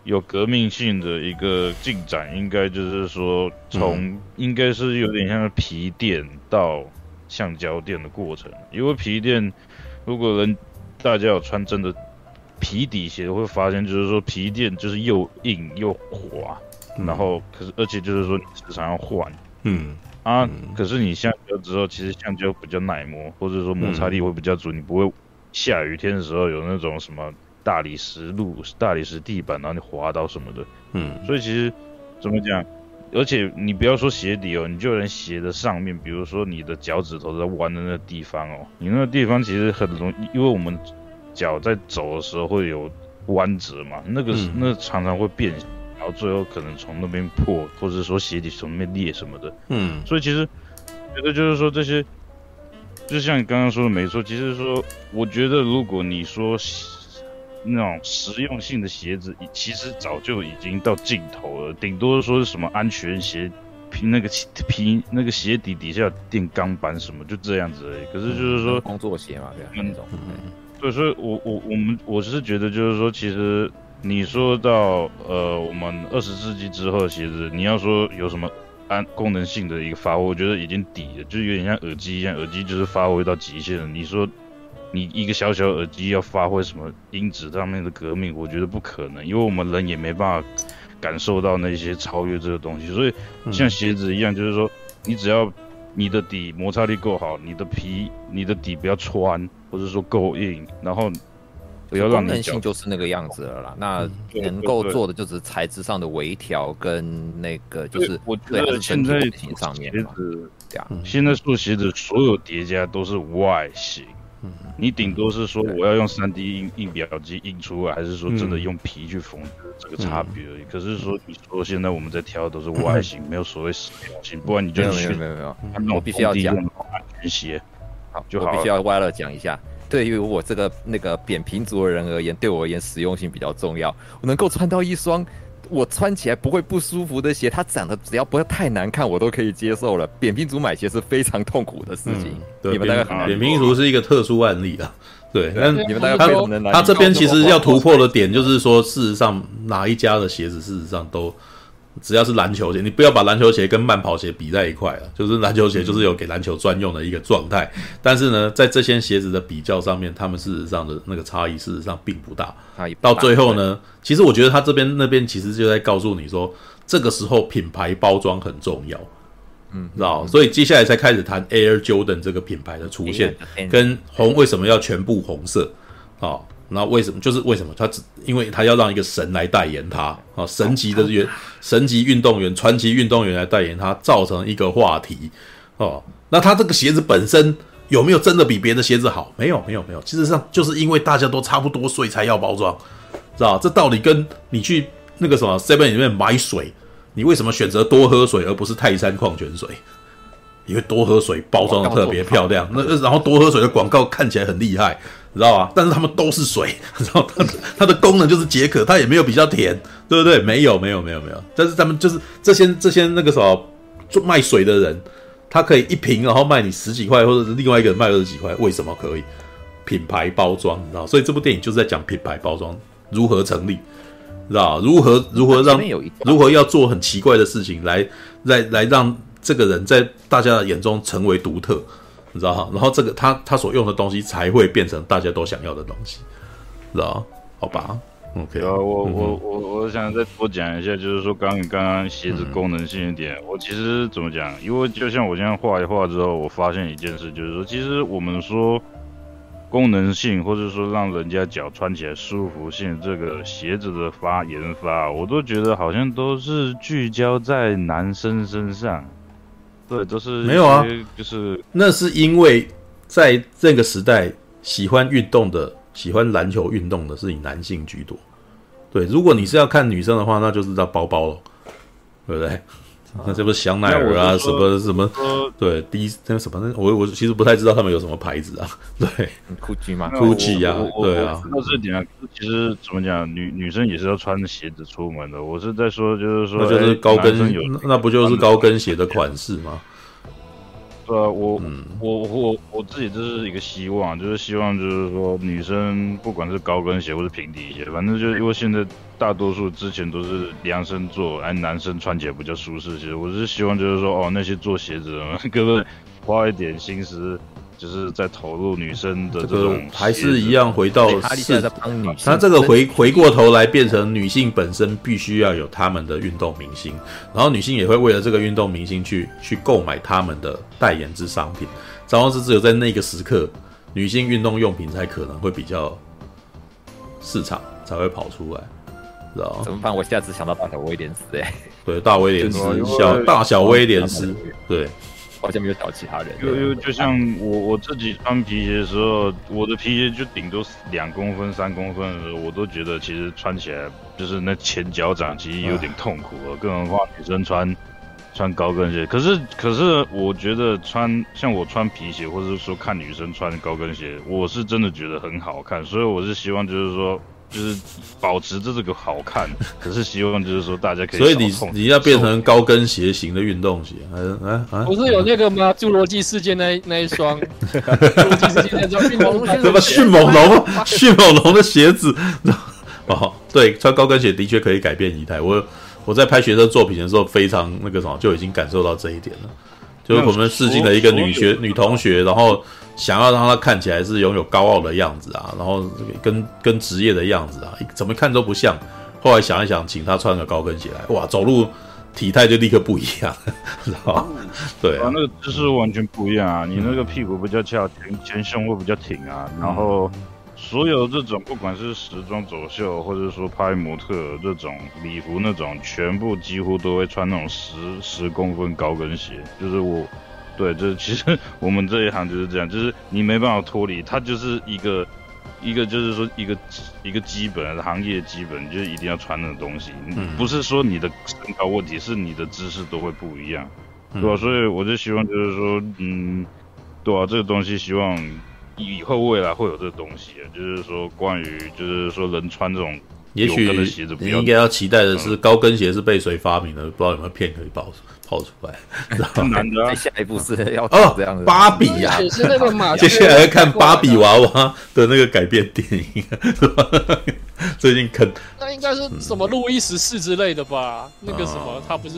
有革命性的一個進展，應該就是說，從應該是有點像皮墊到橡膠墊的過程，因為皮墊如果人大家有穿真的皮底鞋，會發現就是說皮墊就是又硬又滑，然後可是而且就是說你時常要換，嗯。啊，嗯、可是你橡膠之後，其實橡膠比較耐磨，或者說摩擦力會比較足，嗯、你不會下雨天的時候有那種什麼大理石路、大理石地板，然後你滑倒什麼的。嗯，所以其實怎麼講，而且你不要說鞋底哦，你就連鞋的上面，比如說你的腳趾頭在彎的那個地方哦，你那個地方其實很容易，因為我們腳在走的時候會有彎折嘛，那個、嗯、那常常會變然後最後可能從那邊破，或者說鞋底從那邊裂什麼的。嗯，所以其實覺得就是說這些，就像你剛剛說的沒錯。其實說，我覺得如果你說那種實用性的鞋子，其實早就已經到盡頭了。頂多說是什麼安全鞋，拼那個拼那個鞋底底下墊鋼板什麼，就這樣子而已。可是就是說、嗯、工作鞋嘛，對呀那種。所以、嗯嗯，所以我我我們我是覺得就是說，其實。你說到呃，我們二十世紀之後的鞋子，你要說有什麼按功能性的一個發揮，我覺得已經底了，就有點像耳機一樣，耳機就是發揮到極限了。你說，你一個小小耳機要發揮什麼音質上面的革命，我覺得不可能，因為我們人也沒辦法感受到那些超越這個東西。所以像鞋子一樣，嗯、就是說你只要你的底摩擦力夠好，你的皮，你的底不要穿，或者說夠硬，然後。不要讓能性就是那個樣子了啦，那能夠做的就是材質上的微調跟那個，就是對，我覺得現在安全鞋上面對。嗯、現在做鞋子所有疊加都是外形，嗯、你頂多是說我要用三 D 印印表機印出來，還是說真的用皮去縫這個差別而已。嗯、可是說你說現在我們在挑的都是外形，嗯、沒有所謂實心，不然你就沒有沒有沒有，我必須要講安全鞋，好，就我必須要歪了講一下。對於我這個那個扁平足的人而言，對我而言實用性比較重要。我能夠穿到一雙我穿起來不會不舒服的鞋，它長得只要不要太難看，我都可以接受了。扁平足買鞋是非常痛苦的事情，嗯、對你們大概很難選。扁平足是一個特殊案例啊。對。對，但你們大家非常能來他。他這邊其實要突破的點就是說，事實上哪一家的鞋子，事實上都。只要是籃球鞋，你不要把籃球鞋跟慢跑鞋比在一塊了。就是籃球鞋就是有給籃球專用的一個狀態，嗯、但是呢，在這些鞋子的比較上面，它們事實上的那個差異事實上並不大。不大到最後呢，對其實我覺得他這邊那邊其實就在告訴你說，這個時候品牌包裝很重要，嗯、嗯、嗯，知道？所以接下來才開始談 Air Jordan 這個品牌的出現，嗯嗯嗯跟紅為什麼要全部紅色啊？嗯嗯哦那為什麼？就是為什麼？他只因為他要讓一個神來代言他啊、哦，神級的運神級運動員、傳奇運動員來代言他，造成一個話題哦。那他這個鞋子本身有沒有真的比別的鞋子好？沒有，沒有，沒有。其實上，就是因為大家都差不多，所以才要包裝，知道吧？這道理跟你去那個什麼 Seven 裡面買水，你為什麼選擇多喝水而不是泰山礦泉水？因為多喝水，包裝的特別漂亮，那然後多喝水的廣告看起來很厲害，你知道吧、啊？但是他們都是水，然後它的它的功能就是解渴，它也沒有比較甜，對不對？沒有沒有沒有沒有。但是他們就是這些這些那個什麼做賣水的人，他可以一瓶然後賣你十幾塊，或者是另外一個人賣二十幾塊，為什麼可以？品牌包裝，你知道？所以這部電影就是在講品牌包裝如何成立，知道？如何如何讓如何要做很奇怪的事情來來來讓。這個人在大家的眼中成為獨特，你知道哈？然後這個他他所用的東西才會變成大家都想要的東西，知道？好吧？OK 我、嗯、哼我我我想再多講一下，就是說，剛剛鞋子功能性一點，嗯、哼我其實怎麼講？因為就像我現在畫一畫之後，我發現一件事，就是說其實我們說功能性，或者說讓人家腳穿起來舒服性，這個鞋子的發研發，我都覺得好像都是聚焦在男生身上。對，就是沒有啊，就是那是因為在這個時代，喜歡運動的，喜歡籃球運動的是以男性居多。對，如果你是要看女生的話，那就是要包包了，對不對？那、啊、這不是香奈兒啊什，什麼什麼，說對，第一那什麼，我我其實不太知道他們有什麼牌子啊，對，Gucci 嘛，Gucci 啊，那對啊。我是講、啊，其實怎麼講，女女生也是要穿鞋子出門的。我是在說，就是說，那就是高跟有，那不就是高跟鞋的款式嗎？對啊，我、嗯、我我我自己這是一個希望，就是希望就是說女生不管是高跟鞋或是平底鞋，反正就是因為現在大多數之前都是量身做，哎，男生穿起來比較舒適。其實我是希望就是說，哦，那些做鞋子的，可不可以花一點心思？就是在投入女生的這種，還是一樣回到是現在在幫女性，她這個回回過頭來變成女性本身必須要有她們的運動明星，然後女性也會為了這個運動明星去去購買她們的代言之商品，張後是只有在那個時刻，女性運動用品才可能會比較市場才會跑出來，知道嗎？怎麼辦？我一下子想到大威廉斯哎，對，大威廉斯，小大小威廉斯，對。好像沒有找其他人，就就就像，我我自己穿皮鞋的時候，我的皮鞋就頂多兩公分，三公分的時候，我都覺得其實穿起來就是那前腳掌其實有點痛苦了，唉更何況女生穿穿高跟鞋。可是可是我覺得穿像我穿皮鞋，或是說看女生穿高跟鞋，我是真的覺得很好看，所以我是希望就是說。就是保持著這個好看，可是希望就是說大家可以，所以你你要變成高跟鞋型的運動鞋，嗯、還是、啊啊、不是有那個嗎？《侏羅紀世界》那那一 世界那一雙，侏羅紀那雙什麼迅猛龍？迅猛龍 的鞋子，哦，對，穿高跟鞋的確可以改變儀態。我我在拍學生作品的時候，非常那個什麼，就已經感受到這一點了。就是我們試鏡的一個女學女同學，然後想要讓她看起來是擁有高傲的樣子啊，然後跟跟職業的樣子啊，怎麼看都不像。後來想一想，請她穿個高跟鞋來，哇，走路體態就立刻不一樣，嗯，知道吧 對啊，啊，那個姿勢完全不一樣啊，你那個屁股比較翹，前前胸會比較挺啊，然後。所有這種，不管是時裝走秀，或者說拍模特這種禮服那種，全部幾乎都會穿那種十十公分高跟鞋。就是我，對，就是其實我們這一行就是這樣，就是你沒辦法脫離它，就是一個一個就是說一個一個基本行業基本，就是一定要穿那種東西。嗯，不是說你的身高問題是你的姿勢都會不一樣，嗯，對吧，啊，所以我就希望就是說，嗯，對啊，這個東西希望。以後未來會有這個東西啊，就是說關於就是說能穿這種高跟的鞋子，也許你應該要期待的是高跟鞋是被誰發明的？嗯、不知道有沒有片可以爆出來？很、嗯、難的、啊。下一部是要哦這樣芭比呀，是那接下來看芭比娃娃的那個改編電影，最近肯那應該是什麼路易十四之類的吧？嗯、那個什麼，他不是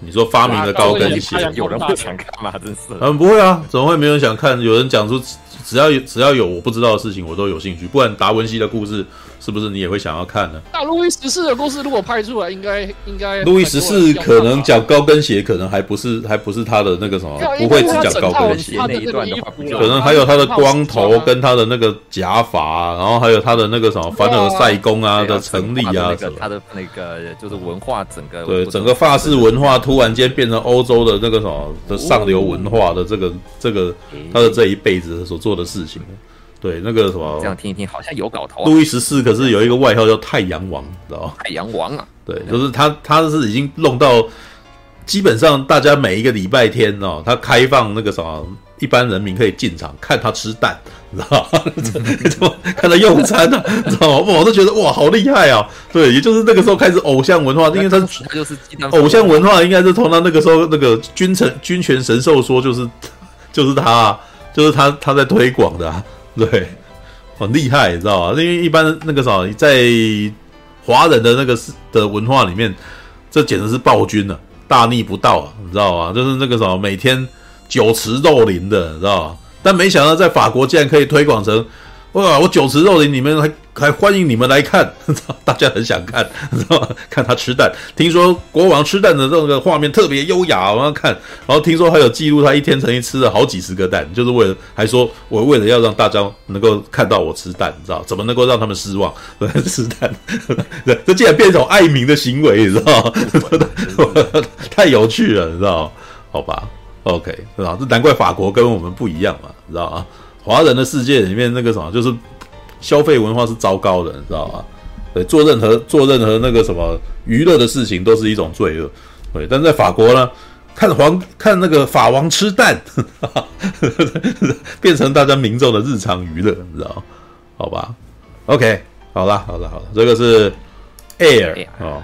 你說發明了高跟鞋？有人不想看嗎？真是。嗯，不會啊，怎麼會沒人想看？有人講出。只要有只要有我不知道的事情，我都有興趣。不然達文西的故事是不是你也會想要看呢？那路易十四的故事如果拍出來，應該應該路易十四可能講高跟鞋，可能還不是還不是他的那個什麼，不會只講高跟鞋那一段的，可能還有他的光頭跟他的那個假髮啊，然後還有他的那個什麼凡爾賽宮啊的成立啊什麼，他的那個就是文化整個對整個法式文化突然間變成歐洲的那個什麼的上流文化的這個這個他的這一輩子所做的。的事情，對那個什麼，這樣聽一聽好像有搞頭啊。路易十四可是有一個外號叫太陽王，知道嗎？太陽王啊，對，就是他，他是已經弄到基本上大家每一個禮拜天哦，他開放那個什麼，一般人民可以進場看他吃蛋，知道嗎？ 看他用餐知道嗎？我都覺得哇，好厲害啊！對，也就是那個時候開始偶像文化，因為他，是他就是偶像文化，應該是從他那個時候那個君臣君權神授說，就是就是他。就是他，他在推廣的，啊，對，很厲害，你知道吧、啊？因為一般那個啥，在華人的那個是的文化裡面，這簡直是暴君了、啊，大逆不道、啊，你知道吧、啊？就是那個啥，每天酒池肉林的，你知道吧、啊？但沒想到在法國竟然可以推廣成。哇！我酒池肉林，你們還還歡迎你們來看，大家很想看，知道嗎？看他吃蛋，聽說國王吃蛋的這個畫面特別優雅，我要看。然後聽說還有記錄，他一天曾經吃了好幾十個蛋，就是為了還說我為了要讓大家能夠看到我吃蛋，你知道怎麼能夠讓他們失望？吃蛋， 這竟然變成一種愛民的行為，你知道嗎？ 太有趣了，你知道嗎？好吧，OK，知道嗎？這難怪法國跟我們不一樣嘛，你知道嗎？華人的世界裡面那個什麼，就是消費文化是糟糕的，你知道吧？對，做任何做任何那個什麼娛樂的事情，都是一種罪惡。對，但在法國呢，看皇看那個法王吃蛋， 變成大家民眾的日常娛樂，你知道嗎？好吧？OK，好了好了好了，這個是 Air 啊 Air、哦。